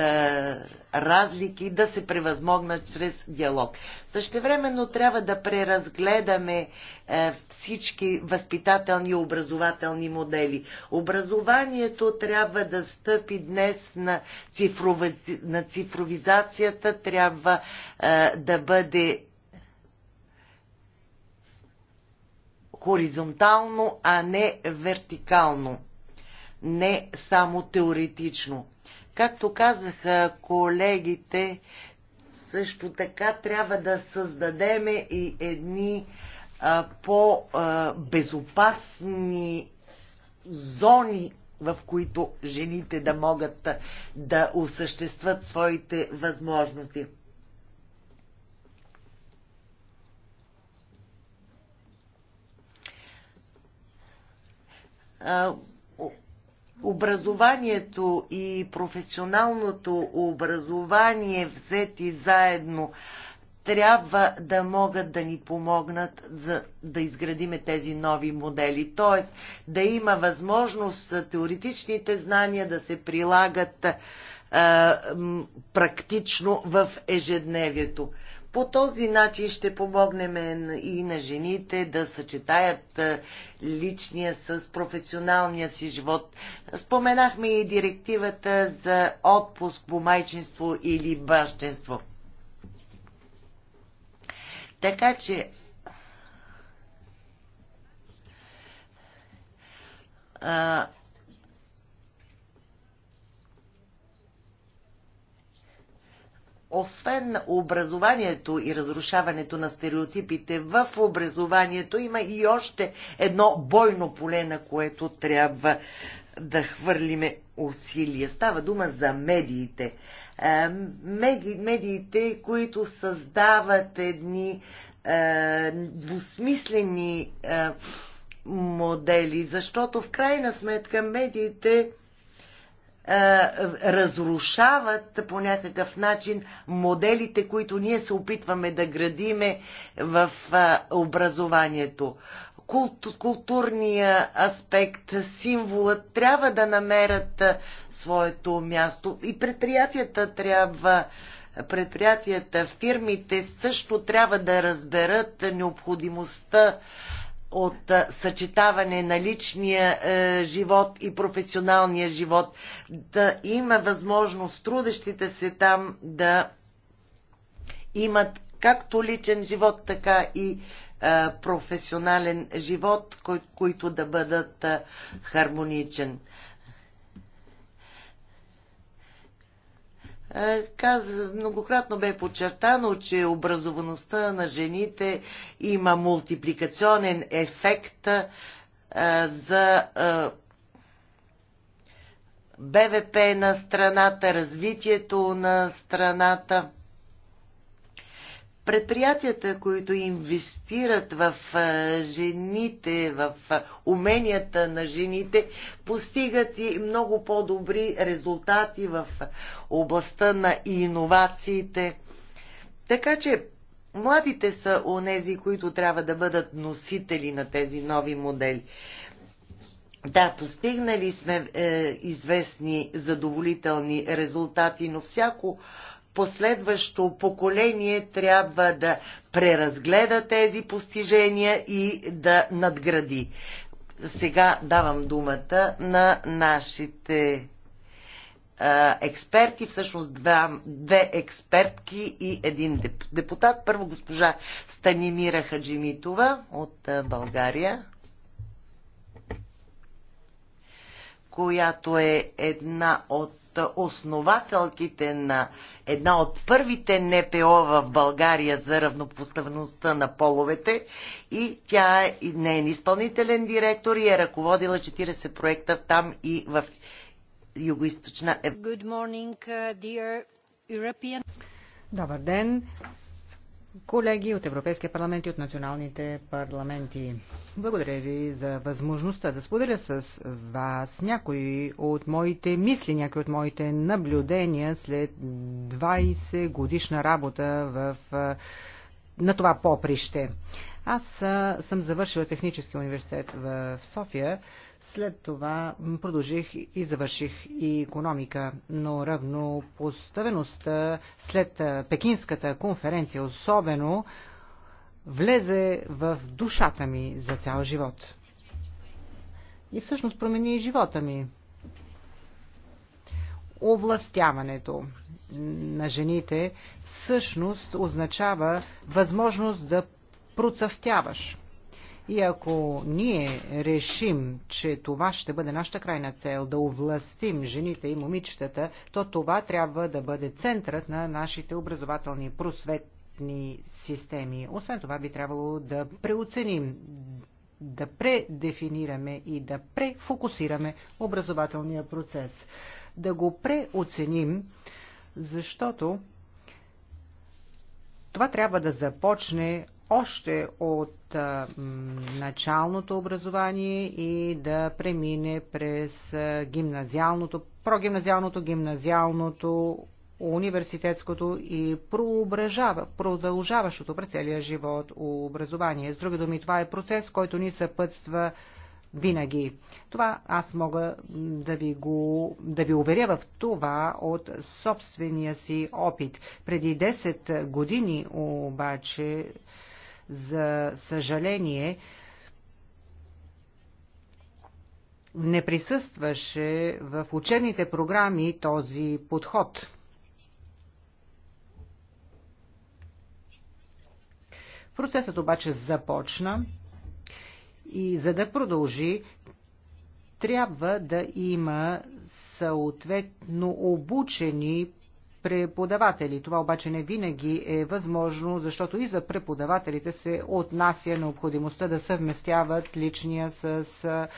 разлики да се превъзмогнат чрез диалог. Същевременно трябва да преразгледаме а, всички възпитателни и образователни модели. Образованието трябва да стъпи днес на, цифровиз... на цифровизацията, трябва а, да бъде хоризонтално, а не вертикално. Не само теоретично Както казаха колегите, също така трябва да създадеме и едни по-безопасни зони, в които жените да могат да осъществят своите възможности образованието и професионалното образование взети заедно трябва да могат да ни помогнат за да изградиме тези нови модели. Т.е. да има възможност теоретичните знания да се прилагат а, практично в ежедневието. По този начин ще помогнем и на жените да съчетаят личния с професионалния си живот. Споменахме и директивата за отпуск по майчинство или бащенство. Така че а, освен образованието и разрушаването на стереотипите в образованието, има и още едно бойно поле, на което трябва да хвърлиме усилия. Става дума за медиите. Е, меди, медиите, които създават едни е, двусмислени е, модели, защото в крайна сметка медиите е, разрушават по някакъв начин моделите, които ние се опитваме да градиме в е, образованието. Културния аспект, символът трябва да намерят е, своето място и предприятията трябва предприятията, фирмите също трябва да разберат необходимостта от съчетаване на личния е, живот и професионалния живот, да има възможност трудещите се там да имат както личен живот, така и е, професионален живот, кой, които да бъдат е, хармоничен. Е, Е, многократно бе подчертано, че образоваността на жените има мултипликационен ефект е, за е, БВП на страната, развитието на страната предприятията, които инвестират в жените, в уменията на жените, постигат и много по-добри резултати в областта на иновациите. Така че младите са онези, които трябва да бъдат носители на тези нови модели. Да, постигнали сме е, известни задоволителни резултати, но всяко последващо поколение трябва да преразгледа тези постижения и да надгради. Сега давам думата на нашите а, експерти, всъщност два, две експертки и един депутат. Първо госпожа Станимира Хаджимитова от България. която е една от основателките на една от първите НПО в България за равнопоставеността на половете и тя е нейен изпълнителен директор и е ръководила 40 проекта там и в Юго-Источна Европа. Uh, Добър ден! колеги от Европейския парламент и от националните парламенти. Благодаря ви за възможността да споделя с вас някои от моите мисли, някои от моите наблюдения след 20 годишна работа в, на това поприще. Аз съм завършила технически университет в София след това продължих и завърших и економика, но равнопоставеността след Пекинската конференция особено влезе в душата ми за цял живот. И всъщност промени и живота ми. Овластяването на жените всъщност означава възможност да процъфтяваш. И ако ние решим, че това ще бъде нашата крайна цел, да овластим жените и момичетата, то това трябва да бъде центърът на нашите образователни просветни системи. Освен това би трябвало да преоценим да предефинираме и да префокусираме образователния процес. Да го преоценим, защото това трябва да започне още от началното образование и да премине през гимназиалното, прогимназиалното, гимназиалното, университетското и продължаващото през целия живот образование. С други думи, това е процес, който ни съпътства винаги. Това аз мога да ви, го, да ви уверя в това от собствения си опит. Преди 10 години обаче за съжаление, не присъстваше в учебните програми този подход. Процесът обаче започна и за да продължи, трябва да има съответно обучени преподаватели. Това обаче не винаги е възможно, защото и за преподавателите се отнася необходимостта да съвместяват личния с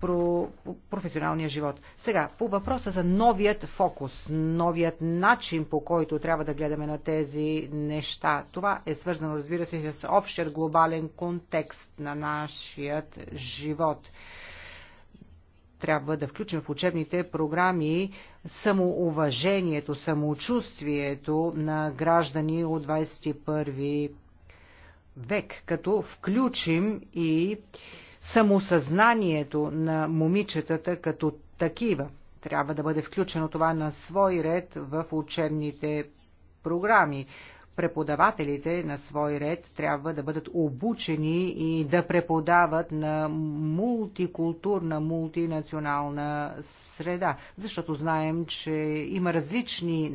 про професионалния живот. Сега, по въпроса за новият фокус, новият начин по който трябва да гледаме на тези неща, това е свързано, разбира се, с общият глобален контекст на нашият живот трябва да включим в учебните програми самоуважението, самочувствието на граждани от 21 век, като включим и самосъзнанието на момичетата като такива. Трябва да бъде включено това на свой ред в учебните програми преподавателите на свой ред трябва да бъдат обучени и да преподават на мултикултурна, мултинационална среда. Защото знаем, че има различни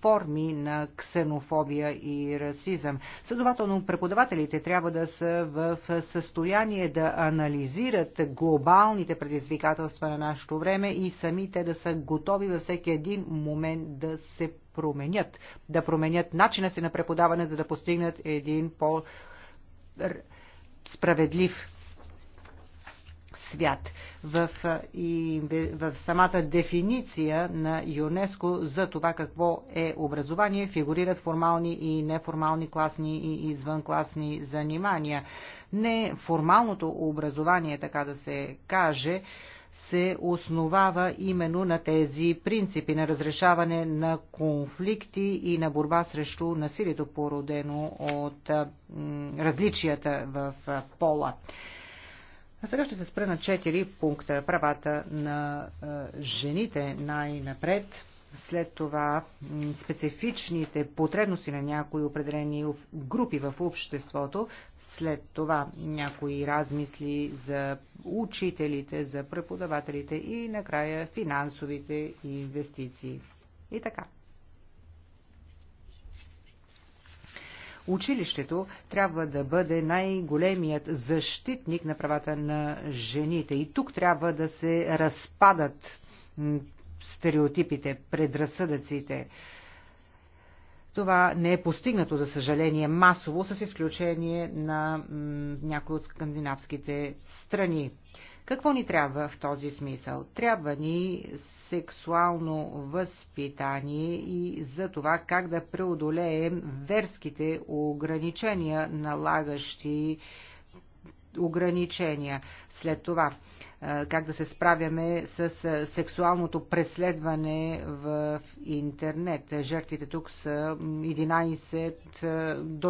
форми на ксенофобия и расизъм. Следователно, преподавателите трябва да са в състояние да анализират глобалните предизвикателства на нашето време и самите да са готови във всеки един момент да се променят, да променят начина си на преподаване, за да постигнат един по-справедлив свят. В, и, в самата дефиниция на ЮНЕСКО за това какво е образование фигурират формални и неформални класни и извънкласни занимания. Неформалното образование, така да се каже, се основава именно на тези принципи на разрешаване на конфликти и на борба срещу насилието, породено от различията в пола. А сега ще се спра на четири пункта. Правата на жените най-напред след това специфичните потребности на някои определени групи в обществото, след това някои размисли за учителите, за преподавателите и накрая финансовите инвестиции. И така. Училището трябва да бъде най-големият защитник на правата на жените и тук трябва да се разпадат стереотипите, предразсъдъците. Това не е постигнато, за съжаление, масово, с изключение на някои от скандинавските страни. Какво ни трябва в този смисъл? Трябва ни сексуално възпитание и за това как да преодолеем верските ограничения, налагащи ограничения. След това как да се справяме с сексуалното преследване в интернет. Жертвите тук са 11 до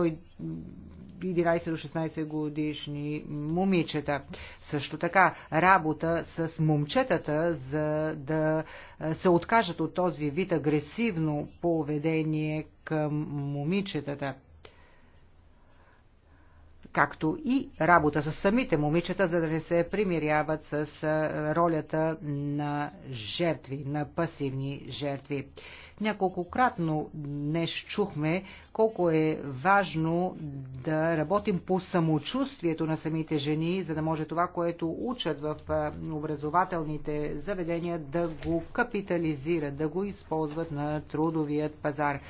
11 до 16 годишни момичета. Също така работа с момчетата, за да се откажат от този вид агресивно поведение към момичетата както и работа с самите момичета, за да не се примиряват с ролята на жертви, на пасивни жертви. Няколкократно днес чухме колко е важно да работим по самочувствието на самите жени, за да може това, което учат в образователните заведения, да го капитализират, да го използват на трудовият пазар.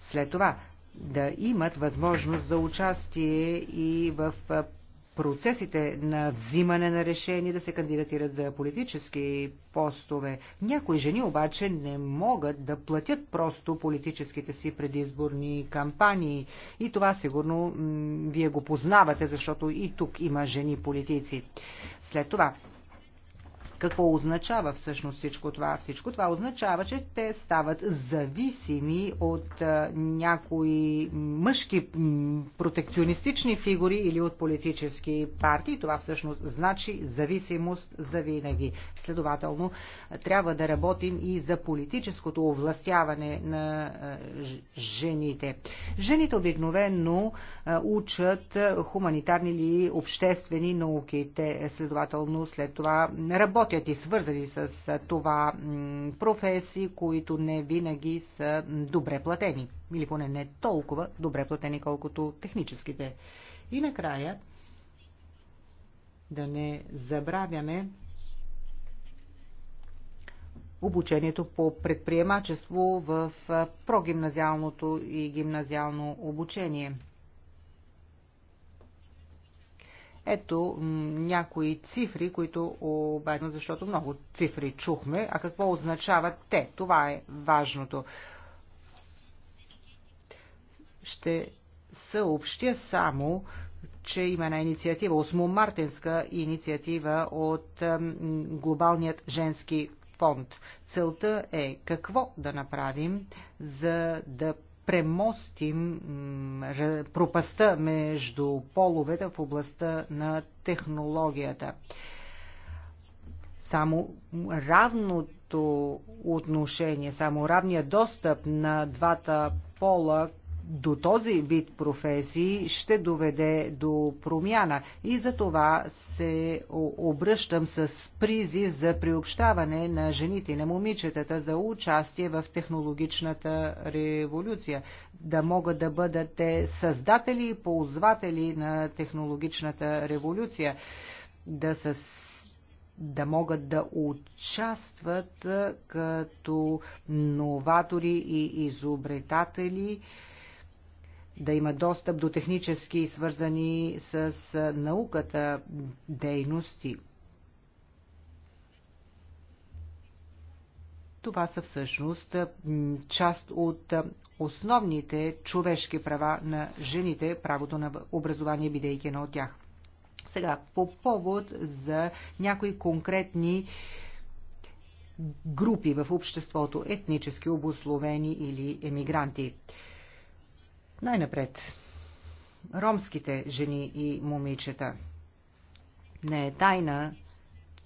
След това да имат възможност за участие и в процесите на взимане на решения да се кандидатират за политически постове. Някои жени обаче не могат да платят просто политическите си предизборни кампании. И това сигурно вие го познавате, защото и тук има жени политици. След това какво означава всъщност всичко това? Всичко това означава, че те стават зависими от някои мъжки протекционистични фигури или от политически партии. Това всъщност значи зависимост за винаги. Следователно, трябва да работим и за политическото овластяване на жените. Жените обикновено учат хуманитарни или обществени науки. Те следователно след това работят работят и свързани с това професии, които не винаги са добре платени. Или поне не толкова добре платени, колкото техническите. И накрая, да не забравяме обучението по предприемачество в прогимназиалното и гимназиално обучение – Ето някои цифри, които обедно, защото много цифри чухме, а какво означават те? Това е важното. Ще съобщя само, че има една инициатива, осмомартинска инициатива от Глобалният женски фонд. Целта е какво да направим, за да премостим пропаста между половете в областта на технологията. Само равното отношение, само равният достъп на двата пола до този вид професии ще доведе до промяна. И за това се обръщам с призив за приобщаване на жените и на момичетата за участие в технологичната революция. Да могат да бъдат те създатели и ползватели на технологичната революция. Да с... да могат да участват като новатори и изобретатели да има достъп до технически свързани с науката дейности. Това са всъщност част от основните човешки права на жените, правото на образование, бидейки едно от тях. Сега, по повод за някои конкретни групи в обществото, етнически обословени или емигранти. Най-напред, ромските жени и момичета. Не е тайна,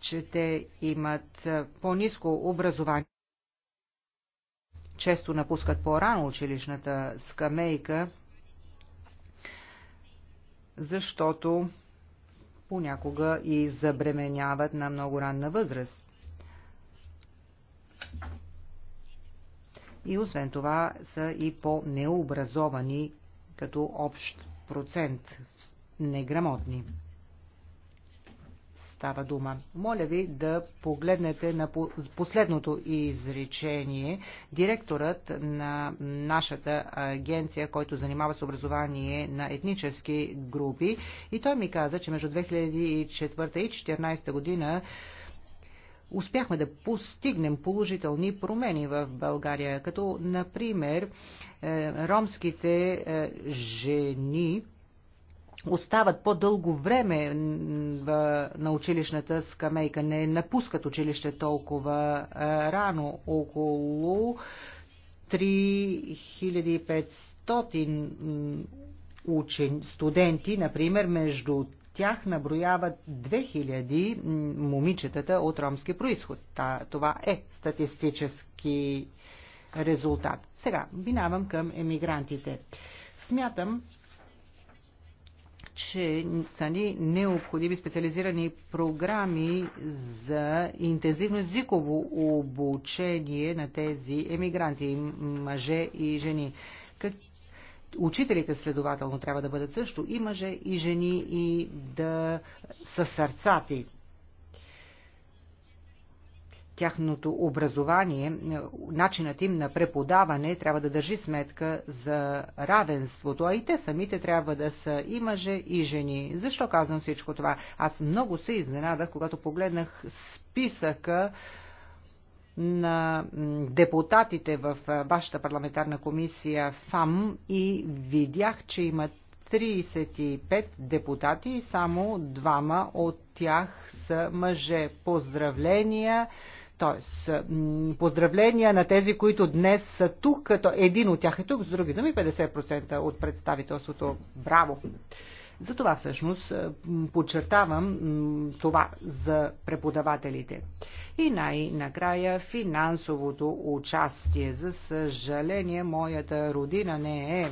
че те имат по-низко образование. Често напускат по-рано училищната скамейка, защото понякога и забременяват на много ранна възраст. и освен това са и по-необразовани като общ процент неграмотни. Става дума. Моля ви да погледнете на последното изречение. Директорът на нашата агенция, който занимава с образование на етнически групи, и той ми каза, че между 2004 и 2014 година успяхме да постигнем положителни промени в България, като например е, ромските е, жени остават по-дълго време на училищната скамейка, не напускат училище толкова е, рано, около 3500 учен, студенти, например, между тях наброяват 2000 момичетата от ромски происход. Това е статистически резултат. Сега минавам към емигрантите. Смятам, че са ни необходими специализирани програми за интензивно езиково обучение на тези емигранти, мъже и жени. Как Учителите следователно трябва да бъдат също и мъже, и жени, и да са сърцати. Тяхното образование, начинът им на преподаване трябва да държи сметка за равенството, а и те самите трябва да са и мъже, и жени. Защо казвам всичко това? Аз много се изненадах, когато погледнах списъка на депутатите в вашата парламентарна комисия ФАМ и видях, че имат 35 депутати и само двама от тях са мъже. Поздравления! т.е. поздравления на тези, които днес са тук, като един от тях е тук, с други думи 50% от представителството. Браво! Затова всъщност е, подчертавам това за преподавателите. И най-накрая финансовото участие. За съжаление, моята родина не е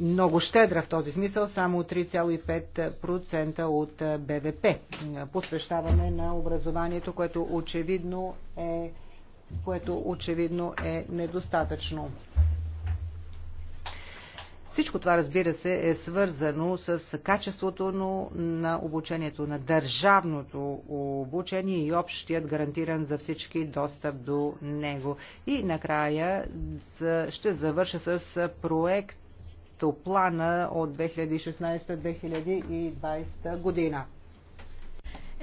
много щедра в този смисъл, само 3,5% от е, БВП посвещаваме на образованието, което очевидно е, което очевидно е недостатъчно. Всичко това, разбира се, е свързано с качеството на обучението, на държавното обучение и общият гарантиран за всички достъп до него. И накрая ще завърша с проект плана от 2016-2020 година.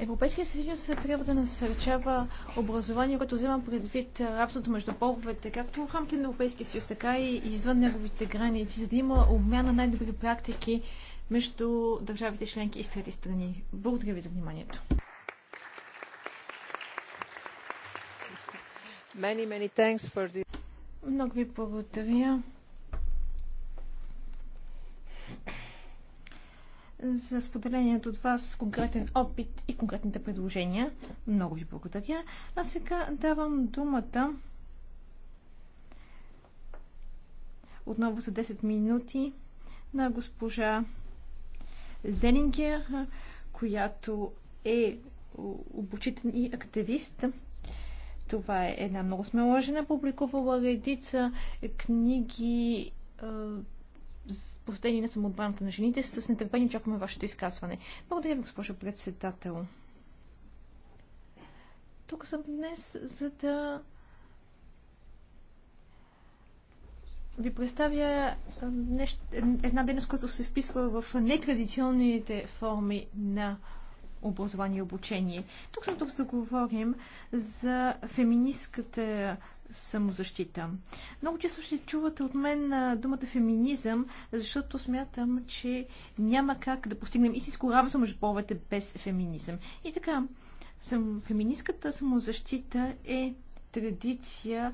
Европейския съюз трябва да насърчава образование, което взема предвид рабството между половете, както в рамките на Европейския съюз, така и извън неговите граници, за да има обмяна най-добри практики между държавите членки и трети страни. Благодаря ви за вниманието. Many, many thanks for this. Много ви благодаря. за споделението от вас конкретен опит и конкретните предложения. Много ви благодаря. А сега давам думата отново за 10 минути на госпожа Зелингер, която е обучителен и активист. Това е една много смела жена, публикувала редица книги, посветени на самоотбраната на жените. С нетърпение очакваме вашето изказване. Благодаря ви, госпожо председател. Тук съм днес, за да ви представя нещ... една дейност, която се вписва в нетрадиционните форми на образование и обучение. Тук съм тук да говорим за феминистката самозащита. Много често ще чувате от мен думата феминизъм, защото смятам, че няма как да постигнем истинско равенство между половете без феминизъм. И така, съм, феминистката самозащита е традиция,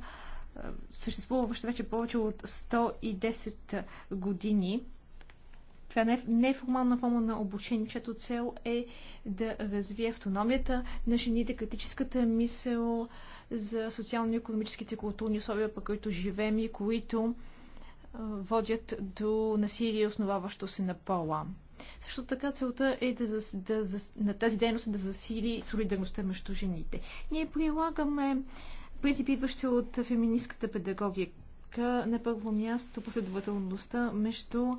съществуваща вече повече от 110 години това е неформална е форма на обучение, чето цел е да развие автономията на жените, критическата мисъл за социално-економическите културни условия, по които живеем и които водят до насилие, основаващо се на пола. Също така целта е да, да, да, на тази дейност да засили солидарността между жените. Ние прилагаме принципи, идващи от феминистката педагогика. На първо място последователността между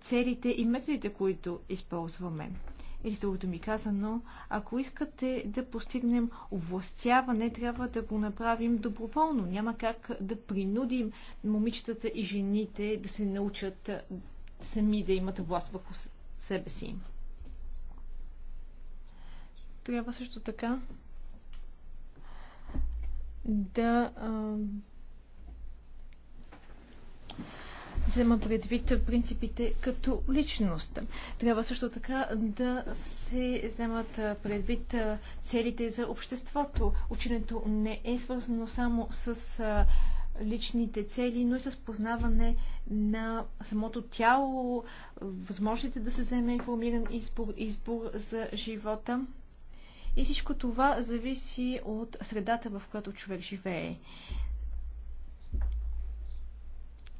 целите и методите, които използваме. Или с другото ми казано, ако искате да постигнем овластяване, трябва да го направим доброволно. Няма как да принудим момичетата и жените да се научат сами да имат власт върху себе си. Трябва също така да взема предвид принципите като личност. Трябва също така да се вземат предвид целите за обществото. Ученето не е свързано само с личните цели, но и с познаване на самото тяло, възможностите да се вземе информиран избор, избор за живота. И всичко това зависи от средата, в която човек живее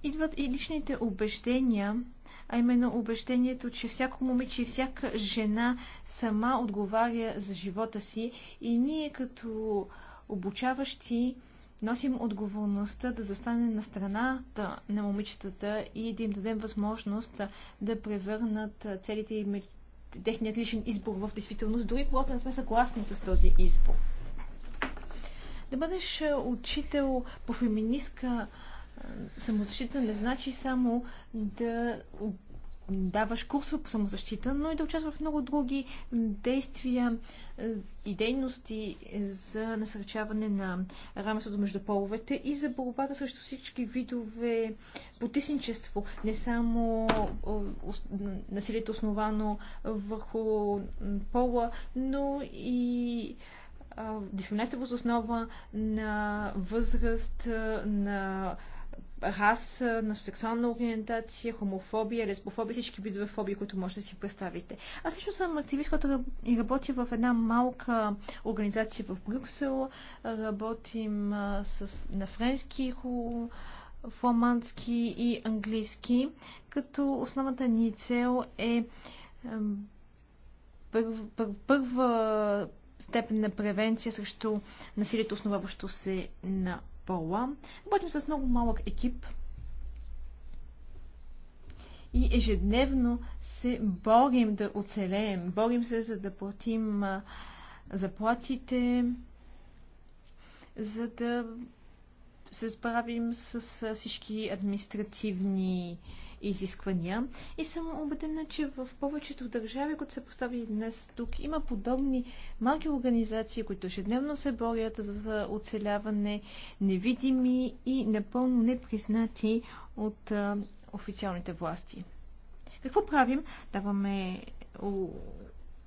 идват и личните убеждения, а именно убеждението, че всяко момиче и всяка жена сама отговаря за живота си и ние като обучаващи носим отговорността да застане на страната на момичетата и да им дадем възможност да превърнат целите им техният личен избор в действителност, дори когато не сме съгласни с този избор. Да бъдеш учител по феминистка самозащита не значи само да даваш курсове по самозащита, но и да участваш в много други действия е, и дейности за насърчаване на равенството между половете и за борбата срещу всички видове потисничество, не само е, насилието основано върху пола, но и е, дискриминация в основа на възраст, на раса, на сексуална ориентация, хомофобия, лесбофобия, всички видове фобии, които можете да си представите. Аз лично съм активист, който работя в една малка организация в Брюксел. Работим с, на френски, фламандски и английски, като основната ни цел е първа степен на превенция срещу насилието, основаващо се на пола. Работим с много малък екип и ежедневно се борим да оцелеем. Борим се за да платим заплатите, за да се справим с всички административни а, изисквания. И съм убедена, че в повечето държави, които са поставили днес тук, има подобни малки организации, които ежедневно се борят за оцеляване, невидими и напълно непризнати от а, официалните власти. Какво правим? Даваме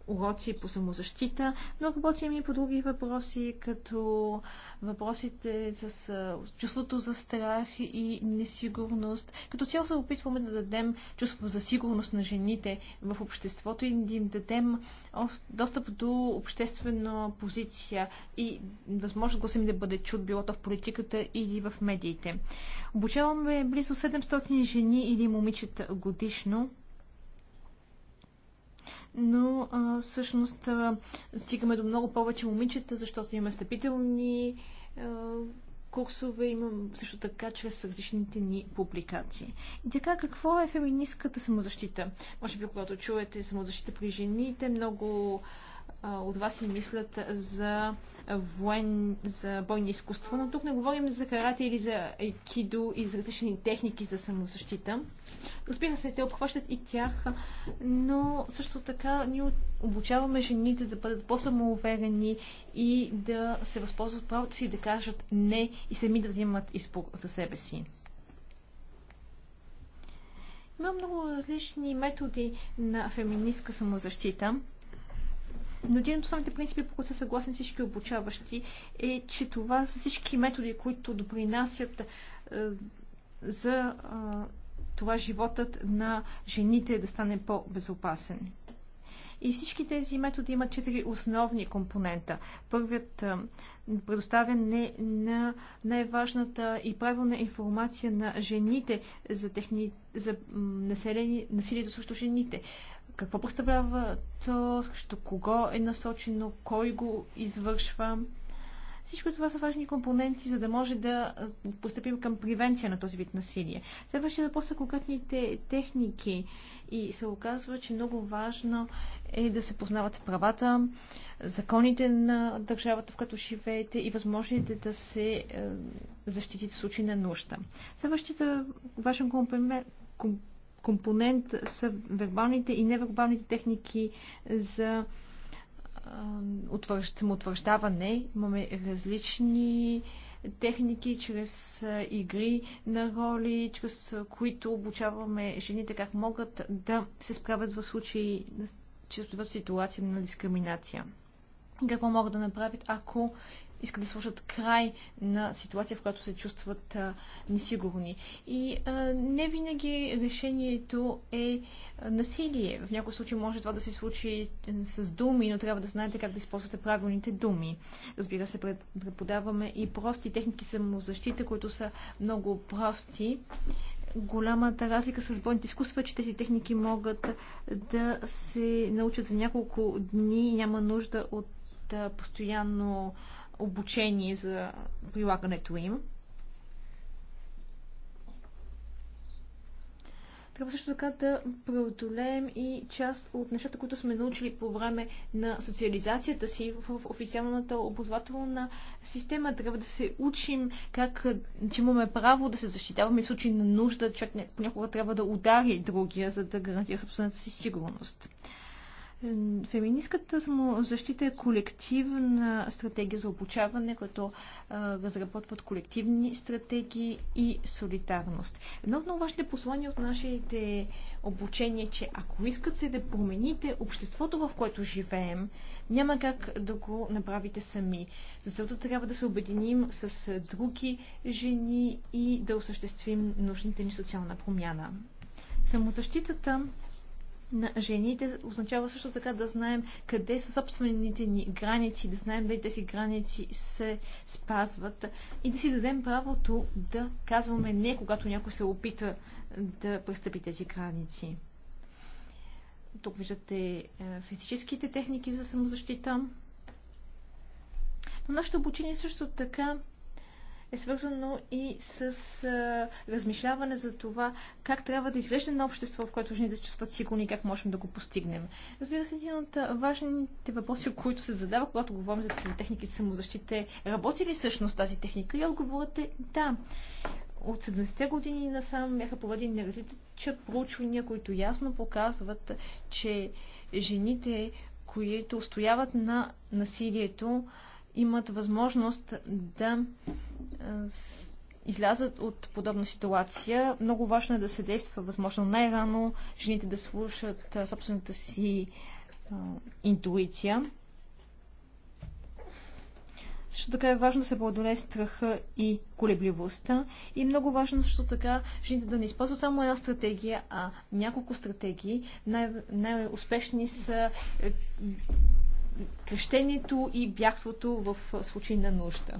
уроци по самозащита, но работим и по други въпроси, като въпросите с чувството за страх и несигурност. Като цяло се опитваме да дадем чувство за сигурност на жените в обществото и да им дадем достъп до обществена позиция и възможност да им да бъде чут, било то в политиката или в медиите. Обучаваме близо 700 жени или момичета годишно но а, всъщност а, стигаме до много повече момичета, защото имаме стъпителни курсове, имам също така чрез различните ни публикации. И така, какво е феминистката самозащита? Може би, когато чуете самозащита при жените, много а, от вас си мислят за, воен, за бойни изкуства, но тук не говорим за карате или за айкидо и за различни техники за самозащита. Разбира се, те обхващат и тях, но също така ние обучаваме жените да бъдат по-самоуверени и да се възползват правото си да кажат не и сами да взимат избор за себе си. Има много различни методи на феминистка самозащита. Но един от основните принципи, по които са съгласни всички обучаващи, е, че това са всички методи, които допринасят е, за това животът на жените да стане по-безопасен. И всички тези методи имат четири основни компонента. Първият предоставяне на най-важната и правилна информация на жените за, техни, за населени, насилието срещу жените. Какво представлява то, срещу кого е насочено, кой го извършва всичко това са важни компоненти, за да може да постъпим към превенция на този вид насилие. Следващия въпрос са конкретните техники и се оказва, че много важно е да се познават правата, законите на държавата, в която живеете и възможните да се е, защитите в случай на нужда. Следващия е, важен компонент са вербалните и невербалните техники за самоутвърждаване. Имаме различни техники, чрез игри на роли, чрез които обучаваме жените как могат да се справят в случаи, чрез ситуация на дискриминация. Какво могат да направят, ако искат да сложат край на ситуация, в която се чувстват а, несигурни. И а, не винаги решението е а, насилие. В някои случаи може това да се случи с думи, но трябва да знаете как да използвате правилните думи. Разбира се, преподаваме и прости техники самозащита, които са много прости. Голямата разлика с бойните изкуства е, че тези техники могат да се научат за няколко дни и няма нужда от постоянно обучение за прилагането им. Трябва също така да преодолеем и част от нещата, които сме научили по време на социализацията си в официалната образователна система. Трябва да се учим как, че имаме право да се защитаваме в случай на нужда. Човек понякога трябва да удари другия, за да гарантира собствената си сигурност. Феминистката самозащита е колективна стратегия за обучаване, като разработват колективни стратегии и солидарност. Едно от важните послания от нашите обучения е, че ако искате да промените обществото, в което живеем, няма как да го направите сами. Защото трябва да се обединим с други жени и да осъществим нужните ни социална промяна. Самозащитата на жените означава също така да знаем къде са собствените ни граници, да знаем дали тези граници се спазват и да си дадем правото да казваме не, когато някой се опита да престъпи тези граници. Тук виждате е, физическите техники за самозащита. Но нашето обучение също така е свързано и с а, размишляване за това как трябва да изглежда на общество, в което жените се чувстват сигурни и как можем да го постигнем. Разбира се, един от важните въпроси, които се задава, когато говорим за техники за самозащита, работи ли всъщност тази техника и отговорът е да от 70-те години насам бяха проведени различни проучвания, които ясно показват, че жените, които устояват на насилието, имат възможност да е, излязат от подобна ситуация. Много важно е да се действа възможно най-рано, жените да слушат е, собствената си е, интуиция. Също така е важно да се преодолее страха и колебливостта. И много важно също така жените да не използват само една стратегия, а няколко стратегии. Най- най-успешни са крещението и бягството в случай на нужда.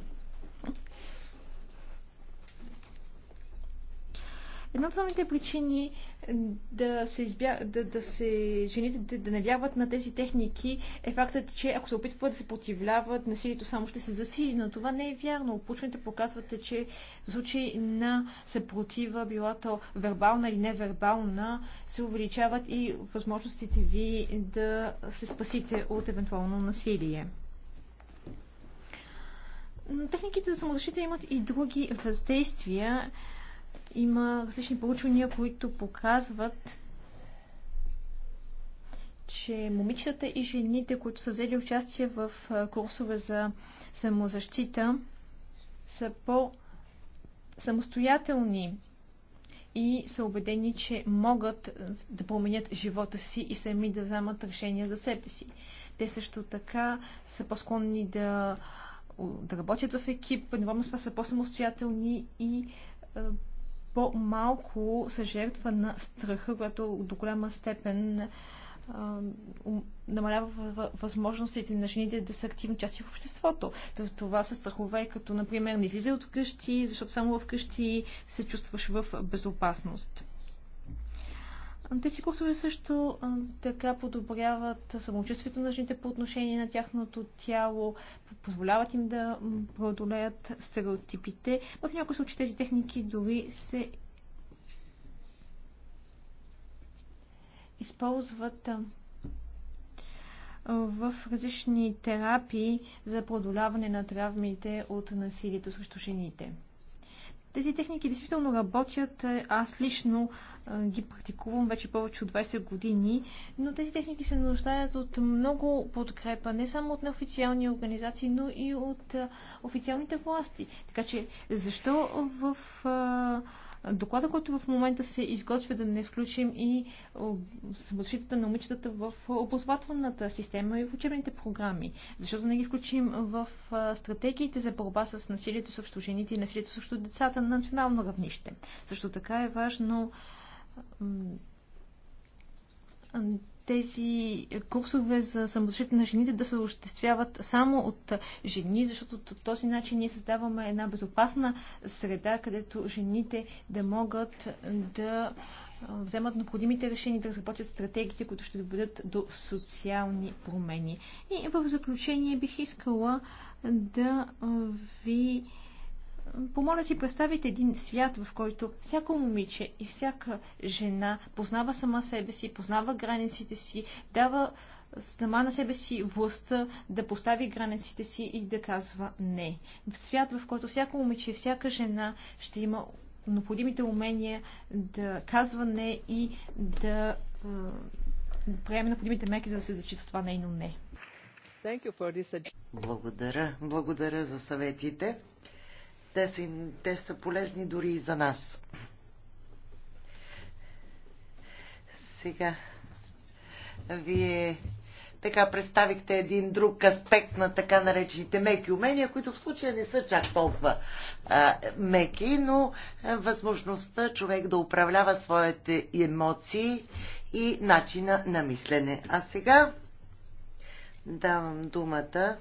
Една от основните причини е, да се, избя... да, да се жените да, да не вярват на тези техники е фактът, че ако се опитват да се противляват, насилието само ще се засили, но това не е вярно. Опучването показват, че в случай на съпротива, била то вербална или невербална, се увеличават и възможностите ви да се спасите от евентуално насилие. Но техниките за самозащита имат и други въздействия. Има различни проучвания, които показват, че момичетата и жените, които са взели участие в курсове за самозащита, са по-самостоятелни и са убедени, че могат да променят живота си и сами да вземат решения за себе си. Те също така са по-склонни да, да работят в екип, едновременно са по-самостоятелни и по-малко се жертва на страха, което до голяма степен намалява възможностите на жените да са активни части в обществото. Това са страхове, като, например, не излизай от къщи, защото само в къщи се чувстваш в безопасност. Тези курсове също така подобряват самочувствието на жените по отношение на тяхното тяло, позволяват им да преодолеят стереотипите. В някои случаи тези техники дори се използват в различни терапии за преодоляване на травмите от насилието срещу жените. Тези техники действително работят. Е, аз лично е, ги практикувам вече повече от 20 години, но тези техники се нуждаят от много подкрепа, не само от неофициални организации, но и от е, официалните власти. Така че, защо в доклада, който в момента се изготвя да не включим и самозащитата на момичетата в образователната система и в учебните програми. Защото не ги включим в стратегиите за борба с насилието срещу жените и насилието срещу децата на национално равнище. Също така е важно тези курсове за самозащита на жените да се осъществяват само от жени, защото по този начин ние създаваме една безопасна среда, където жените да могат да вземат необходимите решения да разработят стратегиите, които ще доведат до социални промени. И в заключение бих искала да ви помоля си представите един свят, в който всяко момиче и всяка жена познава сама себе си, познава границите си, дава сама на себе си властта да постави границите си и да казва не. В свят, в който всяко момиче и всяка жена ще има необходимите умения да казва не и да приеме необходимите меки, за да се зачита това нейно не. Благодаря. Благодаря за съветите. Те са, те са полезни дори и за нас. Сега, вие така представихте един друг аспект на така наречените меки умения, които в случая не са чак толкова а, меки, но а, възможността човек да управлява своите емоции и начина на мислене. А сега давам думата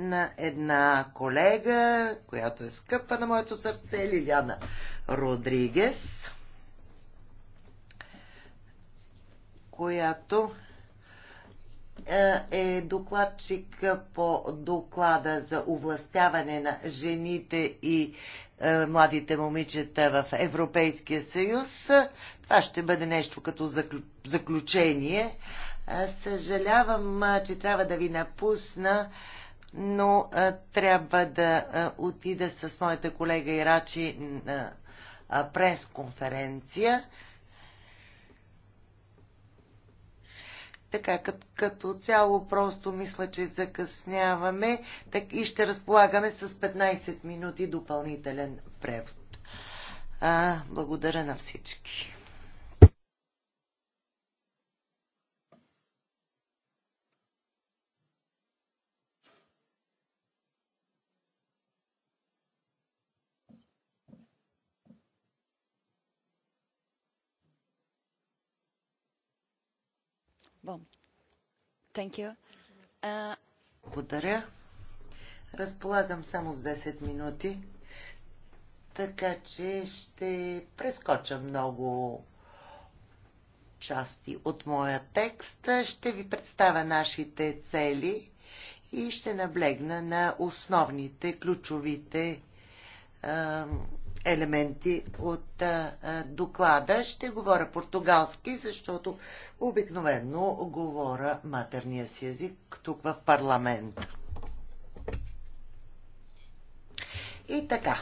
на една колега, която е скъпа на моето сърце, Лиляна Родригес, която е, е докладчик по доклада за овластяване на жените и е, младите момичета в Европейския съюз. Това ще бъде нещо като заключение. Е, съжалявам, че трябва да ви напусна но а, трябва да а, отида с моята колега Ирачи на прес-конференция. Така, като, като цяло просто мисля, че закъсняваме так, и ще разполагаме с 15 минути допълнителен превод. А, благодаря на всички. Благодаря. Разполагам само с 10 минути, така че ще прескоча много части от моя текст. Ще ви представя нашите цели и ще наблегна на основните, ключовите елементи от а, доклада. Ще говоря португалски, защото обикновено говоря матерния си език тук в парламент. И така.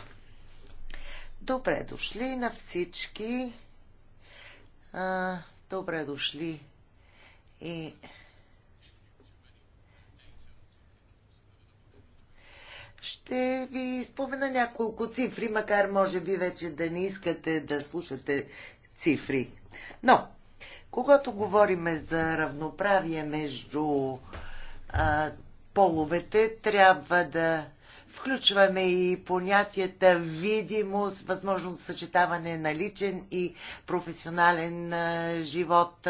Добре дошли на всички. А, добре дошли и Ще ви спомена няколко цифри, макар може би вече да не искате да слушате цифри. Но, когато говорим за равноправие между а, половете, трябва да включваме и понятията видимост, възможност съчетаване на личен и професионален живот,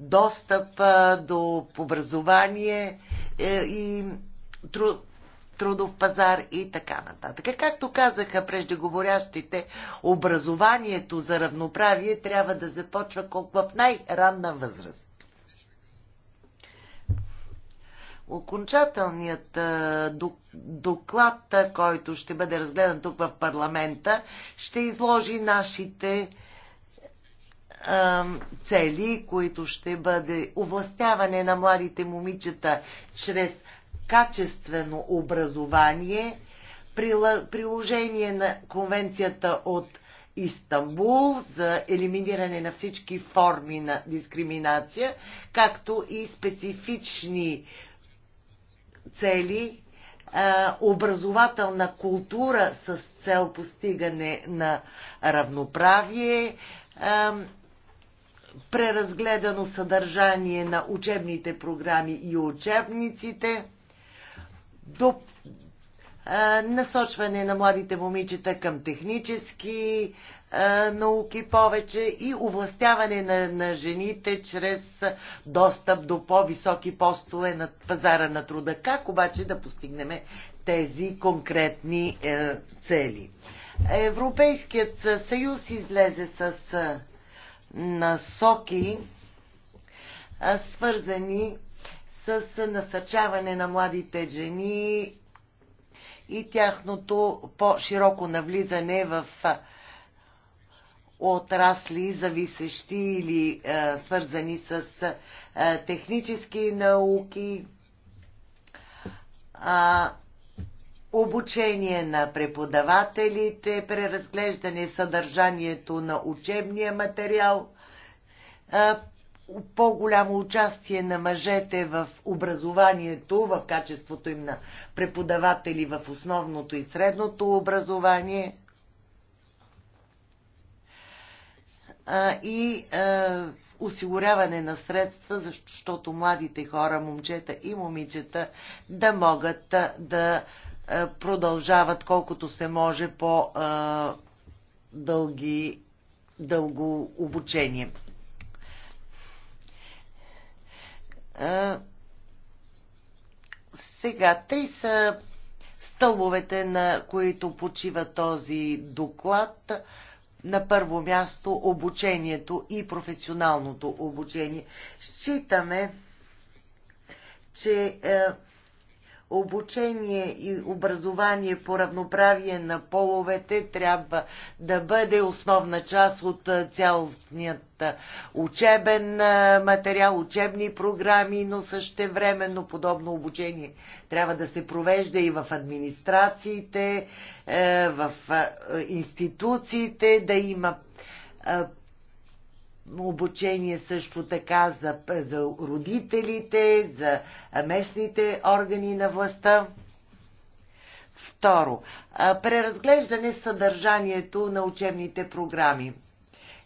достъп до образование е, и труд трудов пазар и така нататък. Както казаха преждеговорящите, образованието за равноправие трябва да започва в най-ранна възраст. Окончателният доклад, който ще бъде разгледан тук в парламента, ще изложи нашите цели, които ще бъде овластяване на младите момичета чрез качествено образование, приложение на конвенцията от Истанбул за елиминиране на всички форми на дискриминация, както и специфични цели, образователна култура с цел постигане на равноправие, преразгледано съдържание на учебните програми и учебниците – до а, насочване на младите момичета към технически а, науки повече и овластяване на, на жените чрез достъп до по-високи постове на пазара на труда. Как обаче да постигнем тези конкретни а, е, цели? Европейският съюз излезе с е, насоки, свързани с насърчаване на младите жени и тяхното по-широко навлизане в отрасли, зависещи или а, свързани с а, технически науки, а, обучение на преподавателите, преразглеждане съдържанието на учебния материал, а, по-голямо участие на мъжете в образованието, в качеството им на преподаватели в основното и средното образование. и осигуряване на средства, защото младите хора, момчета и момичета, да могат да продължават колкото се може по дълги, дълго обучение. А, сега, три са стълбовете, на които почива този доклад. На първо място обучението и професионалното обучение. Считаме, че е, обучение и образование по равноправие на половете трябва да бъде основна част от цялостният учебен материал, учебни програми, но също времено подобно обучение трябва да се провежда и в администрациите, е, в институциите, да има обучение също така за, за родителите, за местните органи на властта. Второ, преразглеждане съдържанието на учебните програми.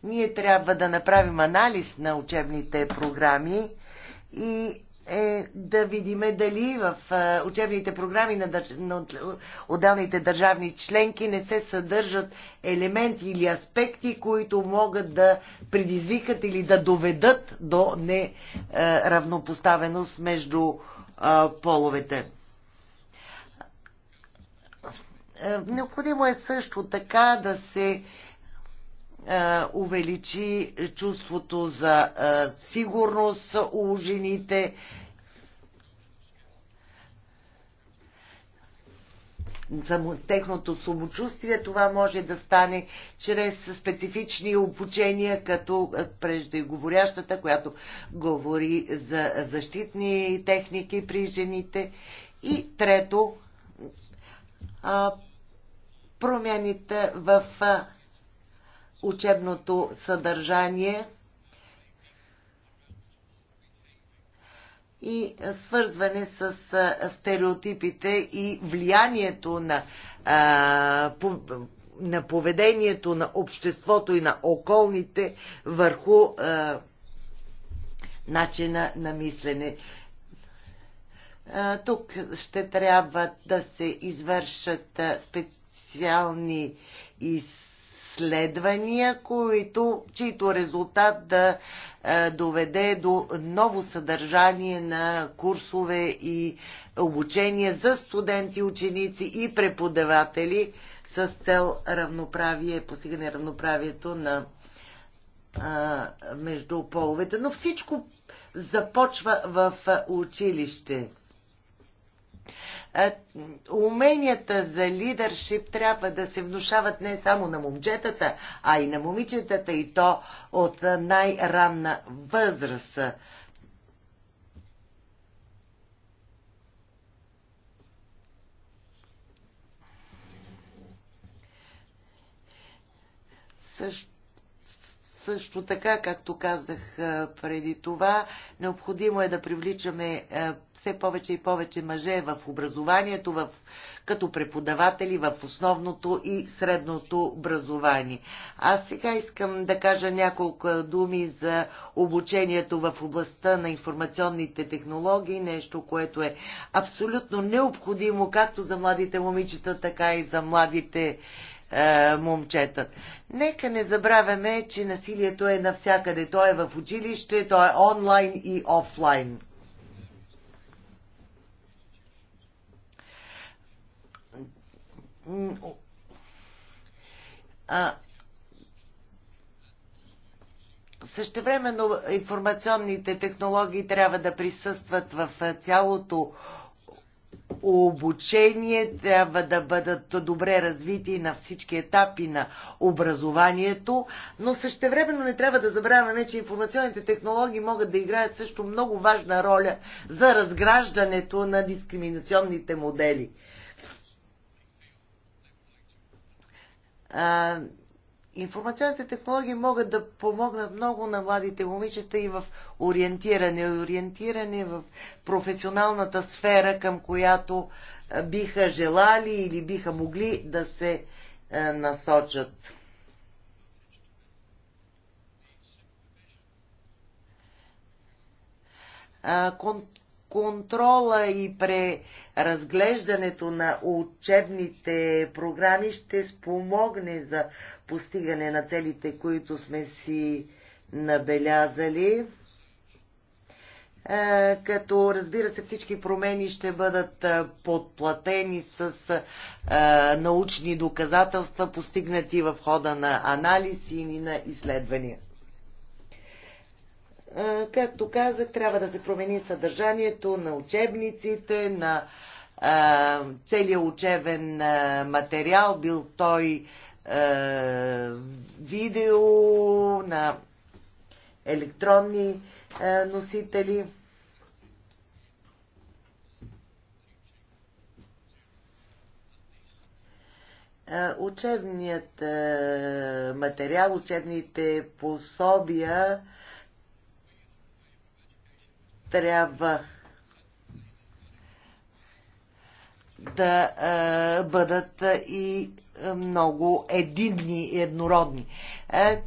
Ние трябва да направим анализ на учебните програми и е да видиме дали в е, учебните програми на, държ... на отделните държавни членки не се съдържат елементи или аспекти, които могат да предизвикат или да доведат до неравнопоставеност е, между е, половете. Необходимо е също така да се е, увеличи чувството за е, сигурност у жените. Само техното самочувствие това може да стане чрез специфични обучения, като е, преждеговорящата, която говори за защитни техники при жените. И трето, промените в учебното съдържание и свързване с стереотипите и влиянието на, на поведението на обществото и на околните върху начина на мислене. Тук ще трябва да се извършат специални изследвания изследвания, които, чието резултат да е, доведе до ново съдържание на курсове и обучение за студенти, ученици и преподаватели с цел равноправие, постигане равноправието на а, между половете. Но всичко започва в училище. Е, уменията за лидършип трябва да се внушават не само на момчетата, а и на момичетата и то от най-ранна възраст. Също също така, както казах преди това, необходимо е да привличаме все повече и повече мъже в образованието, в, като преподаватели в основното и средното образование. А сега искам да кажа няколко думи за обучението в областта на информационните технологии, нещо, което е абсолютно необходимо както за младите момичета, така и за младите е, Нека не забравяме, че насилието е навсякъде. То е в училище, то е онлайн и офлайн. А, същевременно информационните технологии трябва да присъстват в е, цялото обучение трябва да бъдат добре развити на всички етапи на образованието, но същевременно не трябва да забравяме, че информационните технологии могат да играят също много важна роля за разграждането на дискриминационните модели. Информационните технологии могат да помогнат много на младите момичета и в ориентиране, ориентиране в професионалната сфера, към която биха желали или биха могли да се насочат контрола и преразглеждането на учебните програми ще спомогне за постигане на целите, които сме си набелязали. Е, като разбира се всички промени ще бъдат е, подплатени с е, научни доказателства, постигнати в хода на анализ и на изследвания. Е, както казах, трябва да се промени съдържанието на учебниците, на е, целия учебен е, материал, бил той видео, на електронни носители. Учебният материал, учебните пособия трябва да а, е, бъдат и много единни и еднородни. Е,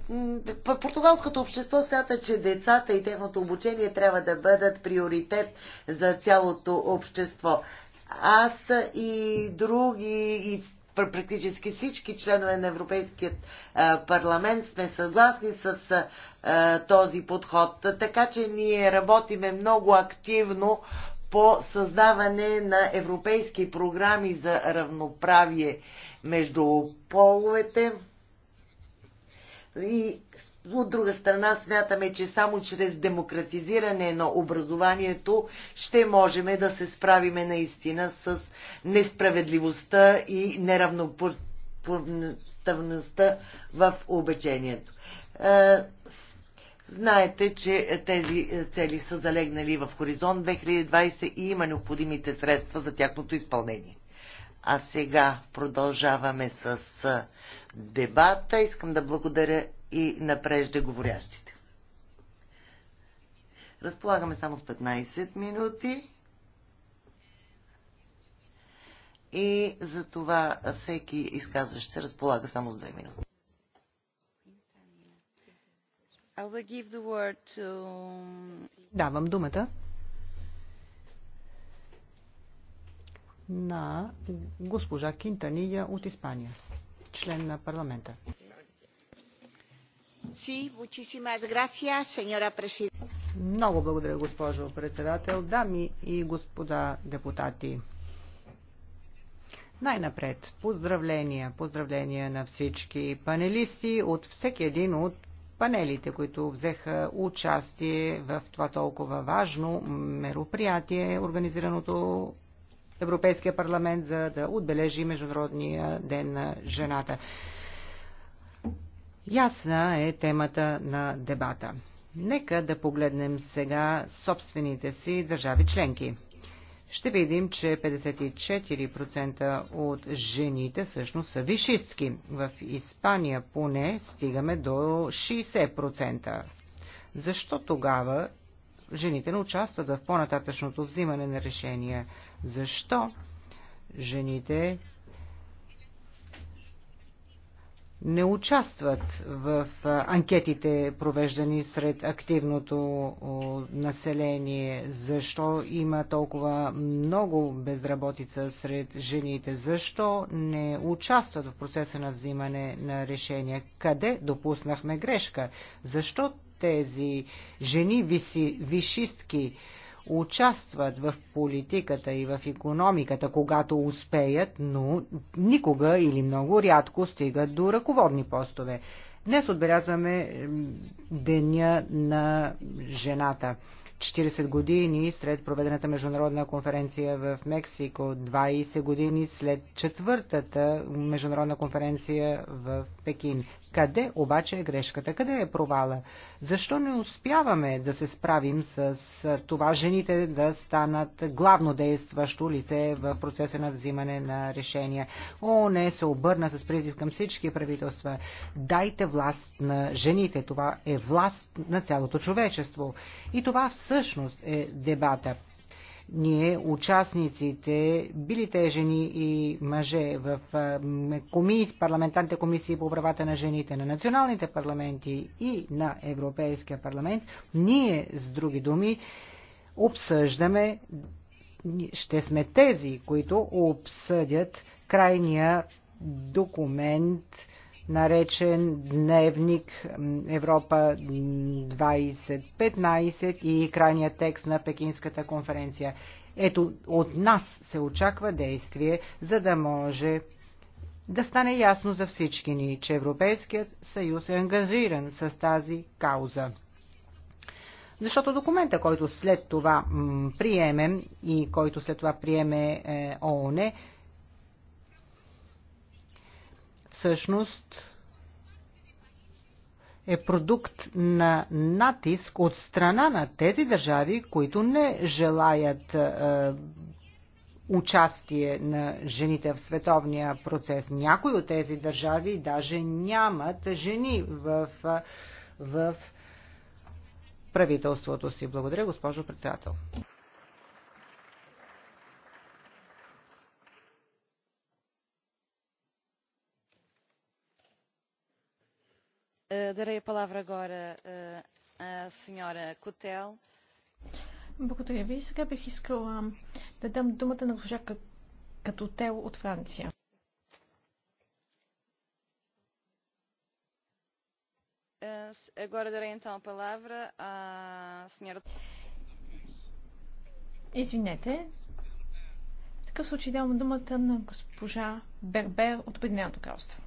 португалското общество смята, че децата и техното обучение трябва да бъдат приоритет за цялото общество. Аз и други, и практически всички членове на Европейският парламент сме съгласни с този подход. Така че ние работиме много активно по създаване на европейски програми за равноправие между половете и от друга страна смятаме, че само чрез демократизиране на образованието ще можем да се справиме наистина с несправедливостта и неравнопоставеността в обечението. Е, знаете, че тези цели са залегнали в Хоризонт 2020 и има необходимите средства за тяхното изпълнение. А сега продължаваме с е, дебата. Искам да благодаря и на преждеговорящите. Разполагаме само с 15 минути. И за това всеки изказващ се разполага само с 2 минути. Давам думата на госпожа Кинтания от Испания, член на парламента. Много благодаря, госпожо председател. Дами и господа депутати, най-напред поздравления, поздравления на всички панелисти от всеки един от панелите, които взеха участие в това толкова важно мероприятие, организираното Европейския парламент, за да отбележи Международния ден на жената. Ясна е темата на дебата. Нека да погледнем сега собствените си държави членки. Ще видим, че 54% от жените всъщност са вишистки. В Испания поне стигаме до 60%. Защо тогава жените не участват в по-нататъчното взимане на решения? Защо жените не участват в анкетите, провеждани сред активното население? Защо има толкова много безработица сред жените? Защо не участват в процеса на взимане на решения? Къде допуснахме грешка? Защо тези жени виси, вишистки, участват в политиката и в економиката, когато успеят, но никога или много рядко стигат до ръководни постове. Днес отбелязваме Деня на жената. 40 години след проведената международна конференция в Мексико, 20 години след четвъртата международна конференция в Пекин. Къде обаче е грешката? Къде е провала? Защо не успяваме да се справим с това жените да станат главно действащо лице в процеса на взимане на решения? О, не, се обърна с призив към всички правителства. Дайте власт на жените. Това е власт на цялото човечество. И това всъщност е дебата ние, участниците, били те жени и мъже в комис, парламентарните комисии по правата на жените на националните парламенти и на Европейския парламент, ние, с други думи, обсъждаме, ще сме тези, които обсъдят крайния документ, наречен Дневник Европа 2015 и крайният текст на Пекинската конференция. Ето, от нас се очаква действие, за да може да стане ясно за всички ни, че Европейският съюз е ангажиран с тази кауза. Защото документа, който след това приемем и който след това приеме е, ООН, всъщност е продукт на натиск от страна на тези държави, които не желаят е, участие на жените в световния процес. Някои от тези държави даже нямат жени в, е, в правителството си. Благодаря, госпожо председател. Дарей палавра гора сеньора Котел. Благодаря ви. Сега бих искала да дам думата на госпожа Катотел от Франция. Agora darei então a palavra à senhora. Извинете. В такъв случай давам думата на госпожа Бербер от Обединеното кралство.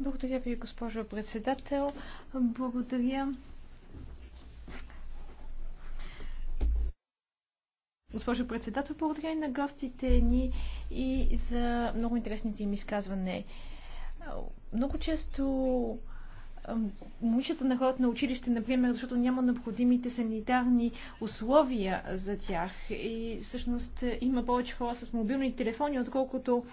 Благодаря ви, госпожо председател. Благодаря. Госпожо председател, благодаря и на гостите ни и за много интересните им изказване. Много често момичета на хората на училище, например, защото няма необходимите санитарни условия за тях. И всъщност има повече хора с мобилни телефони, отколкото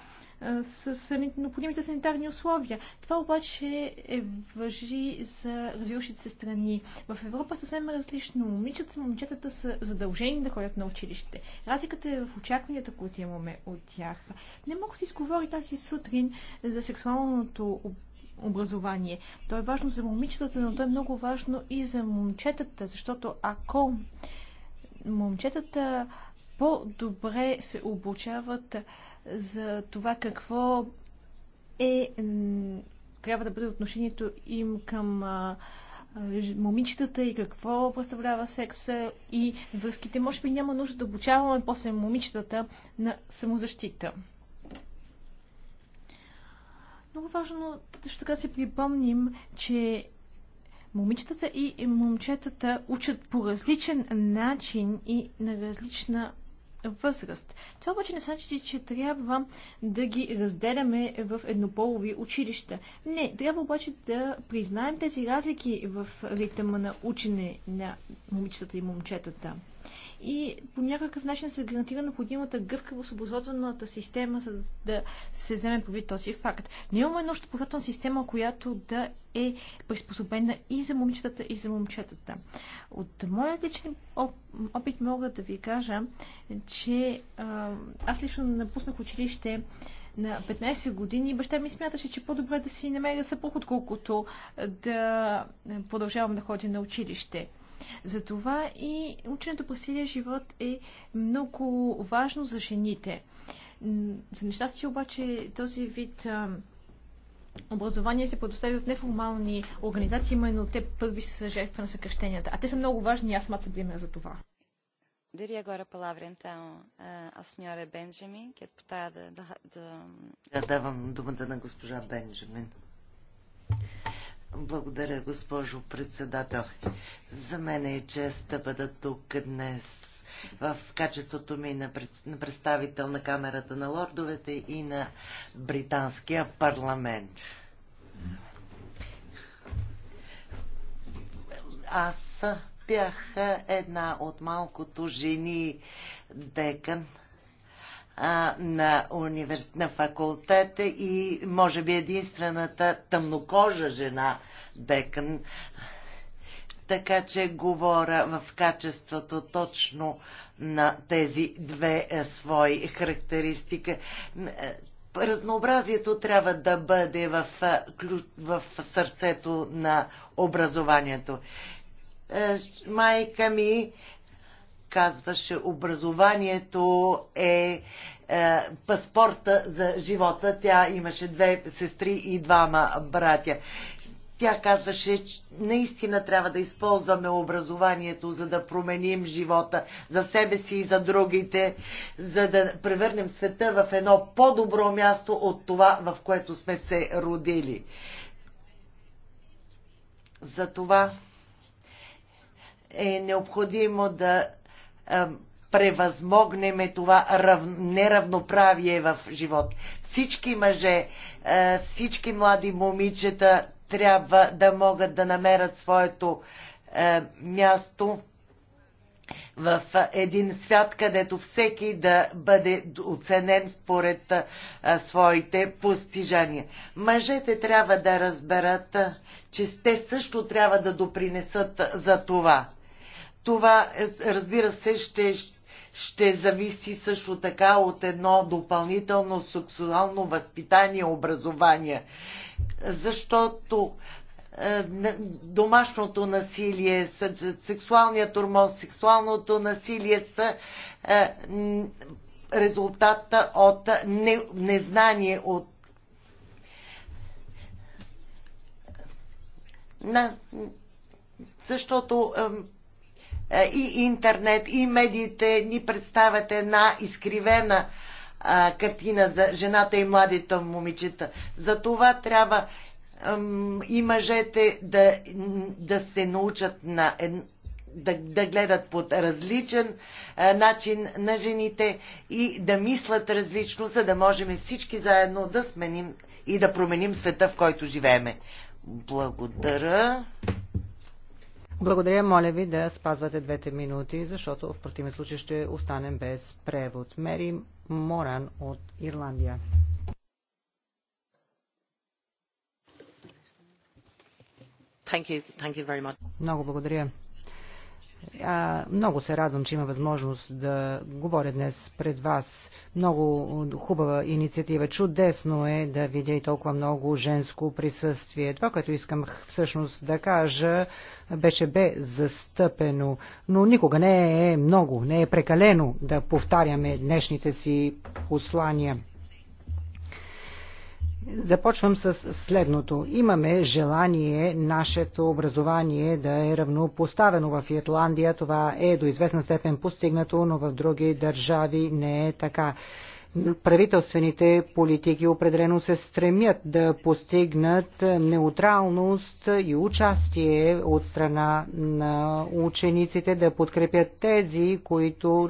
с необходимите санитарни условия. Това обаче е въжи за развиващите се страни. В Европа е съвсем различно. Момичетата и момичетата са задължени да ходят на училище. Разликата е в очакванията, които имаме от тях. Не мога да си изговори тази сутрин за сексуалното образование. То е важно за момичетата, но то е много важно и за момчетата, защото ако момчетата по-добре се обучават за това какво е, трябва да бъде отношението им към а, момичетата и какво представлява секса и връзките. Може би няма нужда да обучаваме после момичетата на самозащита. Много важно също така си припомним, че момичетата и момчетата учат по различен начин и на различна възраст. Това обаче не значи, че трябва да ги разделяме в еднополови училища. Не, трябва обаче да признаем тези разлики в ритъма на учене на момичетата и момчетата и по някакъв начин се гарантира необходимата гъвка в образователната система, за да се вземе вид този факт. Но имаме нужда образователна система, която да е приспособена и за момичетата, и за момчетата. От моя личен опит мога да ви кажа, че аз лично напуснах училище на 15 години баща ми смяташе, че по-добре да си намеря съпруг, отколкото да продължавам да ходя на училище. Затова и ученето по силия живот е много важно за жените. За нещастие обаче този вид а, образование се предоставя от неформални организации, именно те първи са жертва на съкръщенията. А те са много важни и аз мат съм пример за това. Diria agora a palavra então à senhora Benjamin, que é deputada da. Já думата на госпожа Бенджамин. Благодаря, госпожо председател. За мен е чест да бъда тук днес в качеството ми на представител на Камерата на лордовете и на Британския парламент. Аз бях една от малкото жени декан, на, универс... на факултета и може би единствената тъмнокожа жена декан. Така че говоря в качеството точно на тези две е, свои характеристики. Е, разнообразието трябва да бъде в, е, в сърцето на образованието майка ми казваше образованието е, е паспорта за живота. Тя имаше две сестри и двама братя. Тя казваше, че наистина трябва да използваме образованието, за да променим живота за себе си и за другите, за да превърнем света в едно по-добро място от това, в което сме се родили. Затова е необходимо да превъзмогнеме това рав... неравноправие в живот. Всички мъже, всички млади момичета трябва да могат да намерят своето място в един свят, където всеки да бъде оценен според своите постижания. Мъжете трябва да разберат, че те също трябва да допринесат за това. Това, е, разбира се, ще, ще зависи също така от едно допълнително сексуално възпитание, образование. Защото е, домашното насилие, сексуалният тормоз, сексуалното насилие са е, резултата от незнание, от на, защото е, и интернет, и медиите ни представят една изкривена а, картина за жената и младите момичета. За това трябва ам, и мъжете да, да се научат на да, да гледат под различен а, начин на жените и да мислят различно, за да можем всички заедно да сменим и да променим света, в който живееме. Благодаря. Благодаря, моля ви да спазвате двете минути, защото в противен случай ще останем без превод. Мери Моран от Ирландия. Thank you. Thank you very much. Много благодаря. А, много се радвам, че има възможност да говоря днес пред вас. Много хубава инициатива. Чудесно е да видя и толкова много женско присъствие. Това, което искам всъщност да кажа, беше бе застъпено, но никога не е много, не е прекалено да повтаряме днешните си послания. Започвам с следното. Имаме желание нашето образование да е равнопоставено в Ирландия. Това е до известна степен постигнато, но в други държави не е така правителствените политики определено се стремят да постигнат неутралност и участие от страна на учениците, да подкрепят тези, които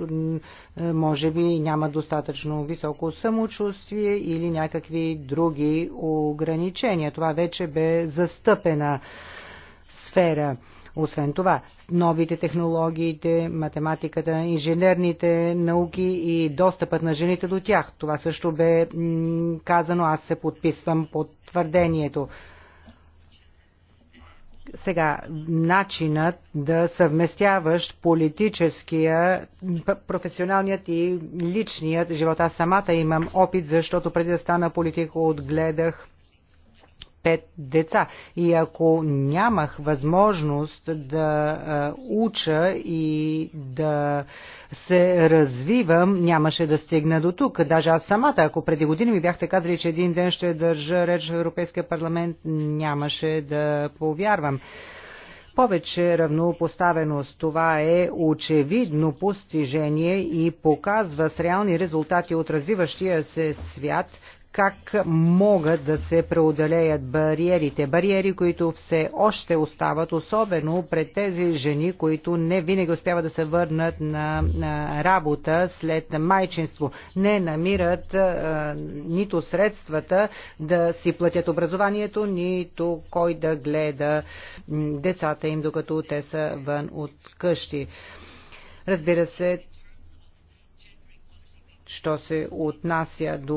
може би нямат достатъчно високо самочувствие или някакви други ограничения. Това вече бе застъпена сфера. Освен това, новите технологиите, математиката, инженерните науки и достъпът на жените до тях. Това също бе казано, аз се подписвам под твърдението. Сега, начинът да съвместяваш политическия, професионалният и личният живот. Аз самата имам опит, защото преди да стана политик отгледах пет деца. И ако нямах възможност да уча и да се развивам, нямаше да стигна до тук. Даже аз самата, ако преди години ми бяхте казали, че един ден ще държа реч в Европейския парламент, нямаше да повярвам повече равнопоставеност. Това е очевидно постижение и показва с реални резултати от развиващия се свят как могат да се преодолеят бариерите. Бариери, които все още остават, особено пред тези жени, които не винаги успяват да се върнат на, на работа след майчинство. Не намират а, нито средствата да си платят образованието, нито кой да гледа децата им, докато те са вън от къщи. Разбира се, що се отнася до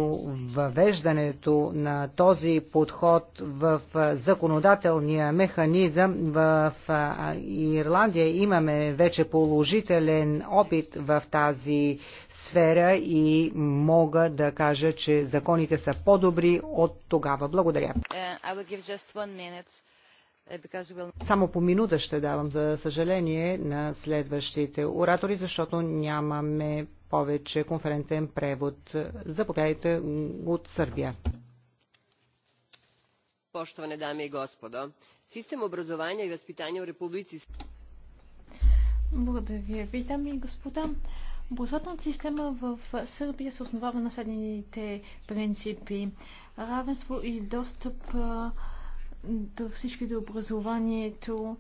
въвеждането на този подход в законодателния механизъм. В Ирландия имаме вече положителен опит в тази сфера и мога да кажа, че законите са по-добри от тогава. Благодаря. Uh, uh, Само по минута ще давам, за съжаление, на следващите оратори, защото нямаме повече конференцен превод. Заповядайте от Сърбия. Poštovane дами и господа, систем образование и възпитание в Републици... Благодаря ви, дами и господа. Образователната система в Сърбия се основава на следните принципи. Равенство и достъп до всички до образованието,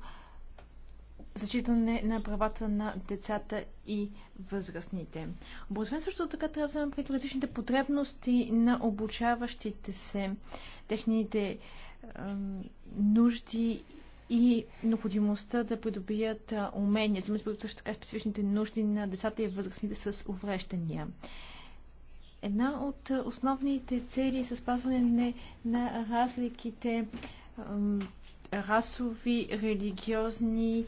зачитане на правата на децата и възрастните. Обозвен също така трябва да вземем пред различните потребности на обучаващите се, техните е, нужди и необходимостта да придобият умения, за също така специфичните нужди на децата и възрастните с увреждания. Една от основните цели е спазване на разликите расови, религиозни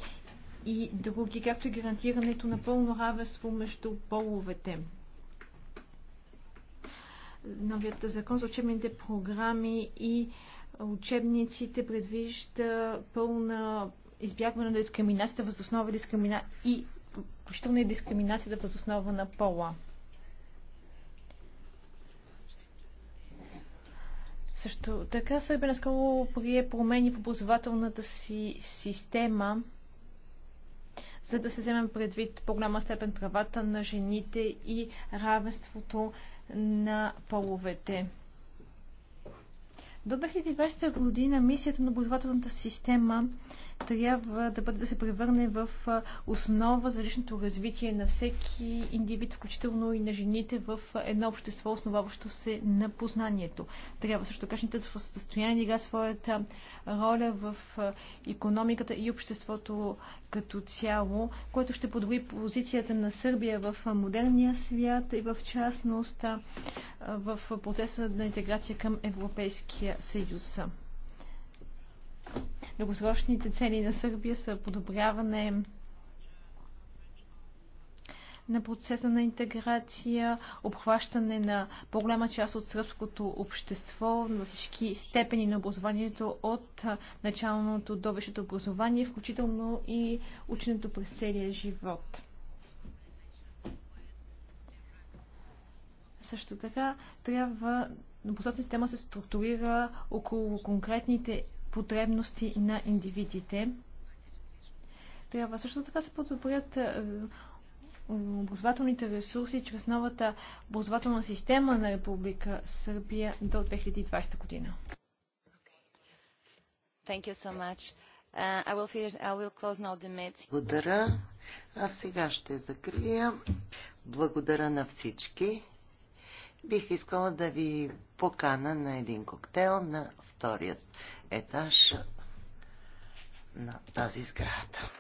и други, както и гарантирането на пълно равенство между половете. Новият закон за учебните програми и учебниците предвижда пълна избягване на дискриминацията въз основа дискримина... и включително и дискриминацията въз основа на пола. Също така Сърбия наскоро прие промени в образователната си система, за да се вземем предвид по-голяма степен правата на жените и равенството на половете. До 2020 година мисията на образователната система трябва да, бъде, да се превърне в основа за личното развитие на всеки индивид, включително и на жените в едно общество, основаващо се на познанието. Трябва също така жените в състояние да игра своята роля в економиката и обществото като цяло, което ще подобри позицията на Сърбия в модерния свят и в частност в процеса на интеграция към Европейския съюз. Дългосрочните цели на Сърбия са подобряване на процеса на интеграция, обхващане на по-голяма част от сръбското общество на всички степени на образованието от началното до висшето образование, включително и ученето през целия живот. Също така трябва Напосредната система се структурира около конкретните потребности на индивидите. Трябва също така се подобрят е, образователните ресурси чрез новата образователна система на Република Сърбия до 2020 година. Thank you so much. Uh, I will finish, I will close now the Благодаря. А сега ще закрия. Благодаря на всички. Бих искала да ви покана на един коктейл на вторият етаж на тази сграда.